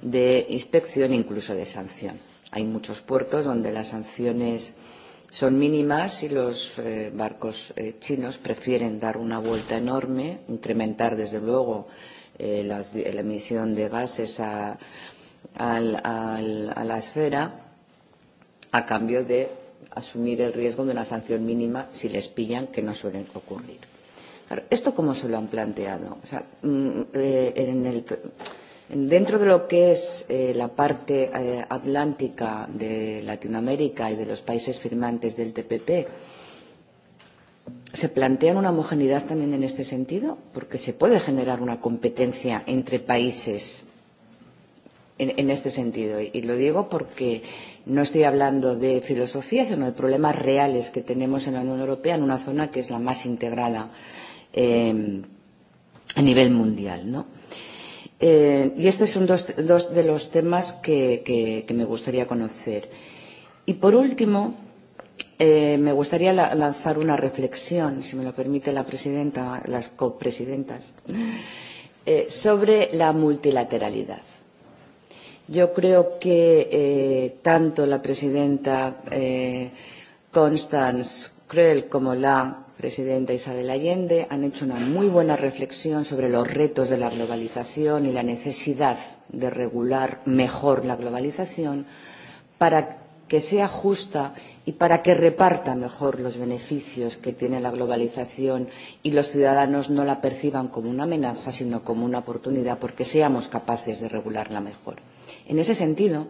de inspección e incluso de sanción. Hay muchos puertos donde las sanciones son mínimas y los eh, barcos eh, chinos prefieren dar una vuelta enorme, incrementar desde luego eh, la, la emisión de gases a, al, al, a la esfera a cambio de asumir el riesgo de una sanción mínima si les pillan, que no suelen ocurrir. Claro, ¿Esto cómo se lo han planteado? O sea, mm, eh, en el, Dentro de lo que es eh, la parte eh, atlántica de Latinoamérica y de los países firmantes del TPP, ¿se plantean una homogeneidad también en este sentido? Porque se puede generar una competencia entre países en, en este sentido. Y, y lo digo porque no estoy hablando de filosofía, sino de problemas reales que tenemos en la Unión Europea en una zona que es la más integrada eh, a nivel mundial, ¿no? Eh, y estos son dos, dos de los temas que, que, que me gustaría conocer. Y por último, eh, me gustaría la, lanzar una reflexión, si me lo permite la presidenta, las copresidentas, eh, sobre la multilateralidad. Yo creo que eh, tanto la presidenta eh, Constance Krell como la presidenta Isabel Allende han hecho una muy buena reflexión sobre los retos de la globalización y la necesidad de regular mejor la globalización para que sea justa y para que reparta mejor los beneficios que tiene la globalización y los ciudadanos no la perciban como una amenaza, sino como una oportunidad, porque seamos capaces de regularla mejor. En ese sentido,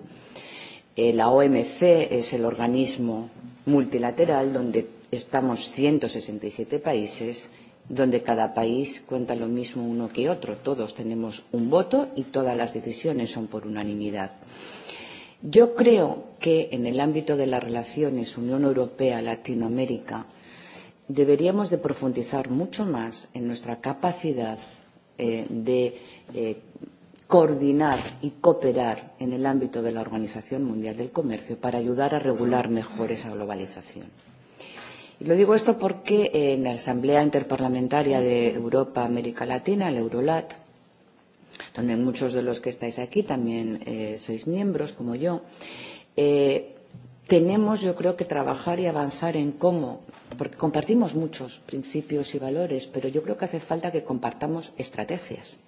eh, la OMC es el organismo multilateral donde estamos 167 países donde cada país cuenta lo mismo uno que otro. Todos tenemos un voto y todas las decisiones son por unanimidad. Yo creo que en el ámbito de las relaciones Unión Europea-Latinoamérica deberíamos de profundizar mucho más en nuestra capacidad eh, de eh, coordinar y cooperar en el ámbito de la Organización Mundial del Comercio para ayudar a regular mejor esa globalización. Y lo digo esto porque eh, en la Asamblea Interparlamentaria de Europa, América Latina, el Eurolat, donde muchos de los que estáis aquí también eh, sois miembros, como yo, eh, tenemos, yo creo, que trabajar y avanzar en cómo, porque compartimos muchos principios y valores, pero yo creo que hace falta que compartamos estrategias,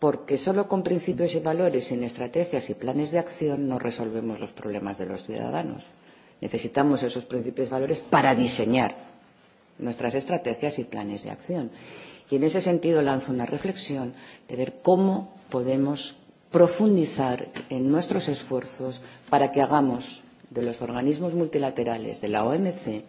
porque solo con principios y valores, sin estrategias y planes de acción, no resolvemos los problemas de los ciudadanos. Necesitamos esos principios y valores para diseñar nuestras estrategias y planes de acción. Y en ese sentido lanzo una reflexión de ver cómo podemos profundizar en nuestros esfuerzos para que hagamos de los organismos multilaterales, de la OMC,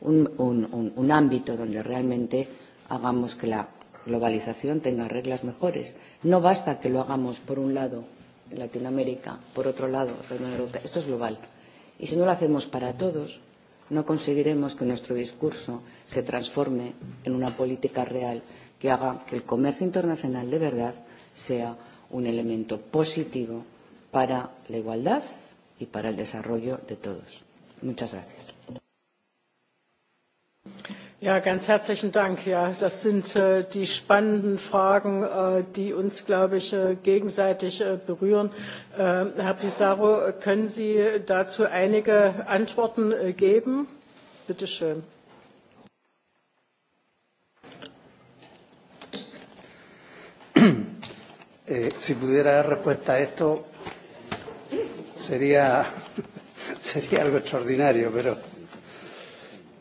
un, un, un, un ámbito donde realmente hagamos que la globalización tenga reglas mejores. No basta que lo hagamos, por un lado, en Latinoamérica, por otro lado, en Europa. Esto es global. Y si no lo hacemos para todos, no conseguiremos que nuestro discurso se transforme en una política real que haga que el comercio internacional de verdad sea un elemento positivo para la igualdad y para el desarrollo de todos. Muchas gracias ganz herzlichen Dank. das sind äh, die spannenden Fragen, äh, die uns, glaube ich, äh, gegenseitig berühren. Herr Pizarro, können Sie dazu einige Antworten geben? Bitte schön. Eh, si pudiera dar respuesta a esto, sería, sería algo extraordinario, pero.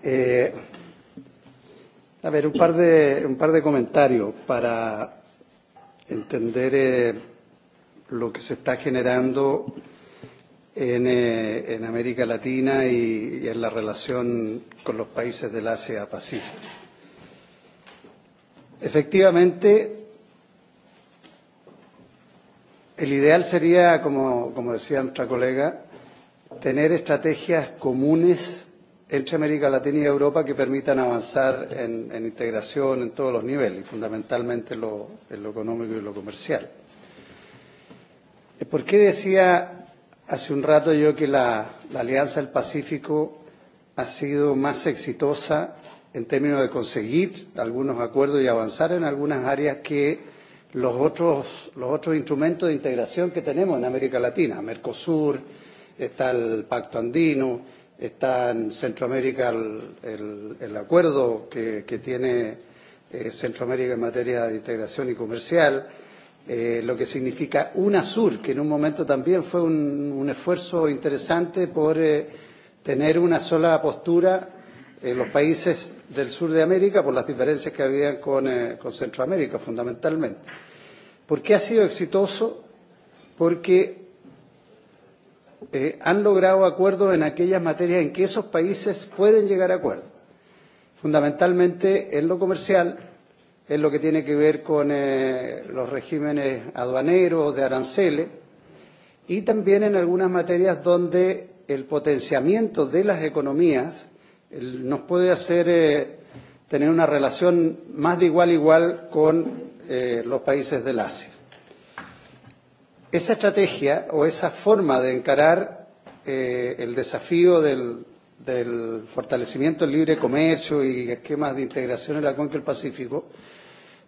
Eh, a ver, un par de, un par de comentarios para entender eh, lo que se está generando en, eh, en América Latina y, y en la relación con los países del Asia-Pacífico. Efectivamente, el ideal sería, como, como decía nuestra colega, tener estrategias comunes Entre América Latina y Europa que permitan avanzar en, en integración en todos los niveles, fundamentalmente en lo, en lo económico y lo comercial. Eh, ¿Por qué decía hace un rato yo que la, la Alianza del Pacífico ha sido más exitosa en términos de conseguir algunos acuerdos y avanzar en algunas áreas que los otros, los otros instrumentos de integración que tenemos en América Latina, Mercosur, está el Pacto Andino, Está en Centroamérica el, el, el acuerdo que, que tiene eh, Centroamérica en materia de integración y comercial, eh, lo que significa UNASUR, que en un momento también fue un, un esfuerzo interesante por eh, tener una sola postura en los países del sur de América por las diferencias que había con, eh, con Centroamérica, fundamentalmente. ¿Por qué ha sido exitoso? Porque eh, han logrado acuerdos en aquellas materias en que esos países pueden llegar a acuerdos. Fundamentalmente en lo comercial, en lo que tiene que ver con eh, los regímenes aduaneros, de aranceles, y también en algunas materias donde el potenciamiento de las economías el, nos puede hacer eh, tener una relación más de igual a igual con eh, los países del Asia esa estrategia o esa forma de encarar eh, el desafío del, del fortalecimiento del libre comercio y esquemas de integración en la cuenca del Pacífico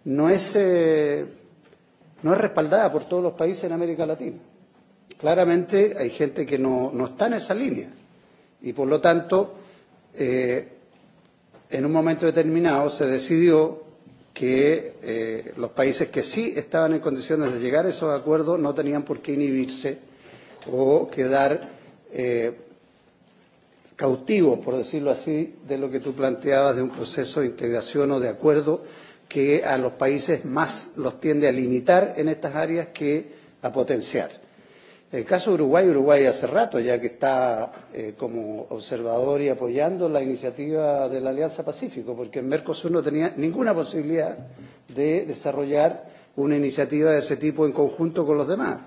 no es, eh, no es respaldada por todos los países en América Latina. Claramente hay gente que no, no está en esa línea y por lo tanto eh, en un momento determinado se decidió que eh, los países que sí estaban en condiciones de llegar a esos acuerdos no tenían por qué inhibirse o quedar eh, cautivos, por decirlo así, de lo que tú planteabas de un proceso de integración o de acuerdo que a los países más los tiende a limitar en estas áreas que a potenciar. El caso Uruguay, Uruguay hace rato ya que está eh, como observador y apoyando la iniciativa de la Alianza Pacífico, porque en Mercosur no tenía ninguna posibilidad de desarrollar una iniciativa de ese tipo en conjunto con los demás.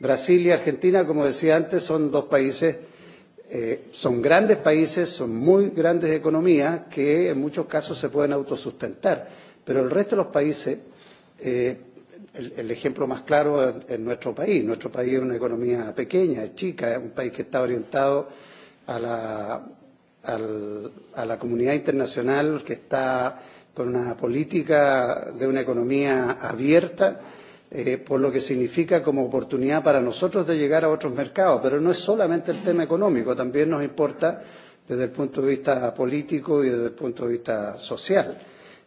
Brasil y Argentina, como decía antes, son dos países, eh, son grandes países, son muy grandes economías que en muchos casos se pueden autosustentar, pero el resto de los países eh, el, el ejemplo más claro en, en nuestro país. Nuestro país es una economía pequeña, chica, es un país que está orientado a la, al, a la comunidad internacional, que está con una política de una economía abierta, eh, por lo que significa como oportunidad para nosotros de llegar a otros mercados. Pero no es solamente el tema económico, también nos importa desde el punto de vista político y desde el punto de vista social.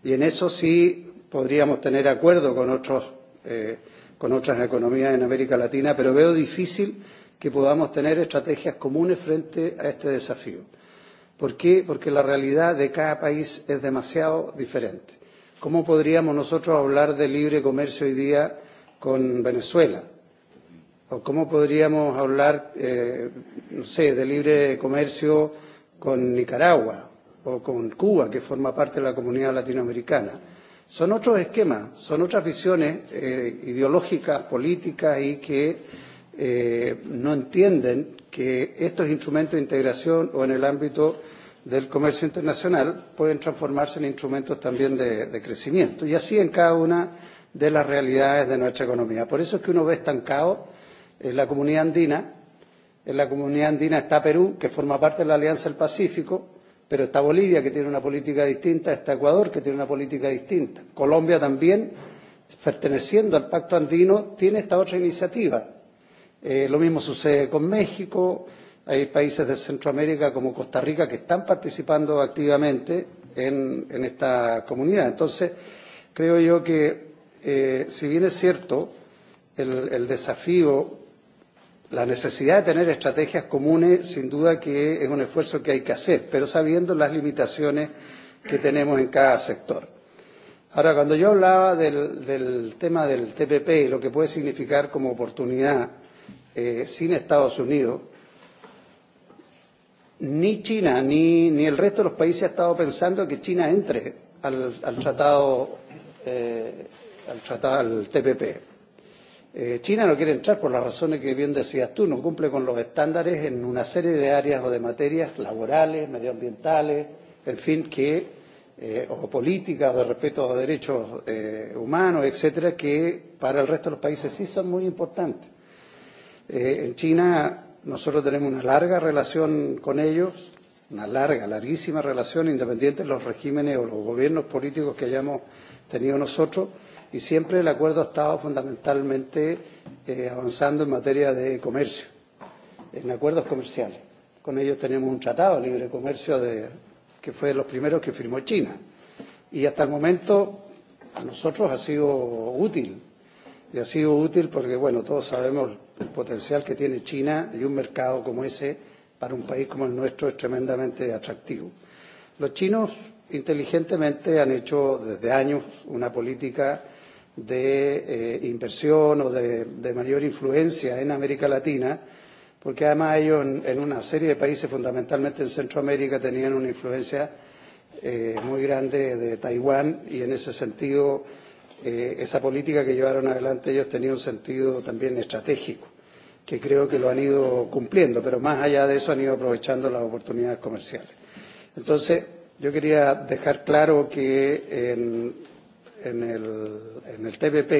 Y en eso sí podríamos tener acuerdo con otros eh, con otras economías en América Latina, pero veo difícil que podamos tener estrategias comunes frente a este desafío. ¿Por qué? Porque la realidad de cada país es demasiado diferente. ¿Cómo podríamos nosotros hablar de libre comercio hoy día con Venezuela? ¿O cómo podríamos hablar, eh, no sé, de libre comercio con Nicaragua o con Cuba, que forma parte de la comunidad latinoamericana? Son otros esquemas, son otras visiones eh, ideológicas, políticas y que eh, no entienden que estos instrumentos de integración o en el ámbito del comercio internacional pueden transformarse en instrumentos también de, de crecimiento y así en cada una de las realidades de nuestra economía. Por eso es que uno ve estancado en la comunidad andina. En la comunidad andina está Perú, que forma parte de la Alianza del Pacífico, Pero está Bolivia, que tiene una política distinta, está Ecuador, que tiene una política distinta. Colombia también, perteneciendo al Pacto Andino, tiene esta otra iniciativa. Eh, lo mismo sucede con México. Hay países de Centroamérica como Costa Rica que están participando activamente en, en esta comunidad. Entonces, creo yo que, eh, si bien es cierto, el, el desafío La necesidad de tener estrategias comunes, sin duda que es un esfuerzo que hay que hacer, pero sabiendo las limitaciones que tenemos en cada sector. Ahora, cuando yo hablaba del, del tema del TPP y lo que puede significar como oportunidad eh, sin Estados Unidos, ni China ni, ni el resto de los países ha estado pensando que China entre al, al tratado, eh, al tratado, al TPP. Eh, China no quiere entrar por las razones que bien decías tú, no cumple con los estándares en una serie de áreas o de materias laborales, medioambientales, en fin, que, eh, o políticas de respeto a derechos eh, humanos, etcétera, que para el resto de los países sí son muy importantes. Eh, en China nosotros tenemos una larga relación con ellos, una larga, larguísima relación, independiente de los regímenes o los gobiernos políticos que hayamos tenido nosotros y siempre el acuerdo ha estado fundamentalmente eh, avanzando en materia de comercio, en acuerdos comerciales. Con ellos tenemos un tratado de libre comercio de, que fue de los primeros que firmó China. Y hasta el momento a nosotros ha sido útil. Y ha sido útil porque, bueno, todos sabemos el potencial que tiene China y un mercado como ese para un país como el nuestro es tremendamente atractivo. Los chinos inteligentemente han hecho desde años una política de eh, inversión o de, de mayor influencia en América Latina, porque además ellos en, en una serie de países, fundamentalmente en Centroamérica, tenían una influencia eh, muy grande de Taiwán y en ese sentido eh, esa política que llevaron adelante ellos tenía un sentido también estratégico, que creo que lo han ido cumpliendo, pero más allá de eso han ido aprovechando las oportunidades comerciales. Entonces, yo quería dejar claro que en en el, en el TPP,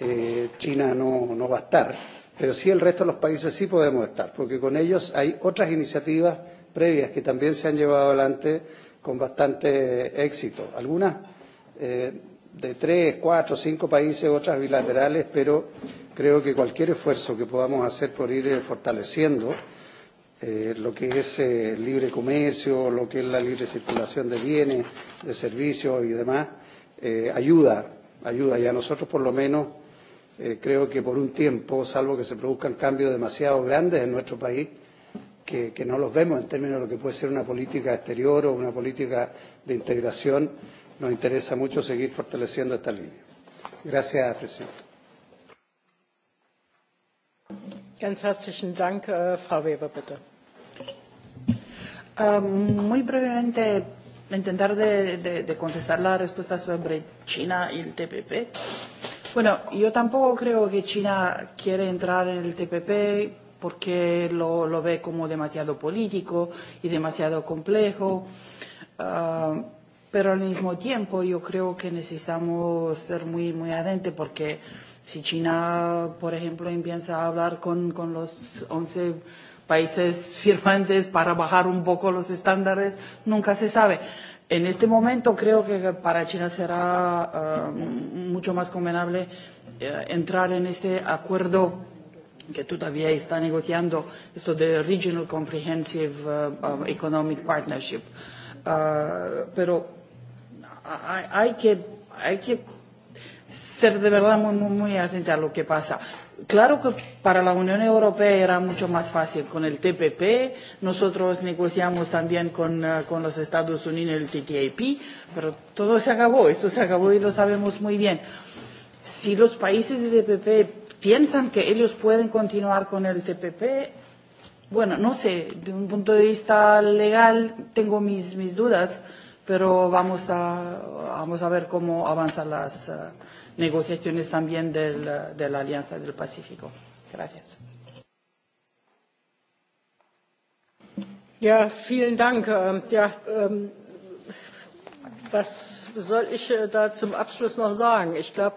eh, China no, no va a estar, pero sí el resto de los países sí podemos estar, porque con ellos hay otras iniciativas previas que también se han llevado adelante con bastante éxito. Algunas eh, de tres, cuatro, cinco países, otras bilaterales, pero creo que cualquier esfuerzo que podamos hacer por ir eh, fortaleciendo eh, lo que es eh, libre comercio, lo que es la libre circulación de bienes, de servicios y demás, eh, ayuda, ayuda. Y a nosotros, por lo menos, eh, creo que por un tiempo, salvo que se produzcan cambios demasiado grandes en nuestro país, que, que no los vemos en términos de lo que puede ser una política exterior o una política de integración, nos interesa mucho seguir fortaleciendo esta línea. Gracias, presidente. Ganz herzlichen Dank. Äh, Frau Weber, bitte. Ähm, muy brevemente, intentar de, de, de contestar la respuesta sobre China y el TPP. Bueno, yo tampoco creo que China quiere entrar en el TPP porque lo, lo ve como demasiado político y demasiado complejo. Uh, pero al mismo tiempo yo creo que necesitamos ser muy, muy atentos porque si China, por ejemplo, empieza a hablar con, con los 11 países firmantes para bajar un poco los estándares, nunca se sabe. En este momento creo que para China será uh, mucho más convenable uh, entrar en este acuerdo que todavía está negociando, esto de Regional Comprehensive uh, uh, Economic Partnership. Uh, pero hay, hay, que, hay que ser de verdad muy, muy, muy atento a lo que pasa. Claro que para la Unión Europea era mucho más fácil con el TPP, nosotros negociamos también con, uh, con los Estados Unidos el TTIP, pero todo se acabó, esto se acabó y lo sabemos muy bien. Si los países del TPP piensan que ellos pueden continuar con el TPP, bueno, no sé, de un punto de vista legal tengo mis, mis dudas, pero vamos a, vamos a ver cómo avanzan las. Uh, negociaciones también del, de la Alianza del Pacífico. Gracias. Ja, vielen Dank. Ähm, ja, ähm, was soll ich äh, da zum Abschluss noch sagen? Ich glaube,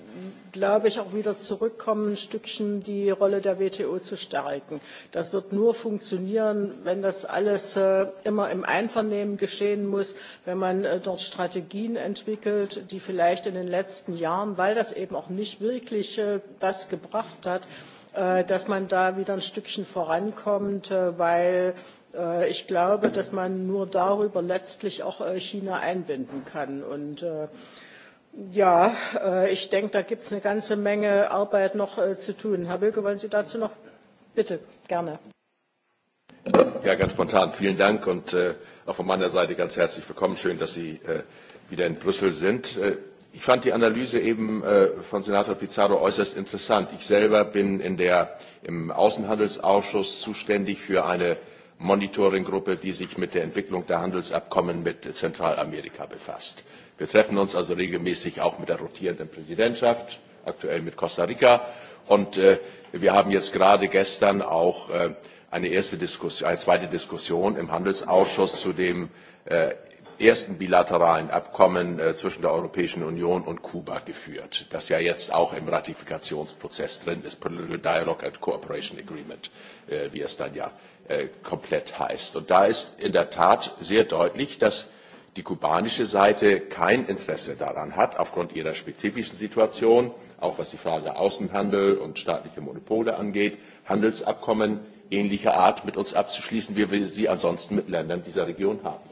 glaube ich, auch wieder zurückkommen, ein Stückchen die Rolle der WTO zu stärken. Das wird nur funktionieren, wenn das alles äh, immer im Einvernehmen geschehen muss, wenn man äh, dort Strategien entwickelt, die vielleicht in den letzten Jahren, weil das eben auch nicht wirklich äh, was gebracht hat, äh, dass man da wieder ein Stückchen vorankommt, weil ich glaube, dass man nur darüber letztlich auch China einbinden kann. Und Ja, äh, ich denke, da gibt es eine ganze Menge Arbeit noch äh, zu tun. Herr Böke, wollen Sie dazu noch? Bitte, gerne. Ja, ganz spontan. Vielen Dank und äh, auch von meiner Seite ganz herzlich willkommen. Schön, dass Sie wieder in Brüssel sind. ich fand die Analyse eben von Senator Pizarro äußerst interessant. Ich selber bin in der, im Außenhandelsausschuss zuständig für eine Monitoringgruppe, die sich mit der Entwicklung der Handelsabkommen mit Zentralamerika befasst. Äh, Wir treffen uns also regelmäßig auch mit der rotierenden Präsidentschaft, aktuell mit Costa Rica. Und äh, wir haben jetzt gerade gestern auch äh, eine, erste Diskussion, eine zweite Diskussion im Handelsausschuss zu dem äh, ersten bilateralen Abkommen äh, zwischen der Europäischen Union und Kuba geführt, das ja jetzt auch im Ratifikationsprozess drin ist, Political Dialogue and Cooperation Agreement, äh, wie es dann ja äh, komplett heißt. Und da ist in der Tat sehr deutlich, dass die kubanische Seite kein Interesse daran hat, aufgrund ihrer spezifischen Situation, auch was die Frage Außenhandel und staatliche Monopole angeht, Handelsabkommen ähnlicher Art mit uns abzuschließen, wie wir sie ansonsten mit Ländern dieser Region haben.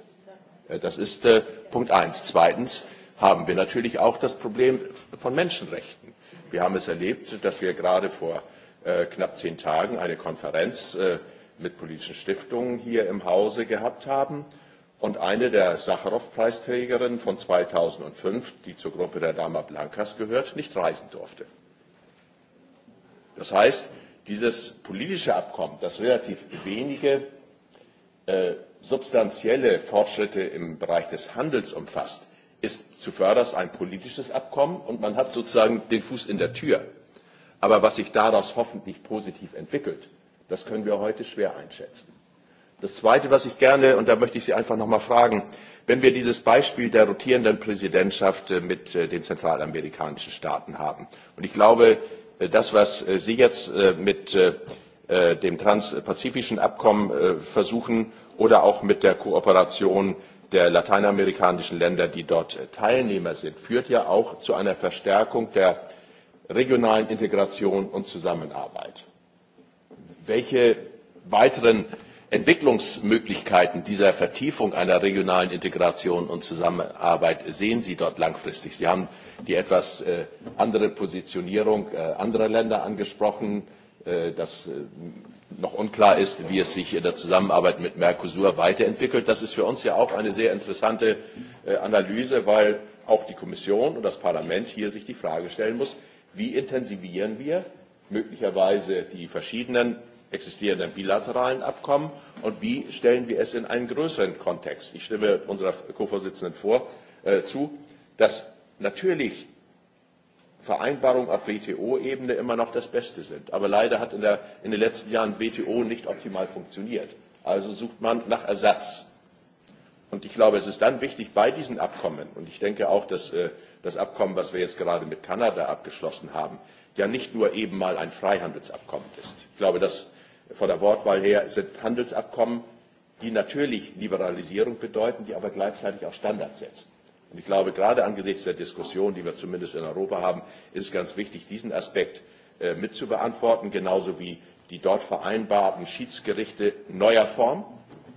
Äh, das ist äh, Punkt eins. Zweitens haben wir natürlich auch das Problem von Menschenrechten. Wir haben es erlebt, dass wir gerade vor äh, knapp zehn Tagen eine Konferenz äh, mit politischen Stiftungen hier im Hause gehabt haben und eine der Sacharow-Preisträgerinnen von 2005, die zur Gruppe der Dama Blancas gehört, nicht reisen durfte. Das heißt, dieses politische Abkommen, das relativ wenige äh, substanzielle Fortschritte im Bereich des Handels umfasst, ist zuvörderst ein politisches Abkommen und man hat sozusagen den Fuß in der Tür. Aber was sich daraus hoffentlich positiv entwickelt, das können wir heute schwer einschätzen. Das Zweite, was ich gerne, und da möchte ich Sie einfach noch mal fragen, wenn wir dieses Beispiel der rotierenden Präsidentschaft äh, mit äh, den zentralamerikanischen Staaten haben. Und ich glaube, äh, das, was Sie jetzt mit dem transpazifischen Abkommen versuchen oder auch mit der Kooperation der lateinamerikanischen Länder, die dort Teilnehmer sind, führt ja auch zu einer Verstärkung der regionalen Integration und Zusammenarbeit. Welche weiteren Entwicklungsmöglichkeiten dieser Vertiefung einer regionalen Integration und Zusammenarbeit sehen Sie dort langfristig? Sie haben die etwas äh, andere Positionierung äh, anderer Länder angesprochen, äh, dass noch unklar ist, wie es sich in der Zusammenarbeit mit Mercosur weiterentwickelt. Das ist für uns ja auch eine sehr interessante Analyse, weil auch die Kommission und das Parlament hier sich die Frage stellen muss, wie intensivieren wir möglicherweise die verschiedenen existierenden bilateralen Abkommen und wie stellen wir es in einen größeren Kontext? Ich stimme unserer Co-Vorsitzenden vor, äh, zu, dass natürlich Vereinbarungen auf WTO-Ebene immer noch das Beste sind. Aber leider hat in, der, in den letzten Jahren WTO nicht optimal funktioniert. Also sucht man nach Ersatz. Und ich glaube, es ist dann wichtig bei diesen Abkommen, und ich denke auch, dass äh, das Abkommen, was wir jetzt gerade mit Kanada abgeschlossen haben, ja nicht nur eben mal ein Freihandelsabkommen ist. Ich glaube, das von der Wortwahl her sind Handelsabkommen, die natürlich Liberalisierung bedeuten, die aber gleichzeitig auch Standards setzen. Und ich glaube, gerade angesichts der Diskussion, die wir zumindest in Europa haben, ist es ganz wichtig, diesen Aspekt äh, mit zu beantworten, genauso wie die dort vereinbarten Schiedsgerichte neuer Form,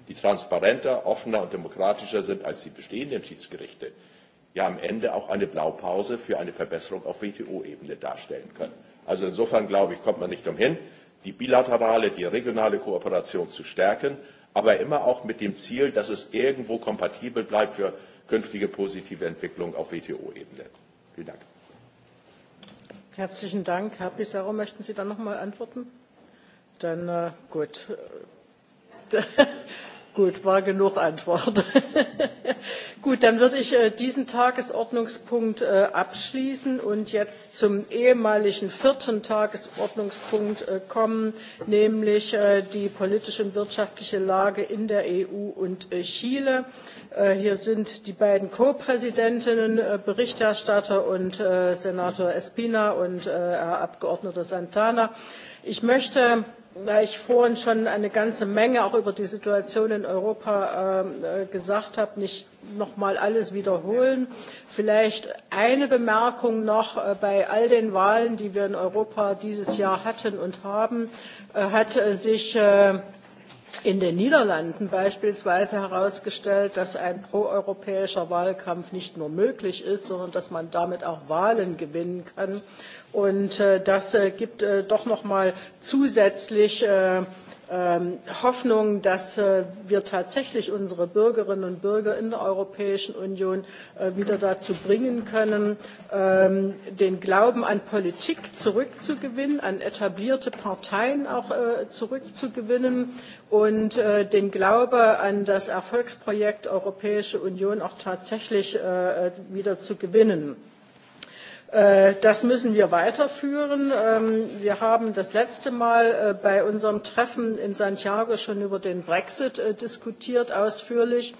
die transparenter, offener und demokratischer sind als die bestehenden Schiedsgerichte, ja am Ende auch eine Blaupause für eine Verbesserung auf WTO-Ebene darstellen können. Also insofern, glaube ich, kommt man nicht umhin, die bilaterale, die regionale Kooperation zu stärken, aber immer auch mit dem Ziel, dass es irgendwo kompatibel bleibt für künftige positive Entwicklung auf WTO-Ebene. Vielen Dank. Herzlichen Dank. Herr Pissarro, möchten Sie dann noch mal antworten? Dann äh, gut. Gut, war genug Antwort. Gut, dann würde ich äh, diesen Tagesordnungspunkt äh, abschließen und jetzt zum ehemaligen vierten Tagesordnungspunkt äh, kommen, nämlich äh, die politische und wirtschaftliche Lage in der EU und äh, Chile. Äh, hier sind die beiden Co-Präsidentinnen, Berichterstatter und Senator Espina und Herr Abgeordneter Santana. Ich möchte da ich vorhin schon eine ganze Menge auch über die Situation in Europa ähm, äh, gesagt habe, nicht noch mal alles wiederholen. Vielleicht eine Bemerkung noch äh, bei all den Wahlen, die wir in Europa dieses Jahr hatten und haben, äh, hat äh, sich äh, in den Niederlanden beispielsweise herausgestellt, dass ein proeuropäischer Wahlkampf nicht nur möglich ist, sondern dass man damit auch Wahlen gewinnen kann. Und äh, das äh, gibt äh, doch noch mal zusätzlich äh, ähm, Hoffnung, dass äh, wir tatsächlich unsere Bürgerinnen und Bürger in der Europäischen Union äh, wieder dazu bringen können, ähm, den Glauben an Politik zurückzugewinnen, an etablierte Parteien auch äh, zurückzugewinnen und den Glaube an das Erfolgsprojekt Europäische Union auch tatsächlich wieder zu gewinnen. Äh, das müssen wir weiterführen. Ähm, wir haben das letzte Mal äh, bei unserem Treffen in Santiago schon über den Brexit äh, diskutiert ausführlich.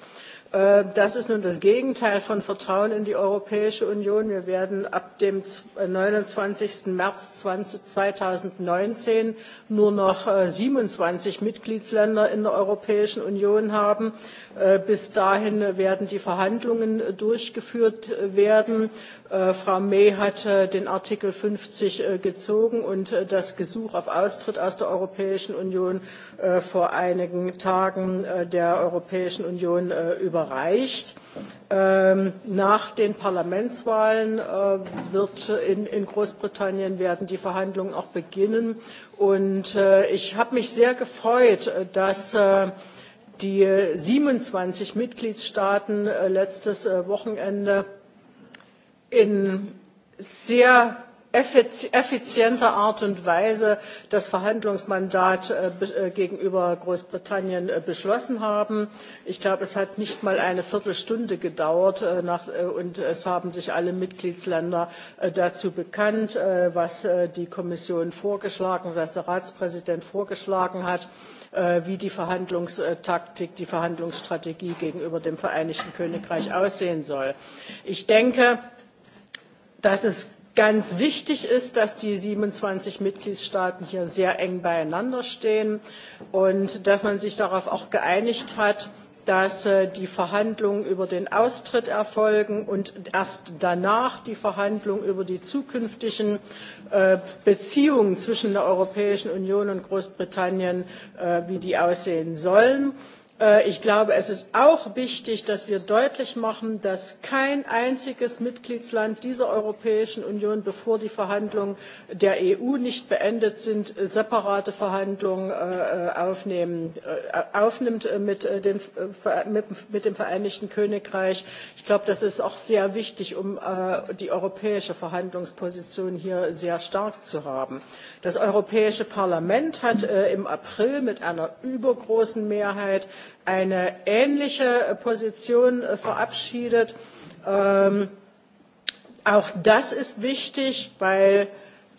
Das ist nun das Gegenteil von Vertrauen in die Europäische Union. Wir werden ab dem 29. März 2019 nur noch 27 Mitgliedsländer in der Europäischen Union haben Äh, bis dahin werden die Verhandlungen äh, durchgeführt äh, werden. Frau May hat den Artikel 50 gezogen und das Gesuch auf Austritt aus der Europäischen Union vor einigen Tagen der Europäischen Union überreicht. Ähm, nach den Parlamentswahlen wird in, in Großbritannien werden die Verhandlungen auch beginnen. Und ich habe mich sehr gefreut, dass die äh, siebenundzwanzig Mitgliedstaaten äh, letztes äh, Wochenende in sehr effizienter Art und Weise das Verhandlungsmandat gegenüber Großbritannien beschlossen haben. Ich glaube, es hat nicht mal eine Viertelstunde gedauert und es haben sich alle mitgliedstaaten dazu bekannt, was die Kommission vorgeschlagen, hat was der Ratspräsident vorgeschlagen hat. Äh, wie die Verhandlungstaktik, die Verhandlungsstrategie gegenüber dem Vereinigten Königreich aussehen soll. Ich denke, dass es ganz wichtig ist, dass die siebenundzwanzig Mitgliedstaaten hier sehr eng beieinander stehen und dass man sich auch darauf geeinigt hat, dass äh, die Verhandlungen über den Austritt erfolgen und erst danach die Verhandlungen über die zukünftigen äh, Beziehungen zwischen der Europäischen Union und Großbritannien, äh, wie die aussehen sollen Äh, ich glaube, es ist auch wichtig, dass wir deutlich machen, dass kein einziges Mitgliedsland dieser Europäischen Union, bevor die Verhandlungen der EU nicht beendet sind, äh, separate Verhandlungen äh, aufnimmt mit dem Vereinigten Königreich. Ich glaube, das ist auch sehr wichtig, um die europäische Verhandlungsposition hier sehr stark zu haben. Das Europäische Parlament hat im April mit einer übergroßen Mehrheit eine ähnliche Position äh, verabschiedet. Ähm, auch das ist wichtig, weil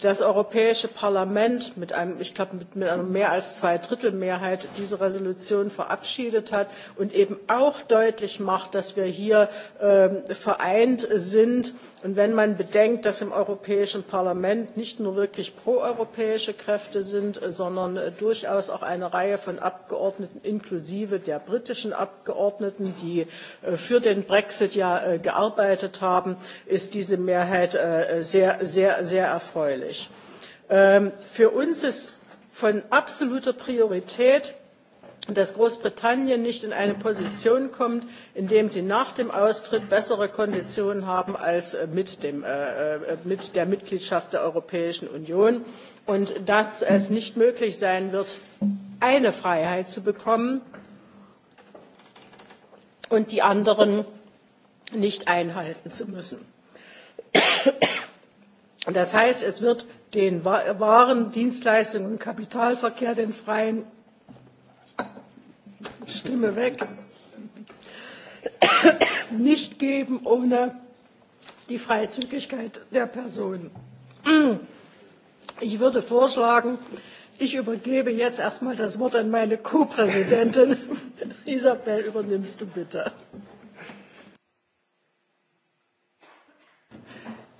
das Europäische Parlament mit einem, ich glaube, mit, mit einer mehr als Zweidrittelmehrheit diese Resolution verabschiedet hat und eben auch deutlich macht, dass wir hier ähm, vereint sind. Und wenn man bedenkt, dass im Europäischen Parlament nicht nur wirklich proeuropäische Kräfte sind, äh, sondern äh, durchaus auch eine Reihe von Abgeordneten inklusive der britischen Abgeordneten, die äh, für den Brexit ja äh, gearbeitet haben, ist diese Mehrheit äh, sehr, sehr, sehr erfreulich natürlich. Ähm, für uns ist von absoluter Priorität, dass Großbritannien nicht in eine Position kommt, in der sie nach dem Austritt bessere Konditionen haben als äh, mit, dem, äh, äh, mit der Mitgliedschaft der Europäischen Union und dass es nicht möglich sein wird, eine Freiheit zu bekommen und die anderen nicht einhalten zu müssen. Das heißt, es wird den Waren, Dienstleistungen und Kapitalverkehr den freien Stimme weg nicht geben ohne die Freizügigkeit der Personen. Ich würde vorschlagen, ich übergebe jetzt erst einmal das Wort an meine ko präsidentin Isabel, übernimmst du bitte.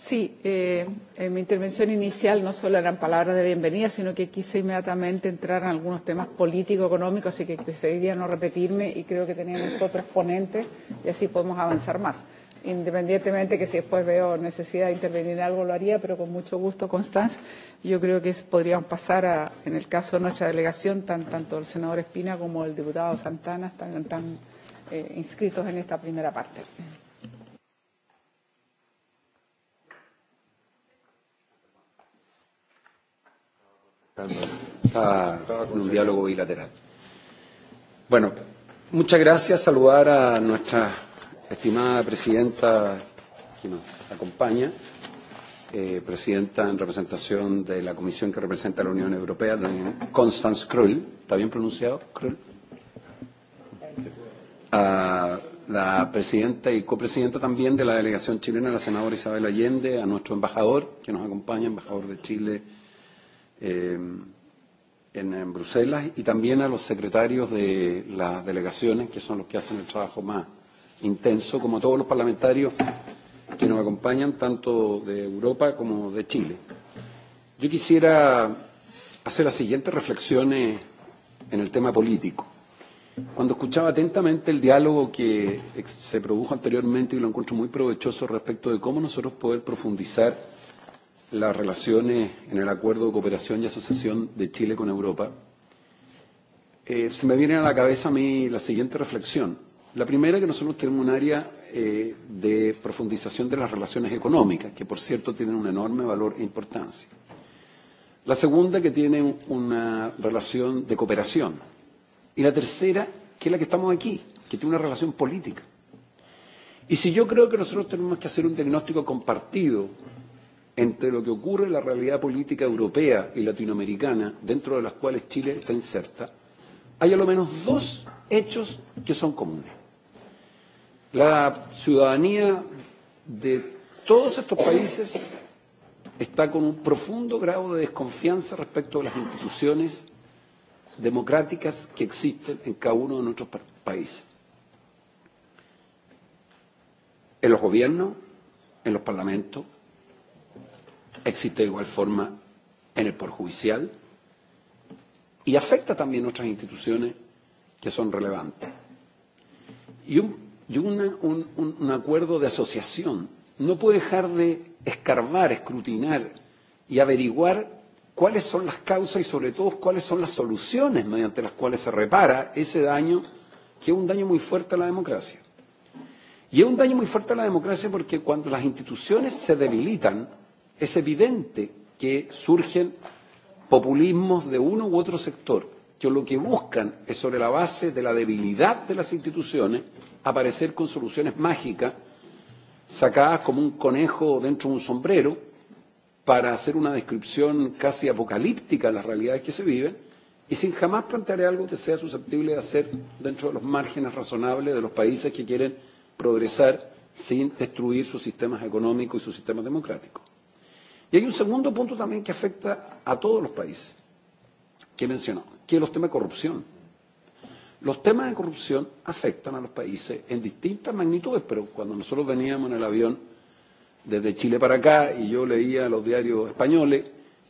Sí, eh, en mi intervención inicial no solo eran palabras de bienvenida, sino que quise inmediatamente entrar en algunos temas políticos, económicos así que preferiría no repetirme y creo que tenemos otros ponentes y así podemos avanzar más. Independientemente que si después veo necesidad de intervenir en algo lo haría, pero con mucho gusto, Constance. Yo creo que podríamos pasar, a, en el caso de nuestra delegación, tan, tanto el senador Espina como el diputado Santana están tan, eh, inscritos en esta primera parte. Está en un diálogo bilateral. Bueno, muchas gracias. Saludar a nuestra estimada presidenta que nos acompaña, eh, presidenta en representación de la comisión que representa a la Unión Europea, doña Constance Krull. ¿Está bien pronunciado, Krull? A la presidenta y copresidenta también de la delegación chilena, la senadora Isabel Allende, a nuestro embajador que nos acompaña, embajador de Chile eh, en, en Bruselas y también a los secretarios de las delegaciones, que son los que hacen el trabajo más intenso, como a todos los parlamentarios que nos acompañan, tanto de Europa como de Chile. Yo quisiera hacer las siguientes reflexiones en el tema político. Cuando escuchaba atentamente el diálogo que se produjo anteriormente y lo encuentro muy provechoso respecto de cómo nosotros poder profundizar las relaciones en el acuerdo de cooperación y asociación de Chile con Europa, eh, se me viene a la cabeza a mí la siguiente reflexión. La primera, que nosotros tenemos un área eh, de profundización de las relaciones económicas, que por cierto tienen un enorme valor e importancia. La segunda, que tienen una relación de cooperación. Y la tercera, que es la que estamos aquí, que tiene una relación política. Y si yo creo que nosotros tenemos que hacer un diagnóstico compartido entre lo que ocurre en la realidad política europea y latinoamericana, dentro de las cuales Chile está inserta, hay a lo menos dos hechos que son comunes. La ciudadanía de todos estos países está con un profundo grado de desconfianza respecto de las instituciones democráticas que existen en cada uno de nuestros países. En los gobiernos, en los parlamentos, existe de igual forma en el Poder Judicial y afecta también otras instituciones que son relevantes. Y un, y una, un, un, un acuerdo de asociación no puede dejar de escarbar, escrutinar y averiguar cuáles son las causas y sobre todo cuáles son las soluciones mediante las cuales se repara ese daño, que es un daño muy fuerte a la democracia. Y es un daño muy fuerte a la democracia porque cuando las instituciones se debilitan, es evidente que surgen populismos de uno u otro sector que lo que buscan es sobre la base de la debilidad de las instituciones aparecer con soluciones mágicas sacadas como un conejo dentro de un sombrero para hacer una descripción casi apocalíptica de las realidades que se viven y sin jamás plantear algo que sea susceptible de hacer dentro de los márgenes razonables de los países que quieren progresar sin destruir sus sistemas económicos y sus sistemas democráticos. Y hay un segundo punto también que afecta a todos los países que he mencionado, que es los temas de corrupción. Los temas de corrupción afectan a los países en distintas magnitudes, pero cuando nosotros veníamos en el avión desde Chile para acá y yo leía los diarios españoles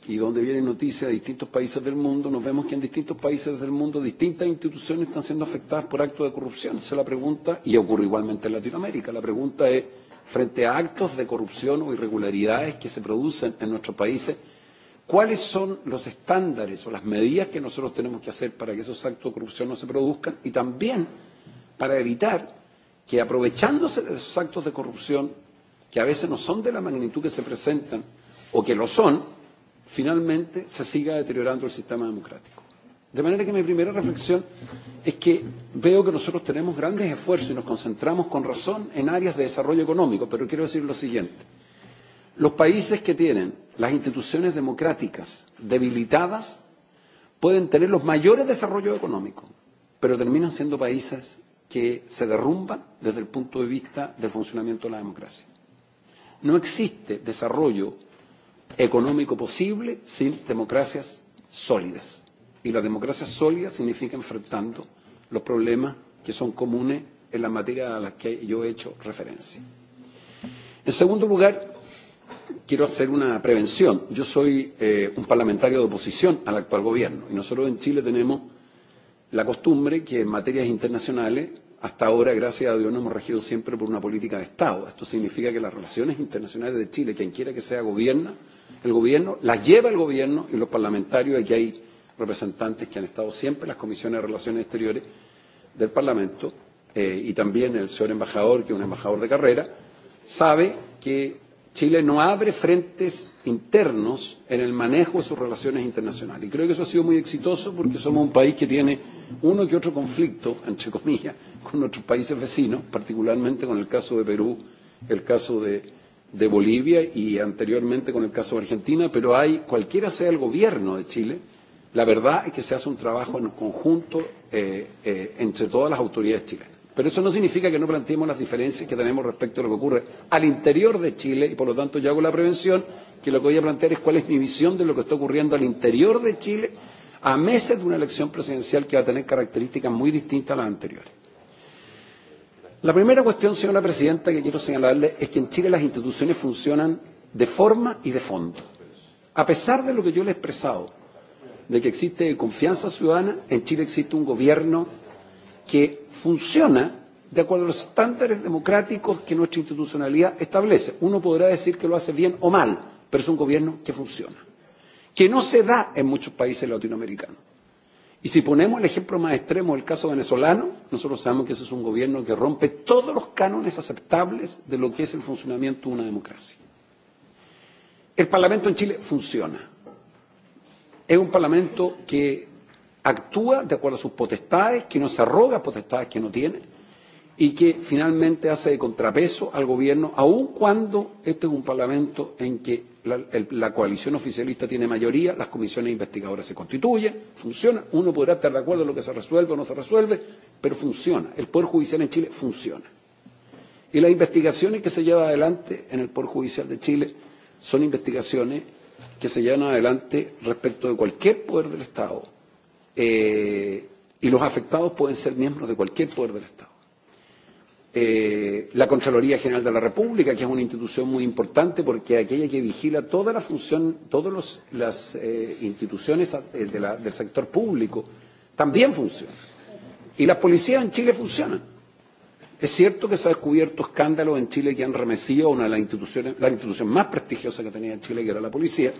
y donde vienen noticias de distintos países del mundo, nos vemos que en distintos países del mundo distintas instituciones están siendo afectadas por actos de corrupción. Esa es la pregunta, y ocurre igualmente en Latinoamérica. La pregunta es, frente a actos de corrupción o irregularidades que se producen en nuestros países, cuáles son los estándares o las medidas que nosotros tenemos que hacer para que esos actos de corrupción no se produzcan y también para evitar que aprovechándose de esos actos de corrupción, que a veces no son de la magnitud que se presentan o que lo son, finalmente se siga deteriorando el sistema democrático. De manera que mi primera reflexión es que veo que nosotros tenemos grandes esfuerzos y nos concentramos con razón en áreas de desarrollo económico, pero quiero decir lo siguiente. Los países que tienen las instituciones democráticas debilitadas pueden tener los mayores desarrollos económicos, pero terminan siendo países que se derrumban desde el punto de vista del funcionamiento de la democracia. No existe desarrollo económico posible sin democracias sólidas. Y la democracia sólida significa enfrentando los problemas que son comunes en la materia a la que yo he hecho referencia. En segundo lugar, quiero hacer una prevención. Yo soy eh, un parlamentario de oposición al actual gobierno y nosotros en Chile tenemos la costumbre que en materias internacionales, hasta ahora, gracias a Dios, nos hemos regido siempre por una política de Estado. Esto significa que las relaciones internacionales de Chile, quien quiera que sea gobierna, el gobierno, las lleva el gobierno y los parlamentarios, aquí hay representantes que han estado siempre en las comisiones de Relaciones Exteriores del Parlamento eh, y también el señor embajador, que es un embajador de carrera, sabe que Chile no abre frentes internos en el manejo de sus relaciones internacionales. Y creo que eso ha sido muy exitoso porque somos un país que tiene uno que otro conflicto, entre comillas, con nuestros países vecinos, particularmente con el caso de Perú, el caso de, de Bolivia y anteriormente con el caso de Argentina, pero hay, cualquiera sea el gobierno de Chile, La verdad es que se hace un trabajo en conjunto eh, eh, entre todas las autoridades chilenas. Pero eso no significa que no planteemos las diferencias que tenemos respecto a lo que ocurre al interior de Chile y por lo tanto yo hago la prevención que lo que voy a plantear es cuál es mi visión de lo que está ocurriendo al interior de Chile a meses de una elección presidencial que va a tener características muy distintas a las anteriores. La primera cuestión, señora presidenta, que quiero señalarle es que en Chile las instituciones funcionan de forma y de fondo. A pesar de lo que yo le he expresado, de que existe confianza ciudadana, en Chile existe un gobierno que funciona de acuerdo a los estándares democráticos que nuestra institucionalidad establece. Uno podrá decir que lo hace bien o mal, pero es un gobierno que funciona, que no se da en muchos países latinoamericanos. Y si ponemos el ejemplo más extremo del caso venezolano, nosotros sabemos que ese es un gobierno que rompe todos los cánones aceptables de lo que es el funcionamiento de una democracia. El Parlamento en Chile funciona es un Parlamento que actúa de acuerdo a sus potestades, que no se arroga potestades que no tiene y que finalmente hace de contrapeso al gobierno, aun cuando este es un Parlamento en que la, el, la coalición oficialista tiene mayoría, las comisiones investigadoras se constituyen, funciona, uno podrá estar de acuerdo en lo que se resuelve o no se resuelve, pero funciona. El Poder Judicial en Chile funciona. Y las investigaciones que se llevan adelante en el Poder Judicial de Chile son investigaciones que se llevan adelante respecto de cualquier poder del Estado. Eh, y los afectados pueden ser miembros de cualquier poder del Estado. Eh, la Contraloría General de la República, que es una institución muy importante porque es aquella que vigila toda la función, todas las eh, instituciones eh, de la, del sector público, también funciona. Y las policías en Chile funcionan Es cierto que se ha descubierto escándalos en Chile que han remecido a una de las instituciones, la institución más prestigiosa que tenía en Chile, que era la policía,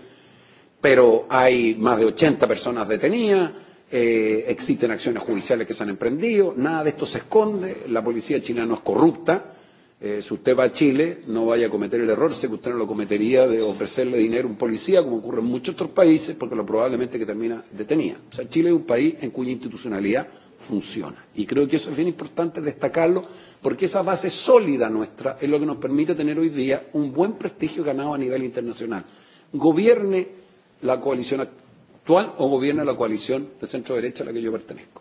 pero hay más de 80 personas detenidas, eh, existen acciones judiciales que se han emprendido, nada de esto se esconde, la policía china no es corrupta. Eh, si usted va a Chile, no vaya a cometer el error, sé que usted no lo cometería de ofrecerle dinero a un policía, como ocurre en muchos otros países, porque lo probablemente que termina detenida. O sea, Chile es un país en cuya institucionalidad funciona. Y creo que eso es bien importante destacarlo porque esa base sólida nuestra es lo que nos permite tener hoy día un buen prestigio ganado a nivel internacional. Gobierne la coalición actual o gobierne la coalición de centro derecha a la que yo pertenezco.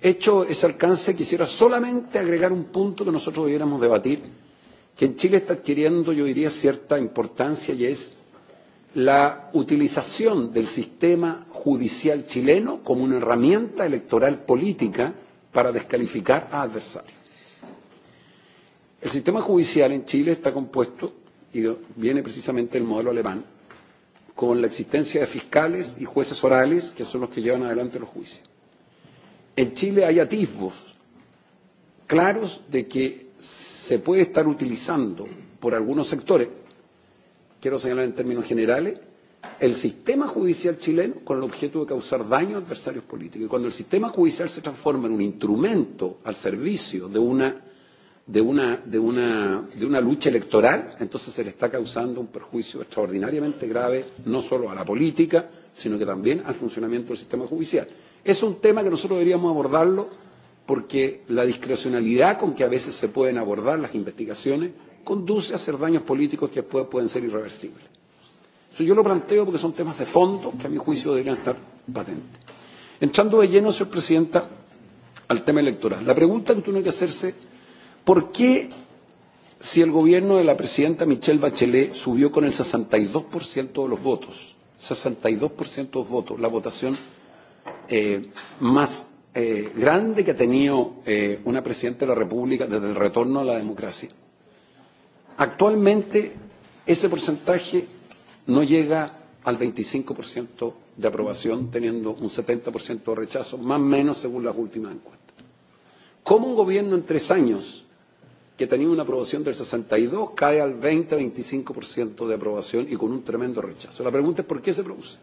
Hecho ese alcance, quisiera solamente agregar un punto que nosotros debiéramos debatir, que en Chile está adquiriendo, yo diría, cierta importancia y es la utilización del sistema judicial chileno como una herramienta electoral política para descalificar a adversarios. El sistema judicial en Chile está compuesto y viene precisamente el modelo alemán, con la existencia de fiscales y jueces orales, que son los que llevan adelante los juicios. En Chile hay atisbos claros de que se puede estar utilizando por algunos sectores, quiero señalar en términos generales, el sistema judicial chileno con el objeto de causar daño a adversarios políticos. Y cuando el sistema judicial se transforma en un instrumento al servicio de una de una, de, una, de una lucha electoral, entonces se le está causando un perjuicio extraordinariamente grave, no solo a la política, sino que también al funcionamiento del sistema judicial. Es un tema que nosotros deberíamos abordarlo porque la discrecionalidad con que a veces se pueden abordar las investigaciones conduce a hacer daños políticos que después pueden ser irreversibles. Eso yo lo planteo porque son temas de fondo que a mi juicio deberían estar patentes. Entrando de lleno, señor Presidenta, al tema electoral. La pregunta que tiene que hacerse ¿Por qué si el gobierno de la presidenta Michelle Bachelet subió con el 62% de los votos, 62% de los votos, la votación eh, más eh, grande que ha tenido eh, una presidenta de la República desde el retorno a la democracia. Actualmente ese porcentaje no llega al 25% de aprobación, teniendo un 70% de rechazo, más o menos según las últimas encuestas. ¿Cómo un gobierno en tres años que tenía una aprobación del 62 cae al 20-25% de aprobación y con un tremendo rechazo. La pregunta es por qué se produce.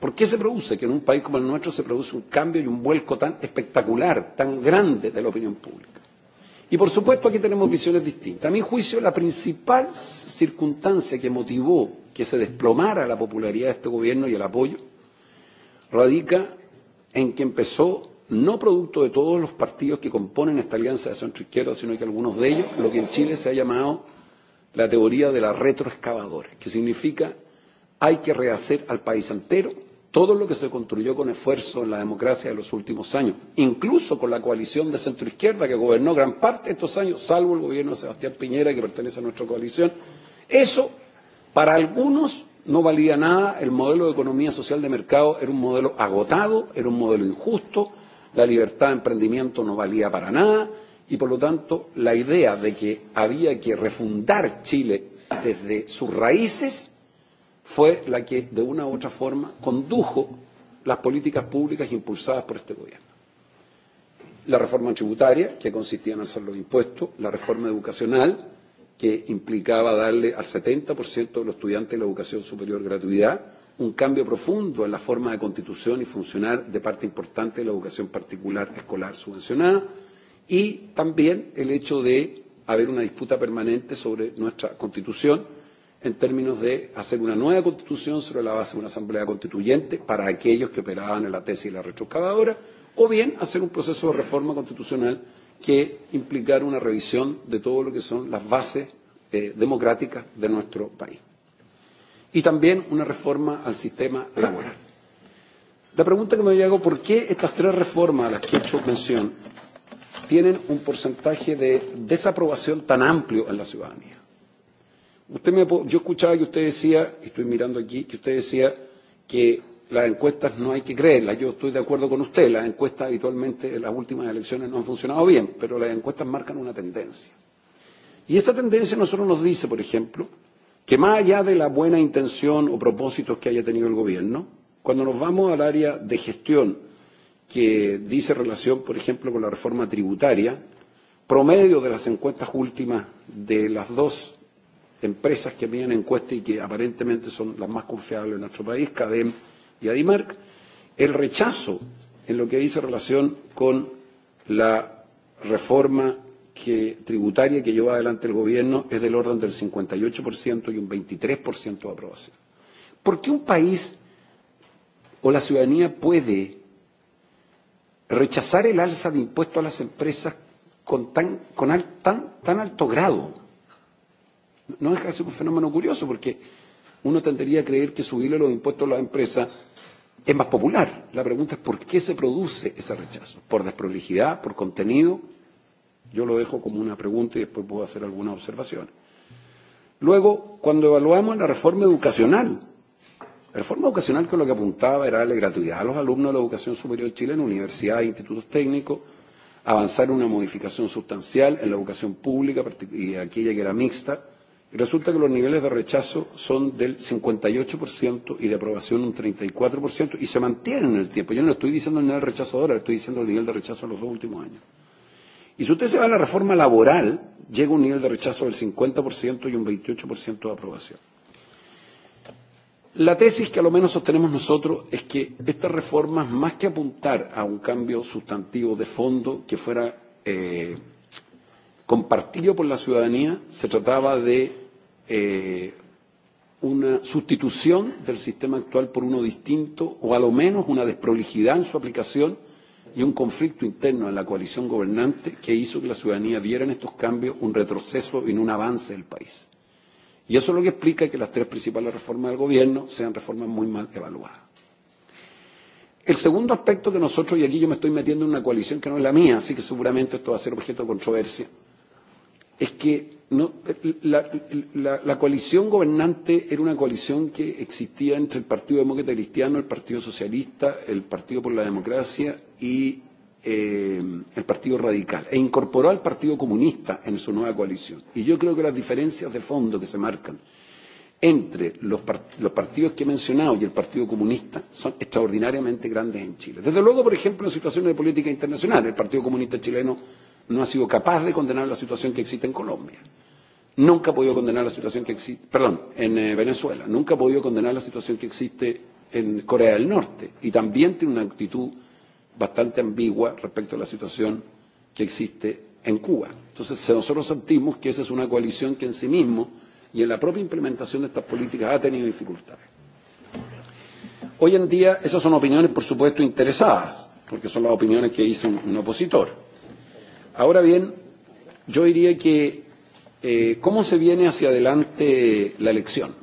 ¿Por qué se produce que en un país como el nuestro se produce un cambio y un vuelco tan espectacular, tan grande de la opinión pública? Y por supuesto aquí tenemos visiones distintas. A mi juicio, la principal circunstancia que motivó que se desplomara la popularidad de este gobierno y el apoyo radica en que empezó no producto de todos los partidos que componen esta alianza de centro izquierda, sino que algunos de ellos, lo que en Chile se ha llamado la teoría de la retroexcavadora, que significa hay que rehacer al país entero todo lo que se construyó con esfuerzo en la democracia de los últimos años, incluso con la coalición de centro izquierda que gobernó gran parte de estos años, salvo el gobierno de Sebastián Piñera, que pertenece a nuestra coalición. Eso, para algunos, no valía nada. El modelo de economía social de mercado era un modelo agotado, era un modelo injusto, la libertad de emprendimiento no valía para nada y por lo tanto la idea de que había que refundar Chile desde sus raíces fue la que de una u otra forma condujo las políticas públicas impulsadas por este gobierno. La reforma tributaria, que consistía en hacer los impuestos, la reforma educacional, que implicaba darle al 70% de los estudiantes de la educación superior gratuidad, un cambio profundo en la forma de constitución y funcionar de parte importante de la educación particular escolar subvencionada y también el hecho de haber una disputa permanente sobre nuestra constitución en términos de hacer una nueva constitución sobre la base de una asamblea constituyente para aquellos que operaban en la tesis de la retroexcavadora, o bien hacer un proceso de reforma constitucional que implicara una revisión de todo lo que son las bases eh, democráticas de nuestro país y también una reforma al sistema laboral. La pregunta que me hago, ¿por qué estas tres reformas a las que he hecho mención tienen un porcentaje de desaprobación tan amplio en la ciudadanía? Usted me, yo escuchaba que usted decía, y estoy mirando aquí, que usted decía que las encuestas no hay que creerlas. Yo estoy de acuerdo con usted, las encuestas habitualmente en las últimas elecciones no han funcionado bien, pero las encuestas marcan una tendencia. Y esa tendencia nosotros nos dice, por ejemplo, que más allá de la buena intención o propósitos que haya tenido el gobierno, cuando nos vamos al área de gestión que dice relación, por ejemplo, con la reforma tributaria, promedio de las encuestas últimas de las dos empresas que miden encuestas y que aparentemente son las más confiables en nuestro país, CADEM y Adimark, el rechazo en lo que dice relación con la reforma que, tributaria que lleva adelante el gobierno es del orden del 58% y un 23% de aprobación. ¿Por qué un país o la ciudadanía puede rechazar el alza de impuestos a las empresas con tan, con al, tan, tan alto grado? No deja de ser un fenómeno curioso porque uno tendría a creer que subirle los impuestos a las empresas es más popular. La pregunta es por qué se produce ese rechazo. ¿Por desprolijidad? ¿Por contenido? Yo lo dejo como una pregunta y después puedo hacer algunas observaciones. Luego, cuando evaluamos la reforma educacional, la reforma educacional que lo que apuntaba era darle gratuidad a los alumnos de la educación superior de Chile en universidades e institutos técnicos, avanzar una modificación sustancial en la educación pública y aquella que era mixta, y resulta que los niveles de rechazo son del 58% y de aprobación un 34% y se mantienen en el tiempo. Yo no estoy diciendo el nivel de rechazo ahora, estoy diciendo el nivel de rechazo en los dos últimos años. Y si usted se va a la reforma laboral, llega un nivel de rechazo del 50% y un 28% de aprobación. La tesis que a lo menos sostenemos nosotros es que estas reformas, más que apuntar a un cambio sustantivo de fondo que fuera eh, compartido por la ciudadanía, se trataba de eh, una sustitución del sistema actual por uno distinto o a lo menos una desprolijidad en su aplicación y un conflicto interno en la coalición gobernante que hizo que la ciudadanía viera en estos cambios un retroceso y no un avance del país. Y eso es lo que explica que las tres principales reformas del gobierno sean reformas muy mal evaluadas. El segundo aspecto que nosotros, y aquí yo me estoy metiendo en una coalición que no es la mía, así que seguramente esto va a ser objeto de controversia, es que no, la, la, la coalición gobernante era una coalición que existía entre el Partido Demócrata Cristiano, el Partido Socialista, el Partido por la Democracia y eh, el Partido Radical, e incorporó al Partido Comunista en su nueva coalición. Y yo creo que las diferencias de fondo que se marcan entre los, part los partidos que he mencionado y el Partido Comunista son extraordinariamente grandes en Chile. Desde luego, por ejemplo, en situaciones de política internacional, el Partido Comunista chileno no ha sido capaz de condenar la situación que existe en Colombia. Nunca ha podido condenar la situación que existe, perdón, en eh, Venezuela. Nunca ha podido condenar la situación que existe en Corea del Norte. Y también tiene una actitud bastante ambigua respecto a la situación que existe en Cuba. Entonces, nosotros sentimos que esa es una coalición que en sí mismo y en la propia implementación de estas políticas ha tenido dificultades. Hoy en día, esas son opiniones, por supuesto, interesadas, porque son las opiniones que hizo un, un opositor. Ahora bien, yo diría que eh, cómo se viene hacia adelante la elección.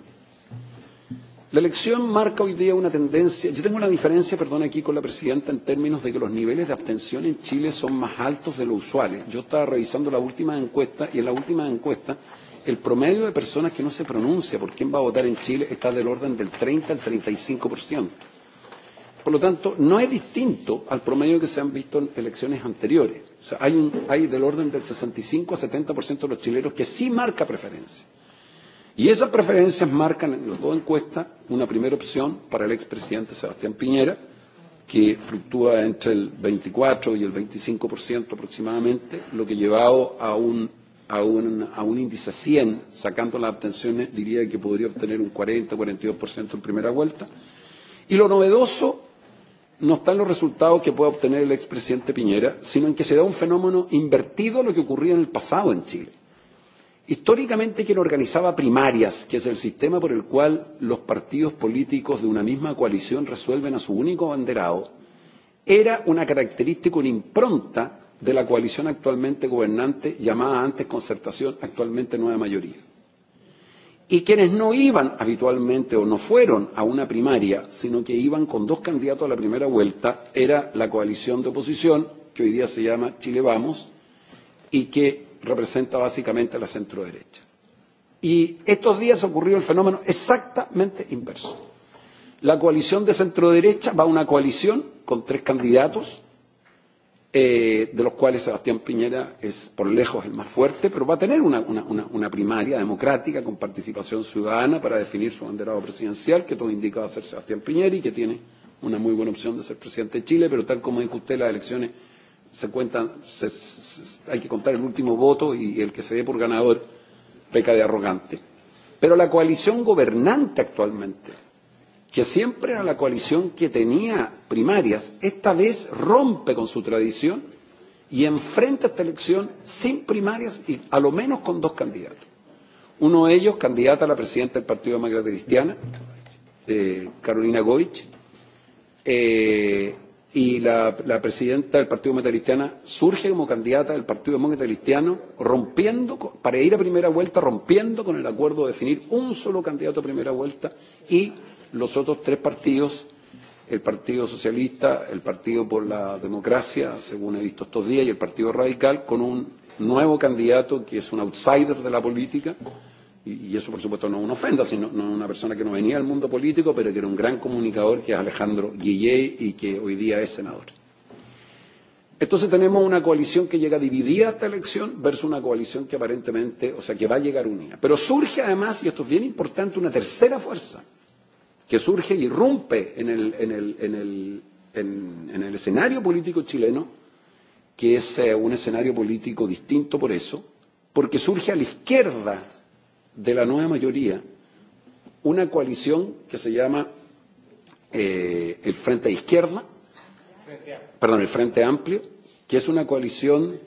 La elección marca hoy día una tendencia. Yo tengo una diferencia, perdón, aquí con la presidenta en términos de que los niveles de abstención en Chile son más altos de lo usual. Yo estaba revisando la última encuesta y en la última encuesta el promedio de personas que no se pronuncia por quién va a votar en Chile está del orden del 30 al 35 por ciento Por lo tanto, no es distinto al promedio que se han visto en elecciones anteriores. O sea, hay, un, hay del orden del 65 a 70% de los chilenos que sí marca preferencia. Y esas preferencias marcan en las dos encuestas una primera opción para el expresidente Sebastián Piñera, que fluctúa entre el 24 y el 25% aproximadamente, lo que llevado a un, a, un, a un índice 100, sacando las abstenciones, diría que podría obtener un 40-42% en primera vuelta. Y lo novedoso no está en los resultados que pueda obtener el expresidente Piñera, sino en que se da un fenómeno invertido a lo que ocurría en el pasado en Chile. Históricamente quien organizaba primarias, que es el sistema por el cual los partidos políticos de una misma coalición resuelven a su único abanderado, era una característica, una impronta de la coalición actualmente gobernante, llamada antes concertación, actualmente nueva mayoría y quienes no iban habitualmente o no fueron a una primaria, sino que iban con dos candidatos a la primera vuelta, era la coalición de oposición, que hoy día se llama Chile Vamos, y que representa básicamente a la centroderecha. Y estos días ocurrió el fenómeno exactamente inverso. La coalición de centroderecha va a una coalición con tres candidatos eh, de los cuales Sebastián Piñera es por lejos el más fuerte, pero va a tener una, una, una, una primaria democrática con participación ciudadana para definir su banderado presidencial, que todo indica va a ser Sebastián Piñera y que tiene una muy buena opción de ser presidente de Chile, pero tal como dijo usted, las elecciones se cuentan, se, se, hay que contar el último voto y el que se dé por ganador peca de arrogante. Pero la coalición gobernante actualmente que siempre era la coalición que tenía primarias, esta vez rompe con su tradición y enfrenta esta elección sin primarias y a lo menos con dos candidatos. Uno de ellos, candidata a la presidenta del Partido Demócrata Cristiana, eh, Carolina Goich, eh, y la, la presidenta del Partido Demócrata Cristiana surge como candidata del Partido Demócrata Cristiano, rompiendo, para ir a primera vuelta, rompiendo con el acuerdo de definir un solo candidato a primera vuelta y los otros tres partidos, el Partido Socialista, el Partido por la Democracia, según he visto estos días, y el Partido Radical, con un nuevo candidato que es un outsider de la política, y eso por supuesto no es una ofenda, sino no una persona que no venía del mundo político, pero que era un gran comunicador, que es Alejandro Guillé y que hoy día es senador. Entonces tenemos una coalición que llega dividida a esta elección versus una coalición que aparentemente, o sea, que va a llegar unida. Pero surge además, y esto es bien importante, una tercera fuerza, que surge y rompe en el, en el, en el, en, en el escenario político chileno, que es eh, un escenario político distinto por eso, porque surge a la izquierda de la nueva mayoría una coalición que se llama eh, el Frente de Izquierda, Frente perdón, el Frente Amplio, que es una coalición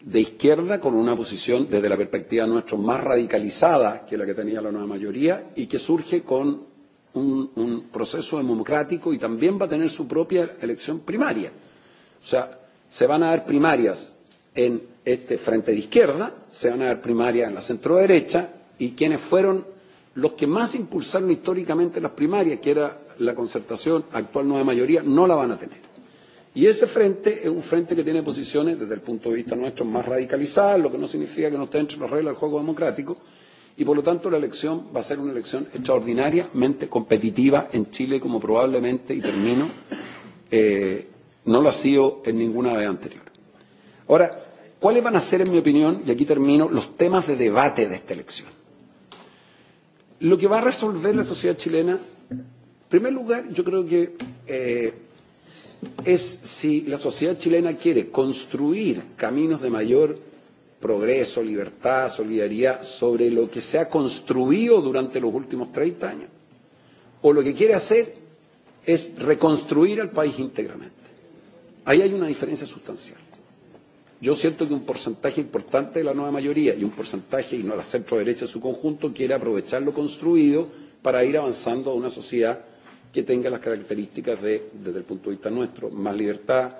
de izquierda con una posición desde la perspectiva nuestra más radicalizada que la que tenía la nueva mayoría y que surge con un, un proceso democrático y también va a tener su propia elección primaria. O sea, se van a dar primarias en este frente de izquierda, se van a dar primarias en la centro derecha y quienes fueron los que más impulsaron históricamente las primarias, que era la concertación actual nueva mayoría, no la van a tener. Y ese frente es un frente que tiene posiciones, desde el punto de vista nuestro, más radicalizadas, lo que no significa que no esté dentro de las reglas del juego democrático, Y por lo tanto la elección va a ser una elección extraordinariamente competitiva en Chile, como probablemente, y termino, eh, no lo ha sido en ninguna vez anterior. Ahora, ¿cuáles van a ser, en mi opinión, y aquí termino, los temas de debate de esta elección? Lo que va a resolver la sociedad chilena, en primer lugar, yo creo que eh, es si la sociedad chilena quiere construir caminos de mayor progreso, libertad, solidaridad, sobre lo que se ha construido durante los últimos 30 años, o lo que quiere hacer es reconstruir al país íntegramente. Ahí hay una diferencia sustancial. Yo siento que un porcentaje importante de la nueva mayoría y un porcentaje, y no la centro derecha en su conjunto, quiere aprovechar lo construido para ir avanzando a una sociedad que tenga las características de, desde el punto de vista nuestro, más libertad,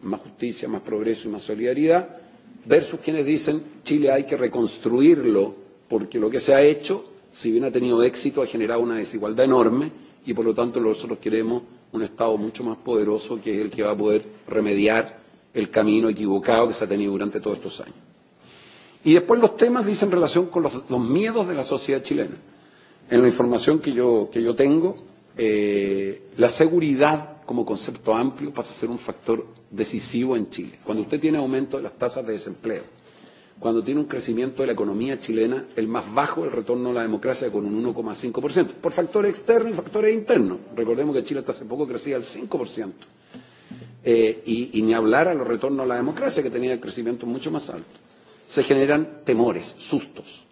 más justicia, más progreso y más solidaridad, versus quienes dicen Chile hay que reconstruirlo porque lo que se ha hecho, si bien ha tenido éxito, ha generado una desigualdad enorme y por lo tanto nosotros queremos un Estado mucho más poderoso que es el que va a poder remediar el camino equivocado que se ha tenido durante todos estos años. Y después los temas dicen relación con los, los miedos de la sociedad chilena. En la información que yo, que yo tengo, eh, la seguridad como concepto amplio pasa a ser un factor decisivo en Chile. Cuando usted tiene aumento de las tasas de desempleo, cuando tiene un crecimiento de la economía chilena, el más bajo, el retorno a la democracia con un 1,5%, por factores externos y factores internos. Recordemos que Chile hasta hace poco crecía al 5%. Eh, y, y ni hablar al retorno a la democracia, que tenía el crecimiento mucho más alto. Se generan temores, sustos,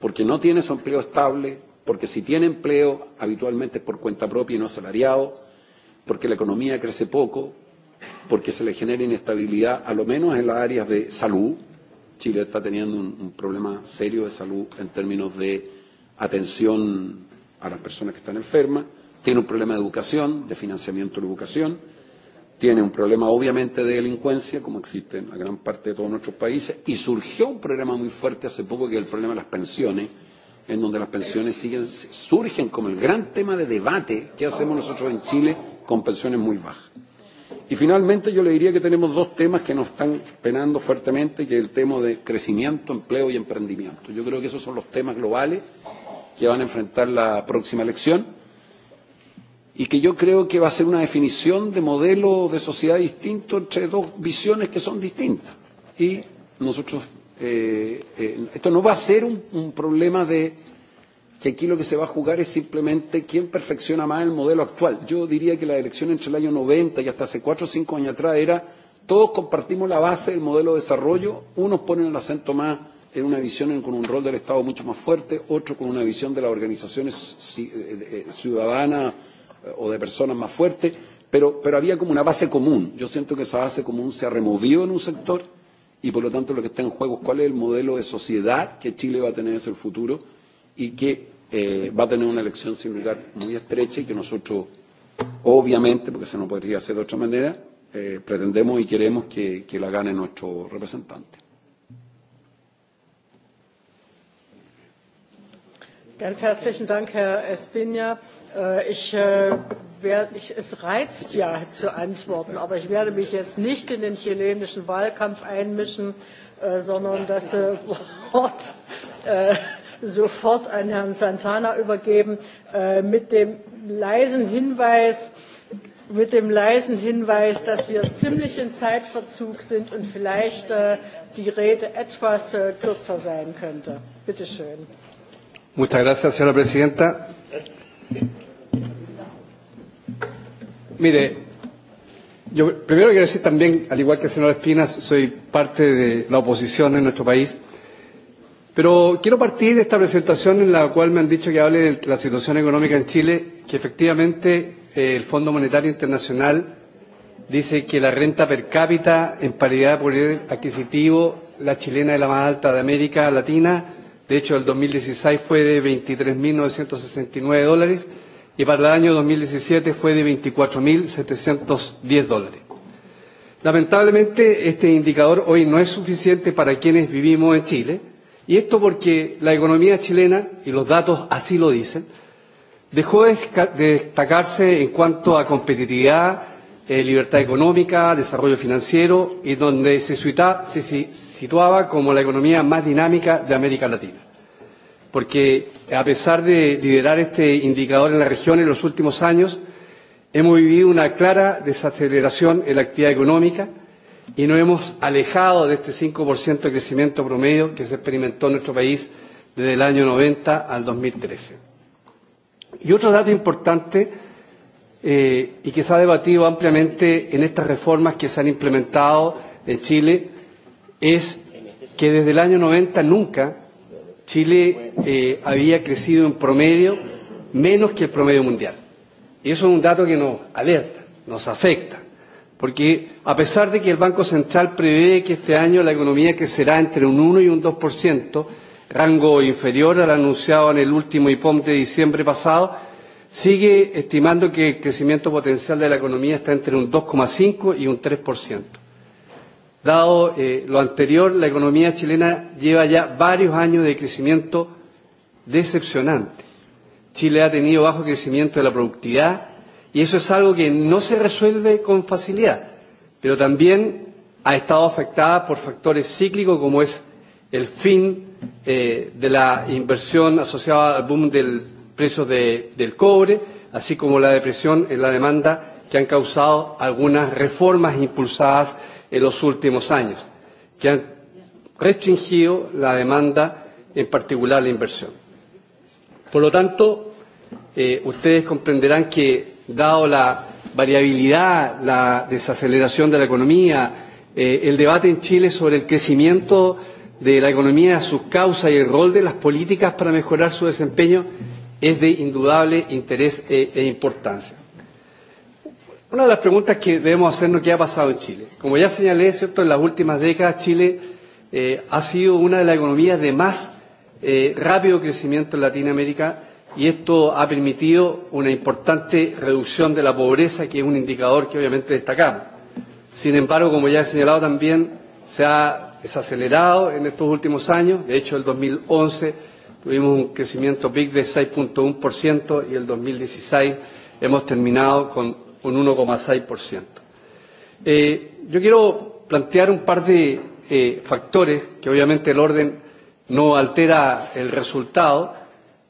porque no tiene su empleo estable, porque si tiene empleo habitualmente es por cuenta propia y no asalariado, porque la economía crece poco, porque se le genera inestabilidad, a lo menos en las áreas de salud. Chile está teniendo un, un problema serio de salud en términos de atención a las personas que están enfermas, tiene un problema de educación, de financiamiento de educación, tiene un problema obviamente de delincuencia, como existe en la gran parte de todos nuestros países, y surgió un problema muy fuerte hace poco que es el problema de las pensiones, en donde las pensiones siguen, surgen como el gran tema de debate que hacemos nosotros en Chile con pensiones muy bajas. Y finalmente yo le diría que tenemos dos temas que nos están penando fuertemente, que es el tema de crecimiento, empleo y emprendimiento. Yo creo que esos son los temas globales que van a enfrentar la próxima elección y que yo creo que va a ser una definición de modelo de sociedad distinto entre dos visiones que son distintas. Y nosotros eh, eh, esto no va a ser un, un problema de que aquí lo que se va a jugar es simplemente quién perfecciona más el modelo actual. Yo diría que la elección entre el año 90 y hasta hace cuatro o cinco años atrás era todos compartimos la base del modelo de desarrollo, unos ponen el acento más en una visión en, con un rol del Estado mucho más fuerte, otros con una visión de las organizaciones eh, eh, eh, ciudadanas o de personas más fuertes, pero, pero había como una base común. Yo siento que esa base común se ha removido en un sector y por lo tanto lo que está en juego es cuál es el modelo de sociedad que Chile va a tener en el futuro y que eh, va a tener una elección sin lugar muy estrecha y que nosotros, obviamente, porque se nos podría hacer de otra manera, eh, pretendemos y queremos que, que la gane nuestro representante. Ganz herzlichen Dank, Herr Espinja. Äh, ich, äh, ich, es reizt ja zu antworten, aber ich werde mich jetzt nicht in den chilenischen Wahlkampf einmischen, äh, sondern das Wort sofort an Herrn Santana übergeben mit dem leisen Hinweis, mit dem leisen Hinweis, dass wir ziemlich in Zeitverzug sind und vielleicht äh, die Rede etwas äh, kürzer sein könnte. Bitte schön. Muchas gracias, señora presidenta. Mire, yo primero quiero decir también, al igual que el señor Espinas, soy parte de la oposición en nuestro país. Pero quiero partir de esta presentación en la cual me han dicho que hable de la situación económica en Chile, que efectivamente eh, el Fondo Monetario Internacional dice que la renta per cápita en paridad de poder adquisitivo, la chilena es la más alta de América Latina. De hecho, el 2016 fue de 23.969 dólares y para el año 2017 fue de 24.710 dólares. Lamentablemente, este indicador hoy no es suficiente para quienes vivimos en Chile, y esto porque la economía chilena, y los datos así lo dicen, dejó de destacarse en cuanto a competitividad, eh, libertad económica, desarrollo financiero, y donde se, situaba, se situaba como la economía más dinámica de América Latina porque a pesar de liderar este indicador en la región en los últimos años, hemos vivido una clara desaceleración en la actividad económica y nos hemos alejado de este 5% de crecimiento promedio que se experimentó en nuestro país desde el año 90 al 2013. Y otro dato importante eh, y que se ha debatido ampliamente en estas reformas que se han implementado en Chile es que desde el año 90 nunca Chile eh, había crecido en promedio menos que el promedio mundial. Y eso es un dato que nos alerta, nos afecta, porque a pesar de que el Banco Central prevé que este año la economía crecerá entre un 1 y un 2%, rango inferior al anunciado en el último IPOM de diciembre pasado, sigue estimando que el crecimiento potencial de la economía está entre un 2,5 y un Dado eh, lo anterior, la economía chilena lleva ya varios años de crecimiento decepcionante. Chile ha tenido bajo crecimiento de la productividad y eso es algo que no se resuelve con facilidad, pero también ha estado afectada por factores cíclicos como es el fin eh, de la inversión asociada al boom del precio de, del cobre, así como la depresión en la demanda que han causado algunas reformas impulsadas en los últimos años, que han restringido la demanda, en particular la inversión. Por lo tanto, eh, ustedes comprenderán que, dado la variabilidad, la desaceleración de la economía, eh, el debate en Chile sobre el crecimiento de la economía, sus causas y el rol de las políticas para mejorar su desempeño es de indudable interés e, e importancia. Una de las preguntas que debemos hacernos qué ha pasado en Chile. Como ya señalé, ¿cierto? en las últimas décadas Chile eh, ha sido una de las economías de más eh, rápido crecimiento en Latinoamérica y esto ha permitido una importante reducción de la pobreza, que es un indicador que obviamente destacamos. Sin embargo, como ya he señalado también, se ha desacelerado en estos últimos años. De hecho, el 2011 tuvimos un crecimiento PIB de 6.1% y el 2016 hemos terminado con un 1,6%. Eh, yo quiero plantear un par de eh, factores que obviamente el orden no altera el resultado,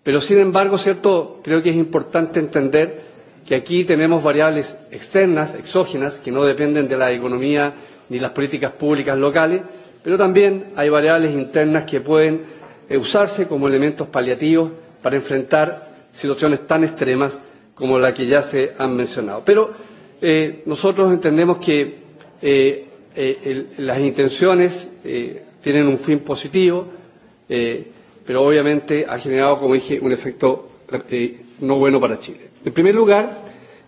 pero sin embargo, cierto, creo que es importante entender que aquí tenemos variables externas, exógenas, que no dependen de la economía ni las políticas públicas locales, pero también hay variables internas que pueden eh, usarse como elementos paliativos para enfrentar situaciones tan extremas como la que ya se han mencionado. Pero eh, nosotros entendemos que eh, eh, el, las intenciones eh, tienen un fin positivo, eh, pero obviamente ha generado, como dije, un efecto eh, no bueno para Chile. En primer lugar,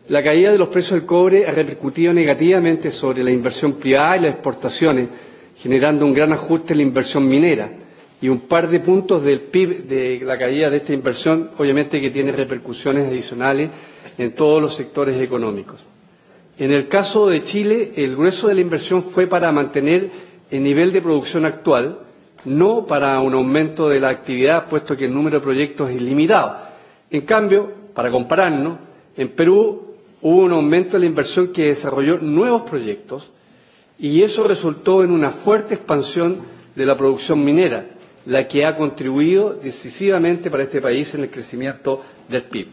la caída de los precios del cobre ha repercutido negativamente sobre la inversión privada y las exportaciones, generando un gran ajuste en la inversión minera y un par de puntos del PIB de la caída de esta inversión, obviamente que tiene repercusiones adicionales en todos los sectores económicos. En el caso de Chile, el grueso de la inversión fue para mantener el nivel de producción actual, no para un aumento de la actividad, puesto que el número de proyectos es limitado. En cambio, para compararnos, en Perú hubo un aumento de la inversión que desarrolló nuevos proyectos y eso resultó en una fuerte expansión de la producción minera la que ha contribuido decisivamente para este país en el crecimiento del PIB.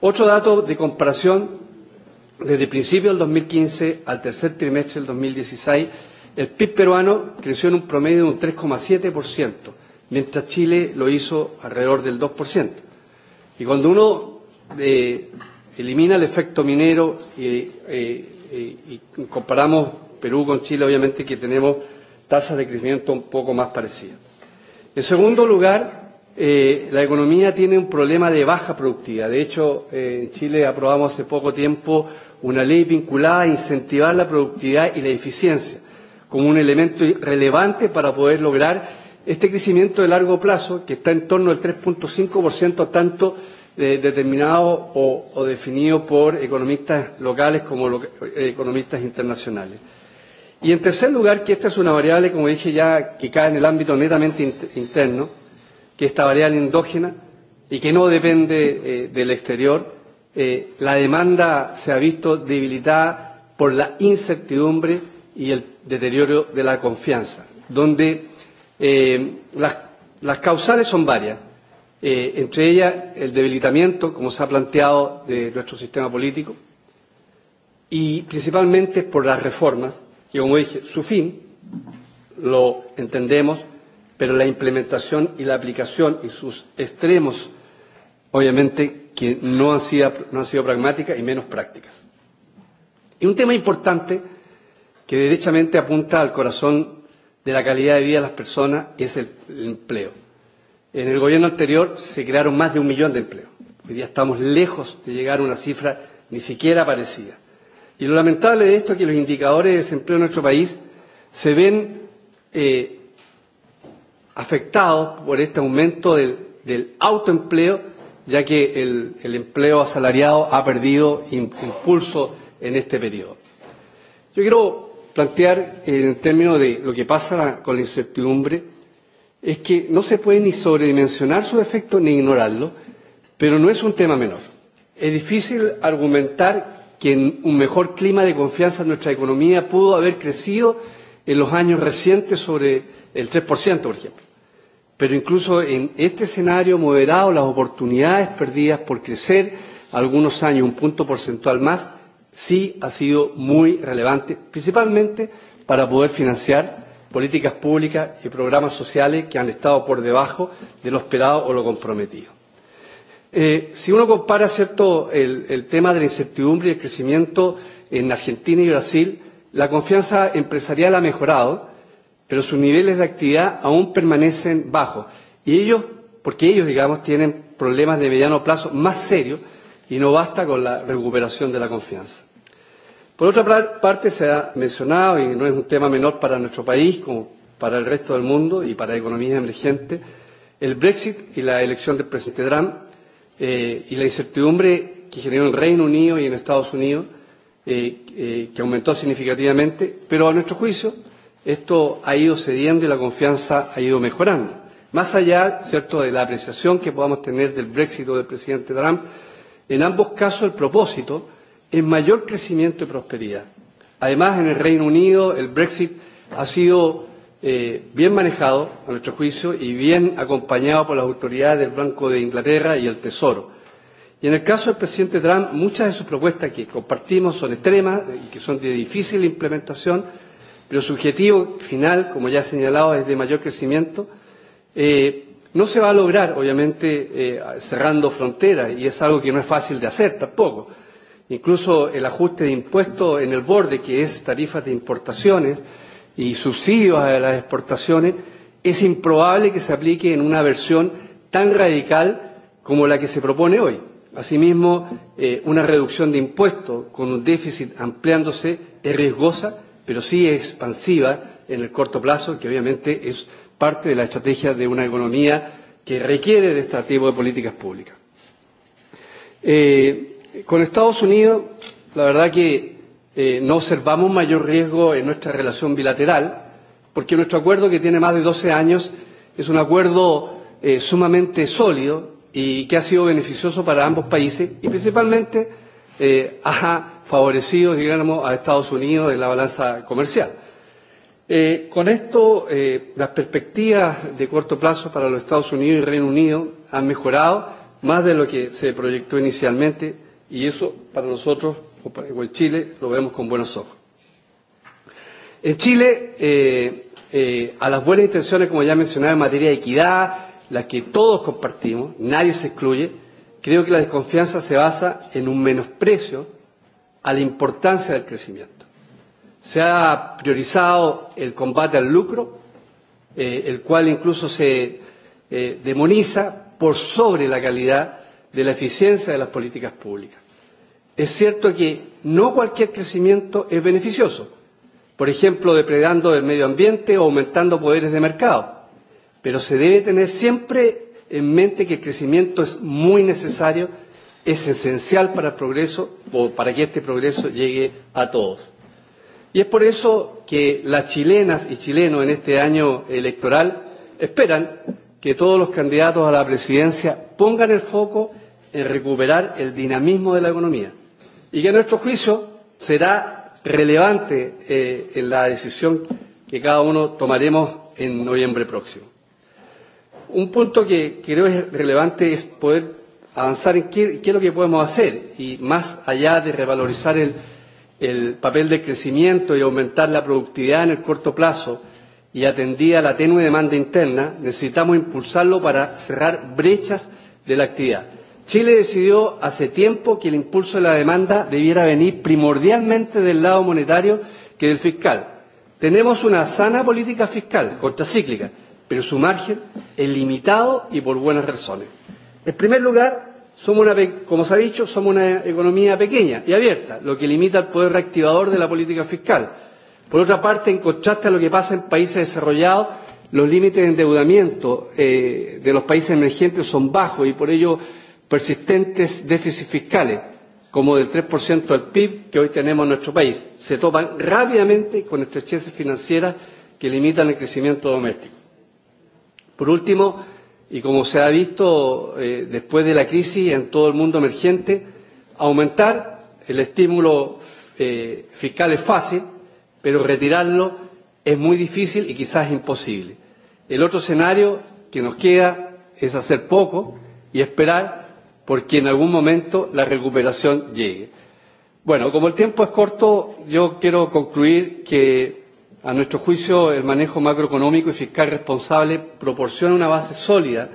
Otro dato de comparación, desde principios del 2015 al tercer trimestre del 2016, el PIB peruano creció en un promedio de un 3,7%, mientras Chile lo hizo alrededor del 2%. Y cuando uno eh, elimina el efecto minero y, eh, eh, y comparamos Perú con Chile, obviamente que tenemos tasas de crecimiento un poco más parecidas. En segundo lugar, eh, la economía tiene un problema de baja productividad. De hecho, eh, en Chile aprobamos hace poco tiempo una ley vinculada a incentivar la productividad y la eficiencia como un elemento relevante para poder lograr este crecimiento de largo plazo que está en torno al 3.5% tanto eh, determinado o, o definido por economistas locales como lo, eh, economistas internacionales. Y en tercer lugar, que esta es una variable, como dije ya, que cae en el ámbito netamente interno, que esta variable endógena y que no depende eh, del exterior, eh, la demanda se ha visto debilitada por la incertidumbre y el deterioro de la confianza, donde eh, las, las causales son varias, eh, entre ellas el debilitamiento, como se ha planteado, de nuestro sistema político, y principalmente por las reformas que, como dije, su fin lo entendemos, pero la implementación y la aplicación y sus extremos, obviamente, que no han sido, no han sido pragmáticas y menos prácticas. Y un tema importante que derechamente apunta al corazón de la calidad de vida de las personas es el, el empleo. En el gobierno anterior se crearon más de un millón de empleos. Hoy día estamos lejos de llegar a una cifra ni siquiera parecida. Y lo lamentable de esto es que los indicadores de desempleo en nuestro país se ven eh, afectados por este aumento del, del autoempleo, ya que el, el empleo asalariado ha perdido impulso en este periodo. Yo quiero plantear en términos de lo que pasa con la incertidumbre, es que no se puede ni sobredimensionar su efecto ni ignorarlo, pero no es un tema menor. Es difícil argumentar que en un mejor clima de confianza nuestra economía pudo haber crecido en los años recientes sobre el 3%, por ejemplo. Pero incluso en este escenario moderado, las oportunidades perdidas por crecer algunos años, un punto porcentual más, sí ha sido muy relevante, principalmente para poder financiar políticas públicas y programas sociales que han estado por debajo de lo esperado o lo comprometido. Eh, si uno compara cierto el, el tema de la incertidumbre y el crecimiento en Argentina y Brasil, la confianza empresarial ha mejorado, pero sus niveles de actividad aún permanecen bajos. Y ellos, porque ellos, digamos, tienen problemas de mediano plazo más serios y no basta con la recuperación de la confianza. Por otra parte, se ha mencionado, y no es un tema menor para nuestro país, como para el resto del mundo y para economías emergentes, el Brexit y la elección del presidente Trump eh, y la incertidumbre que generó en Reino Unido y en Estados Unidos, eh, eh, que aumentó significativamente, pero a nuestro juicio esto ha ido cediendo y la confianza ha ido mejorando. Más allá, cierto, de la apreciación que podamos tener del Brexit o del presidente Trump, en ambos casos el propósito es mayor crecimiento y prosperidad. Además, en el Reino Unido el Brexit ha sido eh, bien manejado, a nuestro juicio, y bien acompañado por las autoridades del Banco de Inglaterra y el Tesoro. Y en el caso del presidente Trump, muchas de sus propuestas que compartimos son extremas y que son de difícil implementación, pero su objetivo final, como ya he señalado, es de mayor crecimiento. Eh, no se va a lograr, obviamente, eh, cerrando fronteras, y es algo que no es fácil de hacer tampoco. Incluso el ajuste de impuestos en el borde, que es tarifas de importaciones, y subsidios a las exportaciones, es improbable que se aplique en una versión tan radical como la que se propone hoy. Asimismo, eh, una reducción de impuestos con un déficit ampliándose es riesgosa, pero sí expansiva en el corto plazo, que obviamente es parte de la estrategia de una economía que requiere de este tipo de políticas públicas. Eh, con Estados Unidos, la verdad que eh, no observamos mayor riesgo en nuestra relación bilateral, porque nuestro acuerdo, que tiene más de 12 años, es un acuerdo eh, sumamente sólido y que ha sido beneficioso para ambos países y principalmente eh, ha favorecido, digamos, a Estados Unidos en la balanza comercial. Eh, con esto, eh, las perspectivas de corto plazo para los Estados Unidos y Reino Unido han mejorado más de lo que se proyectó inicialmente y eso para nosotros o en Chile, lo vemos con buenos ojos. En Chile, eh, eh, a las buenas intenciones, como ya mencionaba, en materia de equidad, las que todos compartimos, nadie se excluye, creo que la desconfianza se basa en un menosprecio a la importancia del crecimiento. Se ha priorizado el combate al lucro, eh, el cual incluso se eh, demoniza por sobre la calidad de la eficiencia de las políticas públicas es cierto que no cualquier crecimiento es beneficioso. Por ejemplo, depredando el medio ambiente o aumentando poderes de mercado. Pero se debe tener siempre en mente que el crecimiento es muy necesario, es esencial para el progreso o para que este progreso llegue a todos. Y es por eso que las chilenas y chilenos en este año electoral esperan que todos los candidatos a la presidencia pongan el foco en recuperar el dinamismo de la economía y que a nuestro juicio será relevante eh, en la decisión que cada uno tomaremos en noviembre próximo. Un punto que creo es relevante es poder avanzar en qué, qué es lo que podemos hacer y más allá de revalorizar el, el papel del crecimiento y aumentar la productividad en el corto plazo y atendida la tenue demanda interna, necesitamos impulsarlo para cerrar brechas de la actividad. Chile decidió hace tiempo que el impulso de la demanda debiera venir primordialmente del lado monetario que del fiscal. Tenemos una sana política fiscal, contracíclica, pero su margen es limitado y por buenas razones. En primer lugar, somos una, como se ha dicho, somos una economía pequeña y abierta, lo que limita el poder reactivador de la política fiscal. Por otra parte, en contraste a lo que pasa en países desarrollados, los límites de endeudamiento eh, de los países emergentes son bajos y por ello persistentes déficits fiscales, como del 3% del PIB que hoy tenemos en nuestro país. Se topan rápidamente con estrecheces financieras que limitan el crecimiento doméstico. Por último, y como se ha visto eh, después de la crisis en todo el mundo emergente, aumentar el estímulo eh, fiscal es fácil, pero retirarlo es muy difícil y quizás imposible. El otro escenario que nos queda es hacer poco y esperar porque en algún momento la recuperación llegue. Bueno, como el tiempo es corto, yo quiero concluir que, a nuestro juicio, el manejo macroeconómico y fiscal responsable proporciona una base sólida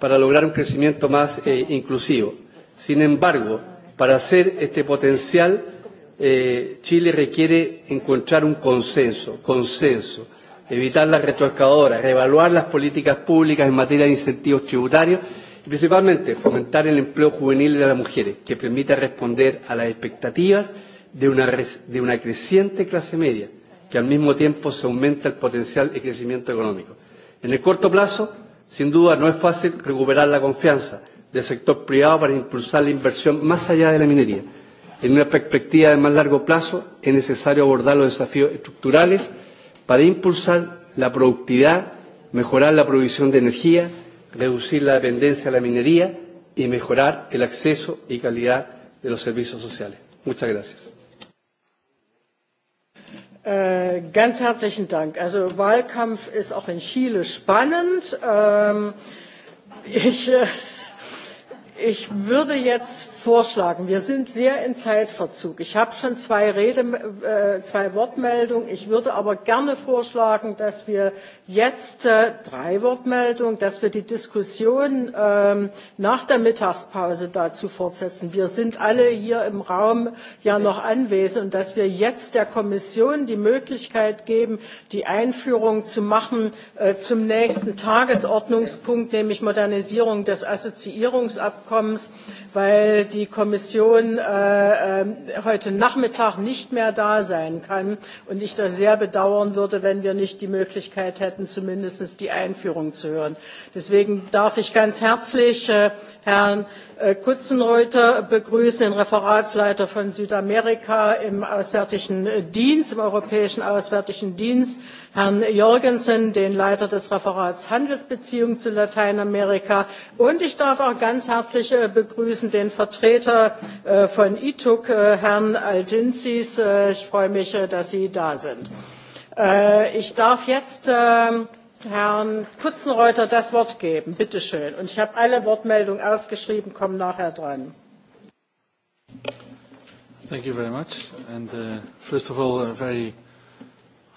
para lograr un crecimiento más eh, inclusivo. Sin embargo, para hacer este potencial, eh, Chile requiere encontrar un consenso, consenso, evitar las retroescadoras, reevaluar las políticas públicas en materia de incentivos tributarios Principalmente, fomentar el empleo juvenil de las mujeres, que permita responder a las expectativas de una, de una creciente clase media, que al mismo tiempo se aumenta el potencial de crecimiento económico. En el corto plazo, sin duda, no es fácil recuperar la confianza del sector privado para impulsar la inversión más allá de la minería. En una perspectiva de más largo plazo, es necesario abordar los desafíos estructurales para impulsar la productividad, mejorar la provisión de energía, reducir la dependencia de la minería y mejorar el acceso y calidad de los servicios sociales. Muchas gracias. Äh, ganz herzlichen Dank. Also Wahlkampf ist auch in Chile spannend. Ähm, ich äh, Ich würde jetzt vorschlagen, wir sind sehr in Zeitverzug. Ich habe schon zwei, äh, Wortmeldungen. Ich würde aber gerne vorschlagen, dass wir jetzt äh, drei Wortmeldungen, dass wir die Diskussion ähm, nach der Mittagspause dazu fortsetzen. Wir sind alle hier im Raum ja noch anwesend und dass wir jetzt der Kommission die Möglichkeit geben, die Einführung zu machen äh, zum nächsten Tagesordnungspunkt, nämlich Modernisierung des Assoziierungsabkommens abkommens weil die Kommission äh, äh, heute Nachmittag nicht mehr da sein kann und ich das sehr bedauern würde, wenn wir nicht die Möglichkeit hätten, zumindest die Einführung zu hören. Deswegen darf ich ganz herzlich äh, Herrn äh, Kutzenreuther begrüßen, den Referatsleiter von Südamerika im Auswärtigen äh, Dienst, im Europäischen Auswärtigen Dienst, Herrn Jorgensen, den Leiter des Referats Handelsbeziehungen zu Lateinamerika. Und ich darf auch ganz herzlich begrüßen begrüßen den Vertreter äh, von ITUC, e äh, Herrn Alginzis. Äh, ich freue mich, dass Sie da sind. Ich darf jetzt ähm, Herrn Kutzenreuter das Wort geben. Bitte schön. Und ich habe alle Wortmeldungen aufgeschrieben, kommen nachher dran. Thank you very much. And uh, first of all, a very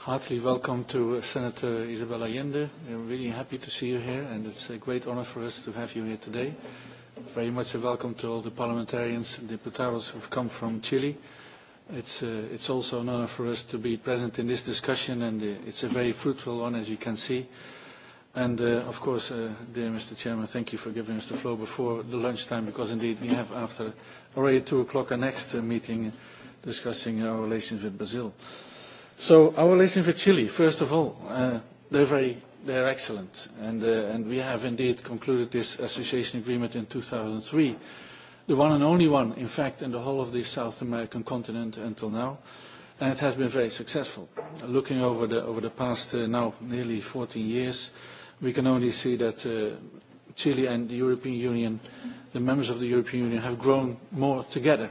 heartily welcome to Senator Isabel Allende. We're really happy to see you here, and it's a great honor for us to have you here today very much a welcome to all the parliamentarians and deputados have come from Chile. It's, uh, it's also an honor for us to be present in this discussion, and uh, it's a very fruitful one, as you can see. And, uh, of course, uh, dear Mr. Chairman, thank you for giving us the floor before the lunchtime, because indeed we have, after already 2 o'clock, our next uh, meeting discussing our relations with Brazil. So our relations with Chile, first of all, uh, they're very They are excellent, and, uh, and we have indeed concluded this association agreement in 2003, the one and only one, in fact, in the whole of the South American continent until now, and it has been very successful. Looking over the, over the past uh, now nearly 14 years, we can only see that uh, Chile and the European Union, the members of the European Union, have grown more together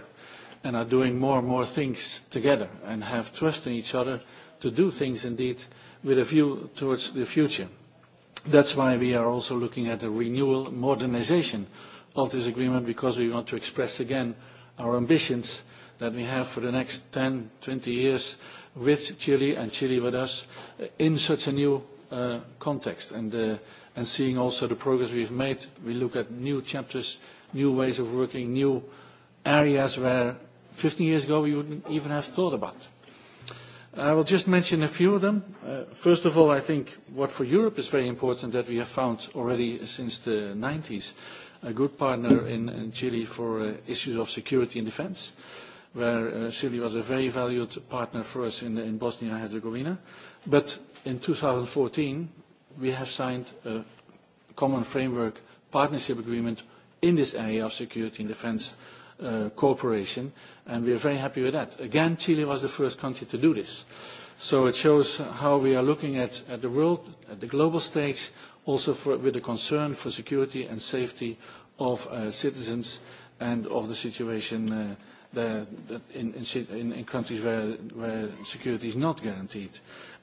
and are doing more and more things together and have trust in each other to do things indeed – with a view towards the future. That's why we are also looking at the renewal modernization of this agreement because we want to express again our ambitions that we have for the next 10, 20 years with Chile and Chile with us in such a new uh, context. And, uh, and seeing also the progress we've made, we look at new chapters, new ways of working, new areas where 15 years ago we wouldn't even have thought about. I will just mention a few of them. Uh, first of all, I think what for Europe is very important that we have found already since the 90s a good partner in, in Chile for uh, issues of security and defense, where uh, Chile was a very valued partner for us in, in Bosnia and Herzegovina. But in 2014, we have signed a common framework partnership agreement in this area of security and defense Uh, cooperation, and we are very happy with that. Again, Chile was the first country to do this. So it shows how we are looking at, at the world, at the global stage, also for, with a concern for security and safety of uh, citizens and of the situation uh, there, that in, in, in countries where, where security is not guaranteed.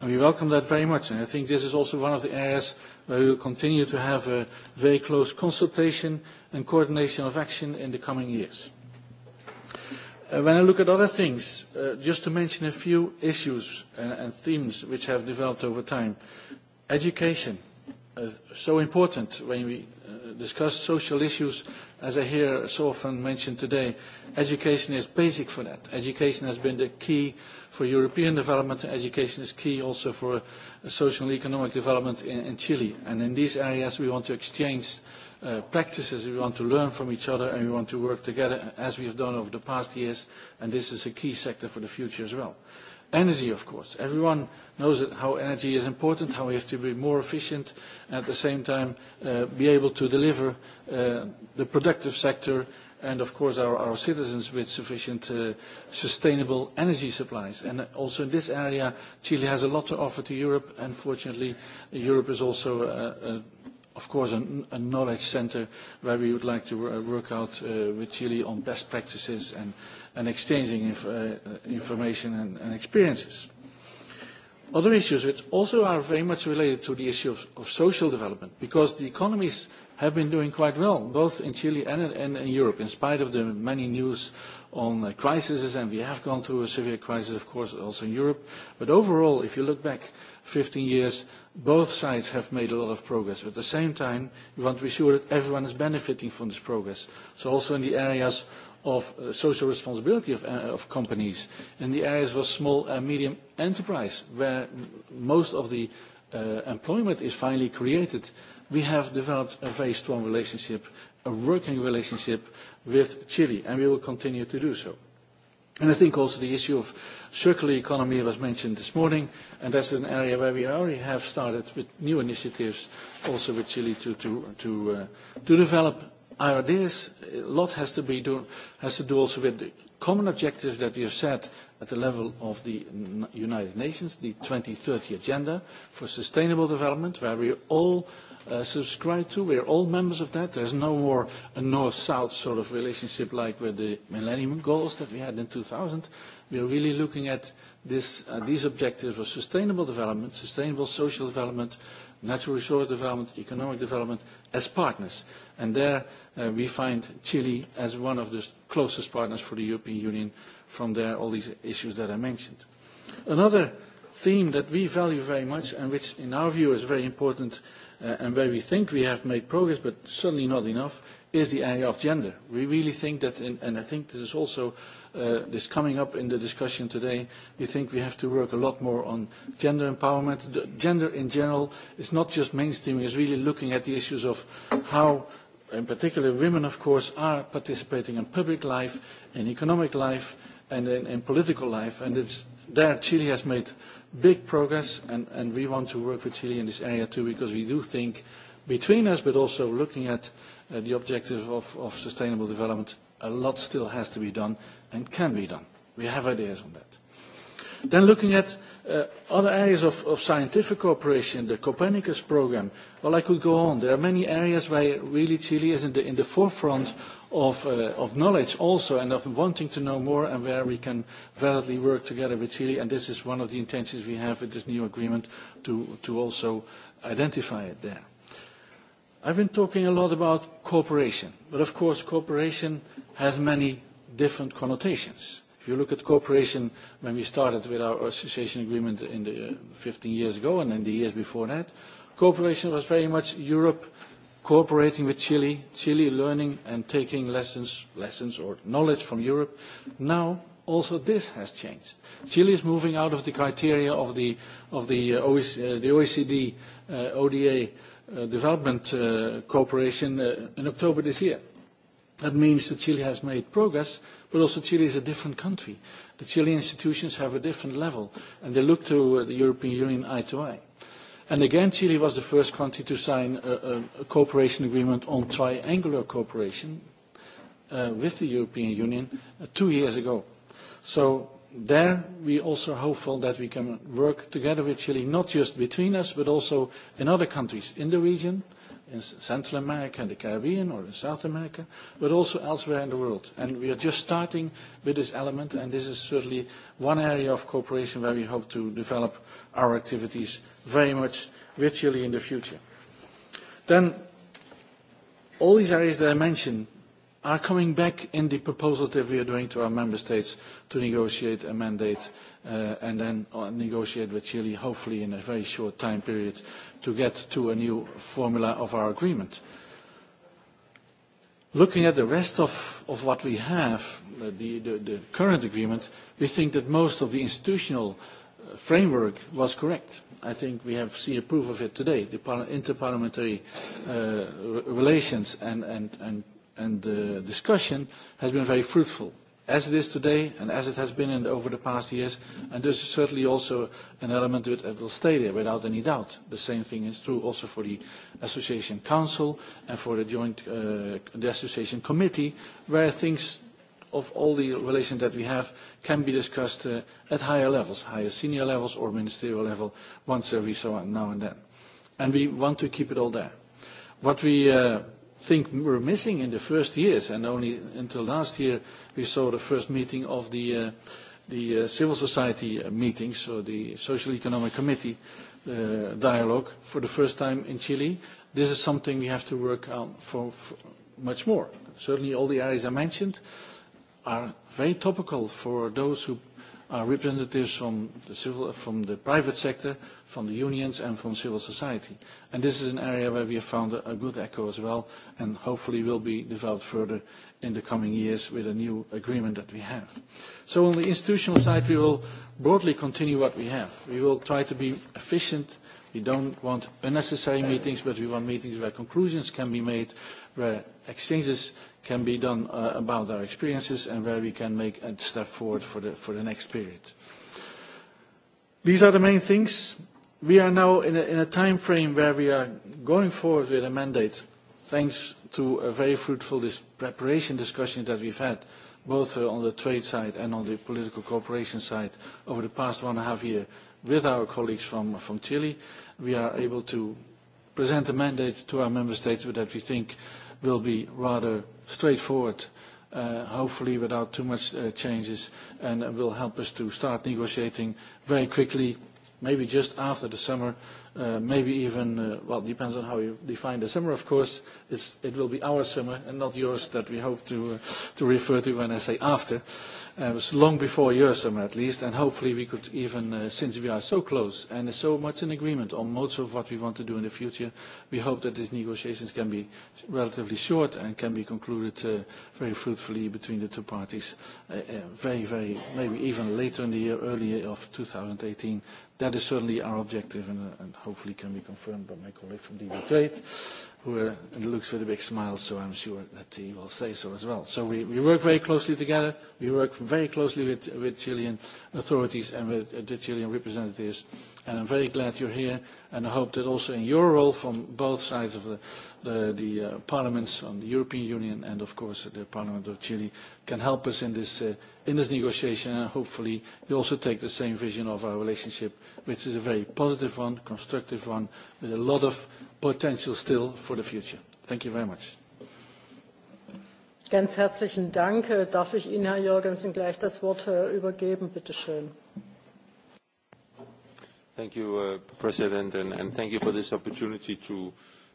And we welcome that very much. And I think this is also one of the areas where we will continue to have a very close consultation and coordination of action in the coming years. Uh, when I look at other things, uh, just to mention a few issues and, and themes which have developed over time, education, so important when we uh, discuss social issues, as I hear so often mentioned today, education is basic for that. Education has been the key for European development, and education is key also for social and economic development in, in Chile. And in these areas we want to exchange Uh, practices. We want to learn from each other and we want to work together as we have done over the past years. And this is a key sector for the future as well. Energy, of course. Everyone knows that how energy is important, how we have to be more efficient, and at the same time uh, be able to deliver uh, the productive sector and of course our, our citizens with sufficient uh, sustainable energy supplies. And also in this area, Chile has a lot to offer to Europe. Unfortunately, Europe is also a, a of course, a, knowledge center where we would like to uh, work out uh, with Chile on best practices and, exchanging uh, information and, experiences. Other issues which also are very much related to the issue of, social development, because the economies have been doing quite well, both in Chile and, in Europe, in spite of the many news on crises, and we have gone through a severe crisis, of course, also in Europe. overall, if you look back 15 years, both sides have made a lot of progress. But at the same time, we want to be sure that everyone is benefiting from this progress. So also in the areas of uh, social responsibility of, uh, of companies, in the areas of small and medium enterprise, where most of the uh, employment is finally created, we have developed a very strong relationship, a working relationship with Chile, and we will continue to do so. And I think also the issue of Circular economy was mentioned this morning, and that's an area where we already have started with new initiatives, also with Chile, to, to, to, uh, to develop ideas. A lot has to, be do, has to do also with the common objectives that you have set at the level of the United Nations, the 2030 Agenda for Sustainable Development, where we all uh, subscribe to. we are all members of that. There's no more a north-south sort of relationship like with the Millennium Goals that we had in 2000 we are really looking at this, uh, these objectives of sustainable development, sustainable social development, natural resource development, economic development as partners. And there uh, we find Chile as one of the closest partners for the European Union from there all these issues that I mentioned. Another theme that we value very much and which in our view is very important uh, and where we think we have made progress but certainly not enough is the area of gender. We really think that, in, and I think this is also Uh, this is coming up in the discussion today, we think we have to work a lot more on gender empowerment. The gender in general is not just mainstreaming, it's really looking at the issues of how in particular women of course are participating in public life, in economic life and in, in political life and it's there Chile has made big progress and, and we want to work with Chile in this area too because we do think between us but also looking at uh, the objective of, of sustainable development a lot still has to be done and can be done. We have ideas on that. Then looking at uh, other areas of, of scientific cooperation, the Copernicus program, well, I could go on. There are many areas where really Chile is in the, in the forefront of, uh, of knowledge also and of wanting to know more and where we can validly work together with Chile. And this is one of the intentions we have with this new agreement to, to also identify it there. I've been talking a lot about cooperation, but of course cooperation has many different connotations. If you look at cooperation, when we started with our association agreement in the, uh, 15 years ago and in the years before that, cooperation was very much Europe cooperating with Chile, Chile learning and taking lessons, lessons or knowledge from Europe. Now, also this has changed. Chile is moving out of the criteria of the, of the, uh, OEC, uh, the OECD uh, ODA uh, development uh, cooperation uh, in October this year. That means that Chile has made progress, but also Chile is a different country. The Chilean institutions have a different level, and they look to uh, the European Union eye to eye. And again, Chile was the first country to sign a, a, a cooperation agreement on triangular cooperation uh, with the European Union uh, two years ago. So there we also are hopeful that we can work together with Chile, not just between us, but also in other countries in the region, uh, in Central America and the Caribbean or in South America, but also elsewhere in the world. And we are just starting with this element, and this is certainly one area of cooperation where we hope to develop our activities very much virtually in the future. Then all these areas that I mentioned are coming back in the proposals that we are doing to our member states to negotiate a mandate uh, and then uh, negotiate with Chile, hopefully in a very short time period, to get to a new formula of our agreement. Looking at the rest of, of what we have, uh, the, the, the current agreement, we think that most of the institutional uh, framework was correct. I think we have seen a proof of it today. The interparliamentary uh, relations and, and, and and the discussion has been very fruitful, as it is today and as it has been in, over the past years. And there's certainly also an element to it that will stay there, without any doubt. The same thing is true also for the Association Council and for the Joint uh, the Association Committee, where things of all the relations that we have can be discussed uh, at higher levels, higher senior levels or ministerial level, once every so on now and then. And we want to keep it all there. What we uh, Think were missing in the first years, and only until last year we saw the first meeting of the, uh, the uh, civil society uh, meetings, so the Social Economic Committee uh, dialogue for the first time in Chile. This is something we have to work on for, for much more. Certainly all the areas I mentioned are very topical for those who are representatives from the, civil, from the private sector, from the unions and from civil society. And this is an area where we have found a, a good echo as well and hopefully will be developed further in the coming years with a new agreement that we have. So on the institutional side, we will broadly continue what we have. We will try to be efficient. We don't want unnecessary meetings, but we want meetings where conclusions can be made, where exchanges can be done uh, about our experiences and where we can make a step forward for the, for the next period. These are the main things. We are now in a, in a time frame where we are going forward with a mandate, thanks to a very fruitful dis preparation discussion that we've had, both uh, on the trade side and on the political cooperation side over the past one and a half year with our colleagues from, from Chile. We are able to present a mandate to our member states that we think will be rather straightforward, uh, hopefully without too much uh, changes, and will help us to start negotiating very quickly, maybe just after the summer, Uh, maybe even, uh, well, depends on how you define the summer, of course. It's, it will be our summer and not yours that we hope to, uh, to refer to when I say after. Uh, it was long before your summer, at least, and hopefully we could even, uh, since we are so close and so much in agreement on most of what we want to do in the future, we hope that these negotiations can be relatively short and can be concluded uh, very fruitfully between the two parties uh, uh, very, very, maybe even later in the year, earlier of 2018 That is certainly our objective and, uh, and hopefully can be confirmed by my colleague from DG Trade who uh, looks with a big smile, so I'm sure that he will say so as well. So we, we work very closely together. We work very closely with, with Chilean authorities and with uh, the Chilean representatives. And I'm very glad you're here, and I hope that also in your role from both sides of the, the, the uh, parliaments on the European Union and, of course, the Parliament of Chile can help us in this, uh, in this negotiation. And hopefully you also take the same vision of our relationship, which is a very positive one, constructive one, with a lot of potential still for the future. Thank you very much. Ganz herzlichen Dank. Darf ich Ihnen, Herr Jorgensen, gleich das Wort äh, übergeben? Bitte schön. Thank you, uh, President, and, and thank you for this opportunity to,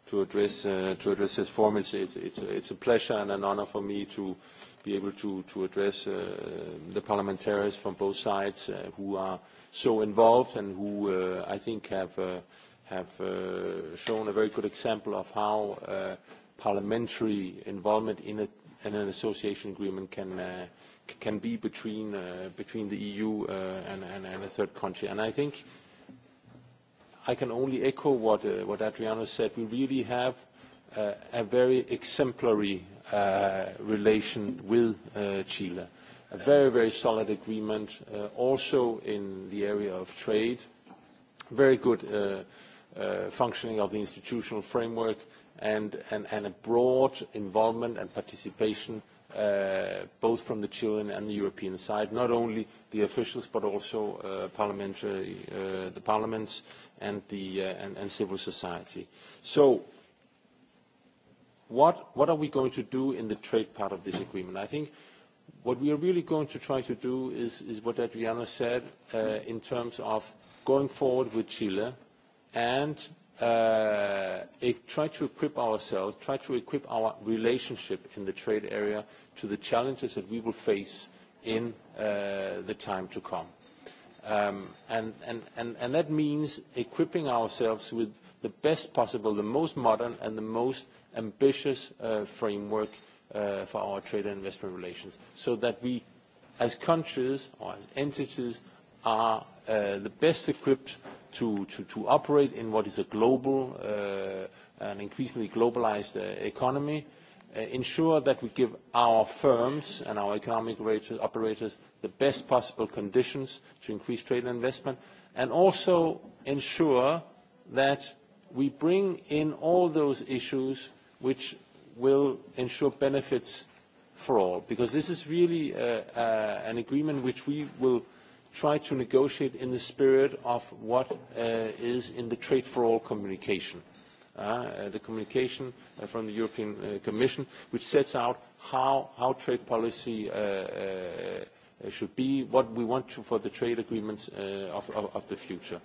to, address, uh, to address this forum. It's, it's, it's, a, it's a pleasure and an honor for me to be able to, to address uh, the parliamentarians from both sides uh, who are so involved and who uh, I think have uh, – have uh, shown a very good example of how uh, parliamentary involvement in, a, in an association agreement can uh, can be between uh, between the EU uh, and, and, and a third country. And I think I can only echo what uh, what Adriano said. We really have uh, a very exemplary uh, relation with uh, Chile. A very, very solid agreement, uh, also in the area of trade. Very good uh, Uh, functioning of the institutional framework and, and, and a broad involvement and participation uh, both from the Chilean and the European side, not only the officials but also uh, parliamentary, uh, the parliaments and, the, uh, and, and civil society. So what, what are we going to do in the trade part of this agreement? I think what we are really going to try to do is, is what Adriana said uh, in terms of going forward with Chile, and uh, it, try to equip ourselves, try to equip our relationship in the trade area to the challenges that we will face in uh, the time to come. Um, and, and, and, and that means equipping ourselves with the best possible, the most modern and the most ambitious uh, framework uh, for our trade and investment relations so that we, as countries or as entities, are uh, the best equipped to, operate in what is a global uh, an increasingly globalized uh, economy, uh, ensure that we give our firms and our economic operators the best possible conditions to increase trade and investment, and also ensure that we bring in all those issues which will ensure benefits for all, because this is really an agreement which we will try to negotiate in the spirit of what uh, is in the Trade for All communication, uh, uh, the communication uh, from the European uh, Commission, which sets out how, how trade policy uh, uh, should be, what we want to, for the trade agreements uh, of, of, of the future.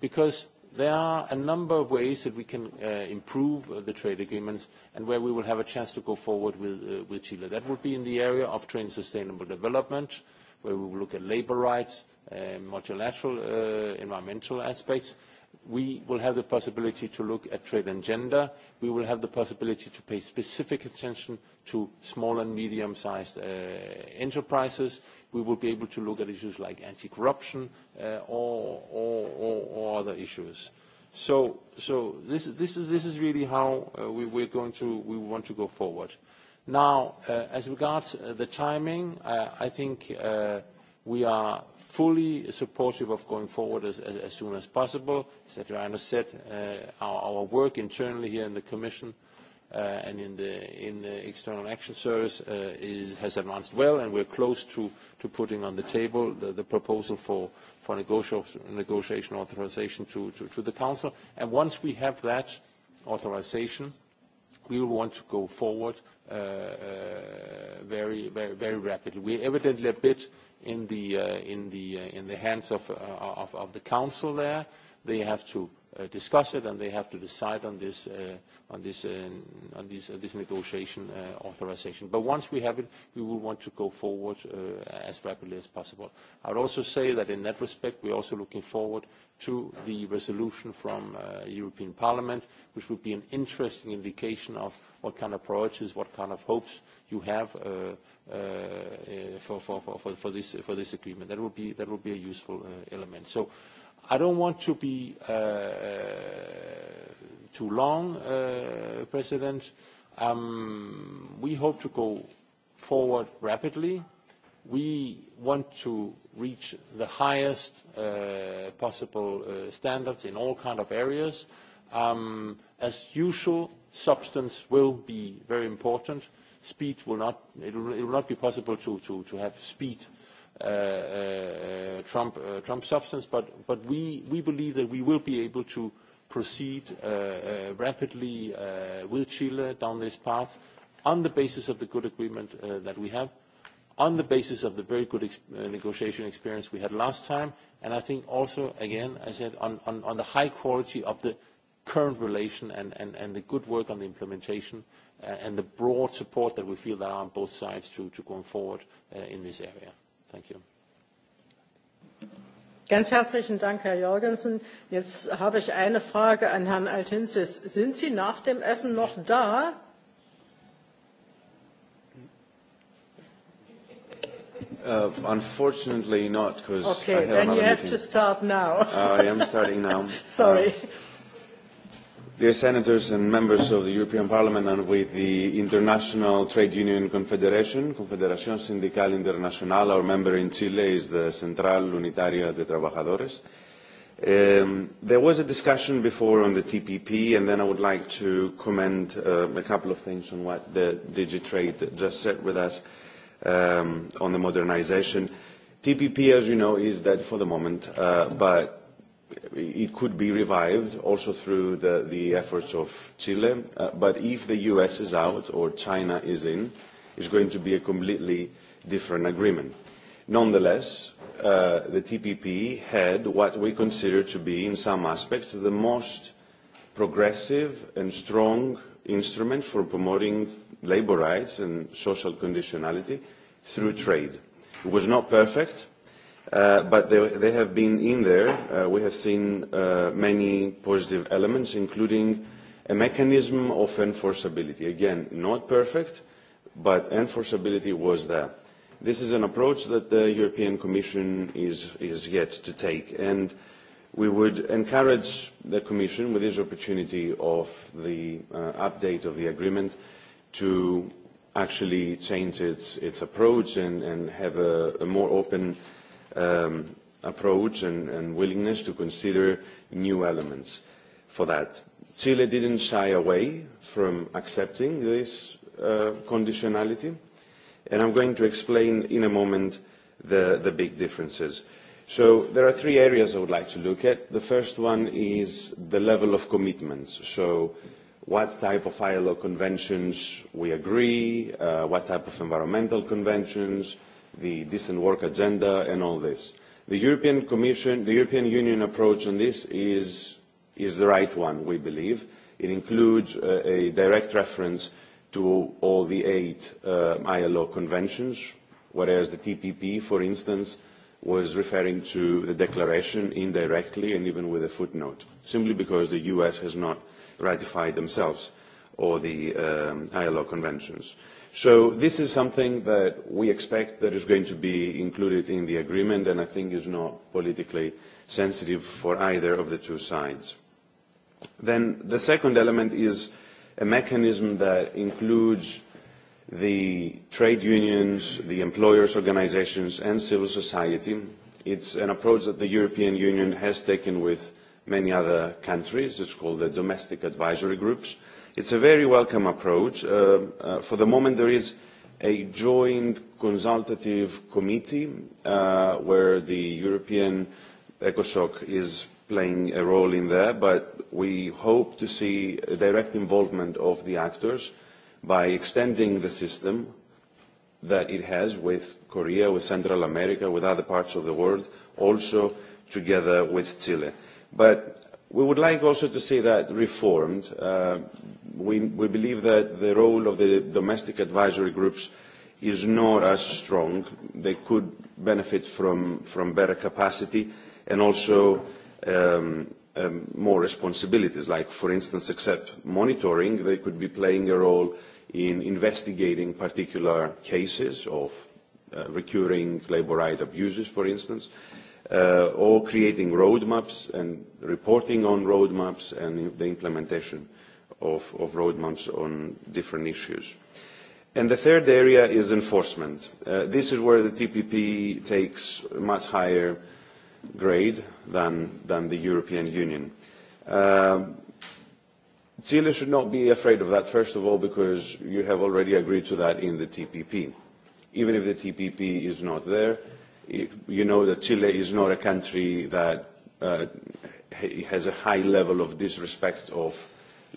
Because there are a number of ways that we can uh, improve uh, the trade agreements and where we will have a chance to go forward with, uh, with Chile. That would be in the area of trade and sustainable development, uh, where we will look at labor rights, uh, multilateral uh, environmental aspects. We will have the possibility to look at trade and gender. We will have the possibility to pay specific attention to small and medium-sized uh, enterprises. We will be able to look at issues like anti-corruption uh, or, or, or, or other issues. So, so this, this, is, this is really how uh, we, we're going to, we want to go forward. Uh, Now, uh, as regards uh, the timing, uh, I think we are fully supportive of going forward as, soon as possible. As Adriana said, our, work internally here in the Commission and in the, External Action Service has advanced well, and we're close to, putting on the table the, proposal for, negotiation authorization to, the Council. And once we have that authorization, we will want to go forward uh, uh, very, very, very rapidly. We're evidently a bit in the, uh, in the, in the hands of the council there. They have to Uh, discuss it, and they have to decide on this uh, on this uh, on this uh, this negotiation uh, authorization. But once we have it, we will want to go forward uh, as rapidly as possible. I would also say that in that respect, we're also looking forward to the resolution from uh, European Parliament, which would be an interesting indication of what kind of priorities, what kind of hopes you have uh, uh, for, for, for, for, this, for this agreement. That would be, that would be a useful uh, element. So I don't want to be uh, uh, too long, uh, President. Um, we hope to go forward rapidly. We want to reach the highest uh, possible uh, standards in all kind of areas. Um, as usual, substance will be very important. Speed will not. It will, it will not be possible to, to, to have speed Uh, uh, uh, Trump, substance, but, we, believe that we will be able to proceed rapidly with Chile down this path on the basis of the good agreement that we have, on the basis of the very good negotiation experience we had last time, and I think also, again, I said, on, the high quality of the current relation and, the good work on the implementation and the broad support that we feel there are on both sides to, to going forward in this area. Thank you. Ganz herzlichen Dank, Herr Jorgensen. Jetzt habe ich eine Frage an Herrn Altinsis. Sind Sie nach dem Essen noch da? Uh, unfortunately not, because okay, I have then another you have meeting. to start now. uh, I am starting now. Sorry. Uh, Dear Senators and members of the European Parliament and with the International Trade Union Confederation, Confederación Sindical Internacional, our member in Chile is the Central Unitaria de Trabajadores. Um, there was a discussion before on the TPP, and then I would like to comment uh, a couple of things on what the DigiTrade just said with us um, on the modernization. TPP, as you know, is dead for the moment, uh, but it could be revived also through the, the efforts of Chile. Uh, but if the US is out or China is in, it's going to be a completely different agreement. Nonetheless, uh, the TPP had what we consider to be, in some aspects, the most progressive and strong instrument for promoting labor rights and social conditionality through trade. It was not perfect Uh, but they, they have been in there. Uh, we have seen uh, many positive elements, including a mechanism of enforceability. Again, not perfect, but enforceability was there. This is an approach that the European Commission is, is yet to take, and we would encourage the Commission, with this opportunity of the uh, update of the agreement, to actually change its, its approach and, and have a, a more open uh, um, approach and, and willingness to consider new elements for that. Chile didn't shy away from accepting this uh, conditionality, and I'm going to explain in a moment the, the big differences. So there are three areas I would like to look at. The first one is the level of commitments. So what type of ILO conventions we agree, uh, what type of environmental conventions, uh, the decent work agenda and all this. The European Commission, the European Union approach on this is, is the right one, we believe. It includes a, a direct reference to all the eight uh, ILO conventions, whereas the TPP, for instance, was referring to the declaration indirectly and even with a footnote, simply because the US has not ratified themselves or the um, ILO conventions. Uh, So this is something that we expect that is going to be included in the agreement and I think is not politically sensitive for either of the two sides. Then the second element is a mechanism that includes the trade unions, the employers' organizations and civil society. It's an approach that the European Union has taken with many other countries. It's called the domestic advisory groups. It's a very welcome approach. Uh, uh, for the moment, there is a joint consultative committee uh, where the European ECOSOC is playing a role in there, but we hope to see a direct involvement of the actors by extending the system that it has with Korea, with Central America, with other parts of the world, also together with Chile. But We would like also to see that reformed. Uh, we, we believe that the role of the domestic advisory groups is not as strong. They could benefit from, from better capacity and also um, um, more responsibilities, like, for instance, except monitoring, they could be playing a role in investigating particular cases of uh, recurring labor right abuses, for instance, uh, uh, or creating roadmaps and reporting on roadmaps and the implementation of, of roadmaps on different issues. And the third area is enforcement. Uh, this is where the TPP takes a much higher grade than, than the European Union. Uh, Chile should not be afraid of that, first of all, because you have already agreed to that in the TPP. Even if the TPP is not there, You know that Chile is not a country that uh, has a high level of disrespect of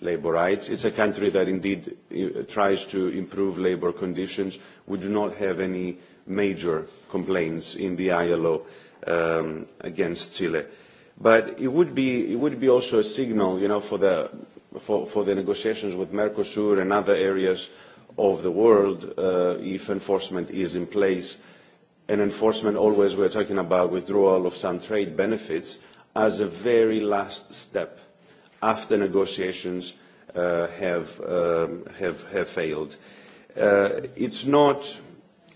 labour rights. It's a country that indeed uh, tries to improve labour conditions. We do not have any major complaints in the ILO um, against Chile. But it would be, it would be also a signal you know, for, the, for, for the negotiations with Mercosur and other areas of the world uh, if enforcement is in place and enforcement always we're talking about withdrawal of some trade benefits as a very last step after negotiations uh, have, um, have, have failed. Uh, it's not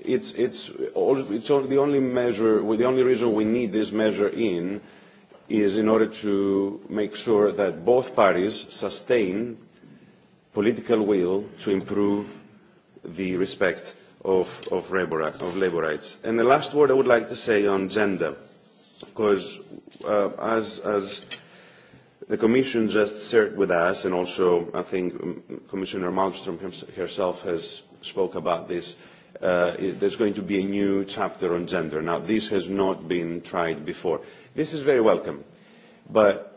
it's, it's, all, it's all the only measure, well, the only reason we need this measure in is in order to make sure that both parties sustain political will to improve the respect of, of, labor, rights. And the last word I would like to say on gender, because uh, as, as the Commission just shared with us, and also I think um, Commissioner Malmström herself has spoke about this, uh, there's going to be a new chapter on gender. Now, this has not been tried before. This is very welcome, but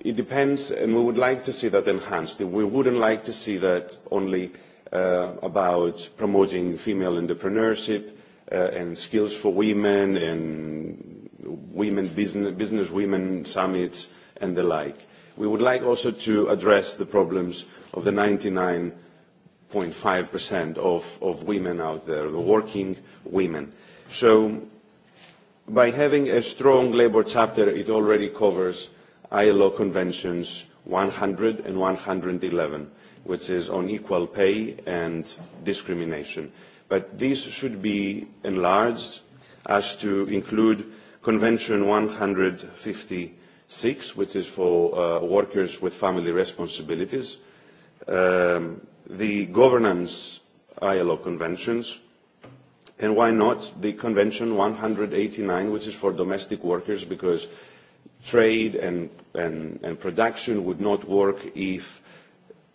it depends, and we would like to see that enhanced. We wouldn't like to see that only uh, about promoting female entrepreneurship uh, and skills for women and women business, business women summits and the like. We would like also to address the problems of the 99.5% of, of women out there, the working women. So by having a strong labour chapter, it already covers ILO conventions 100 and 111 which is on equal pay and discrimination. But this should be enlarged as to include Convention 156, which is for uh, workers with family responsibilities, um, the governance ILO conventions, and why not the Convention 189, which is for domestic workers, because trade and, and, and production would not work if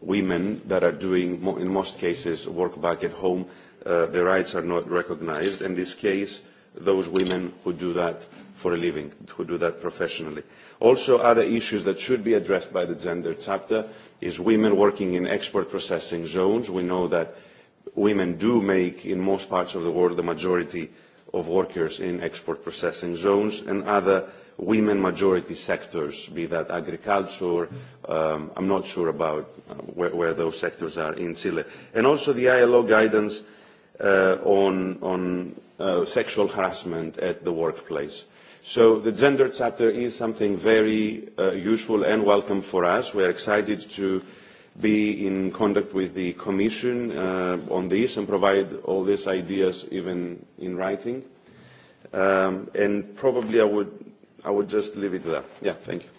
women that are doing, in most cases, work back at home, uh, their rights are not recognized. In this case, those women who do that for a living, who do that professionally. Also, other issues that should be addressed by the gender chapter is women working in export processing zones. We know that women do make, in most parts of the world, the majority of workers in export processing zones and other women majority sectors, be that agriculture, um, I'm not sure about uh, where, where those sectors are in Chile. And also the ILO guidance uh, on, on uh, sexual harassment at the workplace. So the gender chapter is something very uh, useful and welcome for us. We are excited to be in contact with the Commission uh, on this and provide all these ideas even in writing. Um, and probably I would I would just leave it there. Yeah, thank you.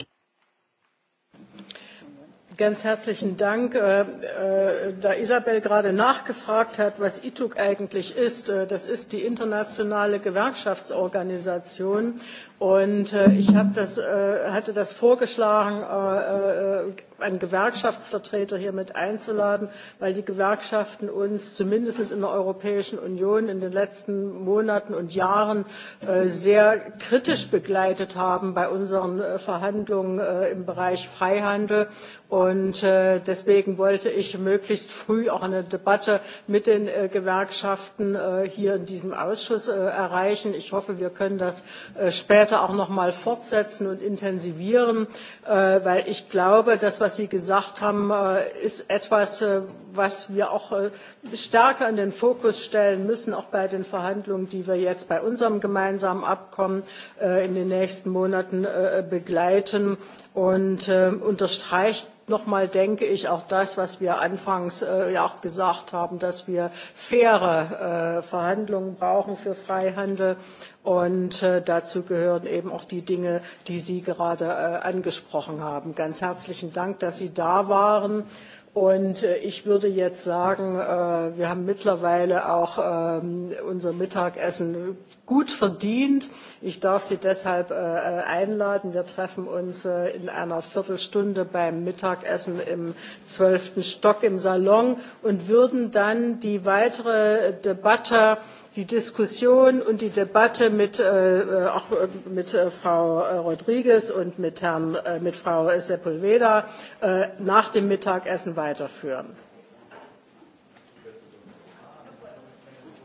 Ganz herzlichen Dank. Äh, äh, da Isabel gerade nachgefragt hat, was ITUC eigentlich ist, äh, das ist die internationale Gewerkschaftsorganisation Und äh, ich hab das, äh, hatte das vorgeschlagen, äh, äh, einen Gewerkschaftsvertreter hier mit einzuladen, weil die Gewerkschaften uns zumindest in der Europäischen Union in den letzten Monaten und Jahren äh, sehr kritisch begleitet haben bei unseren äh, Verhandlungen äh, im Bereich Freihandel. Und äh, deswegen wollte ich möglichst früh auch eine Debatte mit den äh, Gewerkschaften äh, hier in diesem Ausschuss äh, erreichen. Ich hoffe, wir können das äh, später heute auch noch mal fortsetzen und intensivieren, äh, weil ich glaube, das, was Sie gesagt haben, äh, ist etwas, äh, was wir auch äh, stärker in den Fokus stellen müssen, auch bei den Verhandlungen, die wir jetzt bei unserem gemeinsamen Abkommen in den nächsten Monaten begleiten und unterstreicht nochmal denke ich auch das, was wir anfangs äh, ja auch gesagt haben, dass wir faire äh, Verhandlungen brauchen für Freihandel. Und äh, dazu gehören eben auch die Dinge, die Sie gerade äh, angesprochen haben. Ganz herzlichen Dank, dass Sie da waren. Und äh, ich würde jetzt sagen, äh, wir haben mittlerweile auch ähm, unser Mittagessen gut verdient. Ich darf Sie deshalb äh, einladen. Wir treffen uns in einer Viertelstunde beim Mittagessen im zwölften Stock im Salon und würden dann die weitere Debatte die Diskussion und die Debatte mit, äh, äh auch äh, mit äh, Frau äh, Rodriguez und mit, Herrn, äh, mit Frau Sepulveda äh, nach dem Mittagessen weiterführen.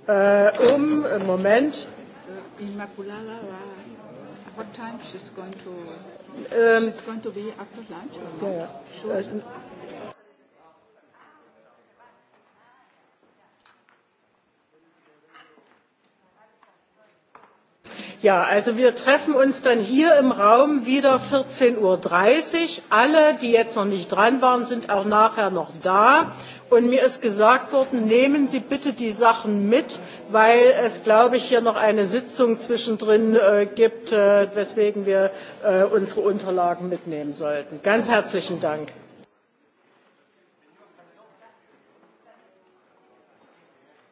Äh, um, Moment. Immaculada, what time she's going to, um, she's going to be after lunch? Ja, also wir treffen uns dann hier im Raum wieder 14.30 Uhr. Alle, die jetzt noch nicht dran waren, sind auch nachher noch da. Und mir ist gesagt worden, nehmen Sie bitte die Sachen mit, weil es, glaube ich, hier noch eine Sitzung zwischendrin äh, gibt, äh, weswegen wir äh, unsere Unterlagen mitnehmen sollten. Ganz herzlichen Dank.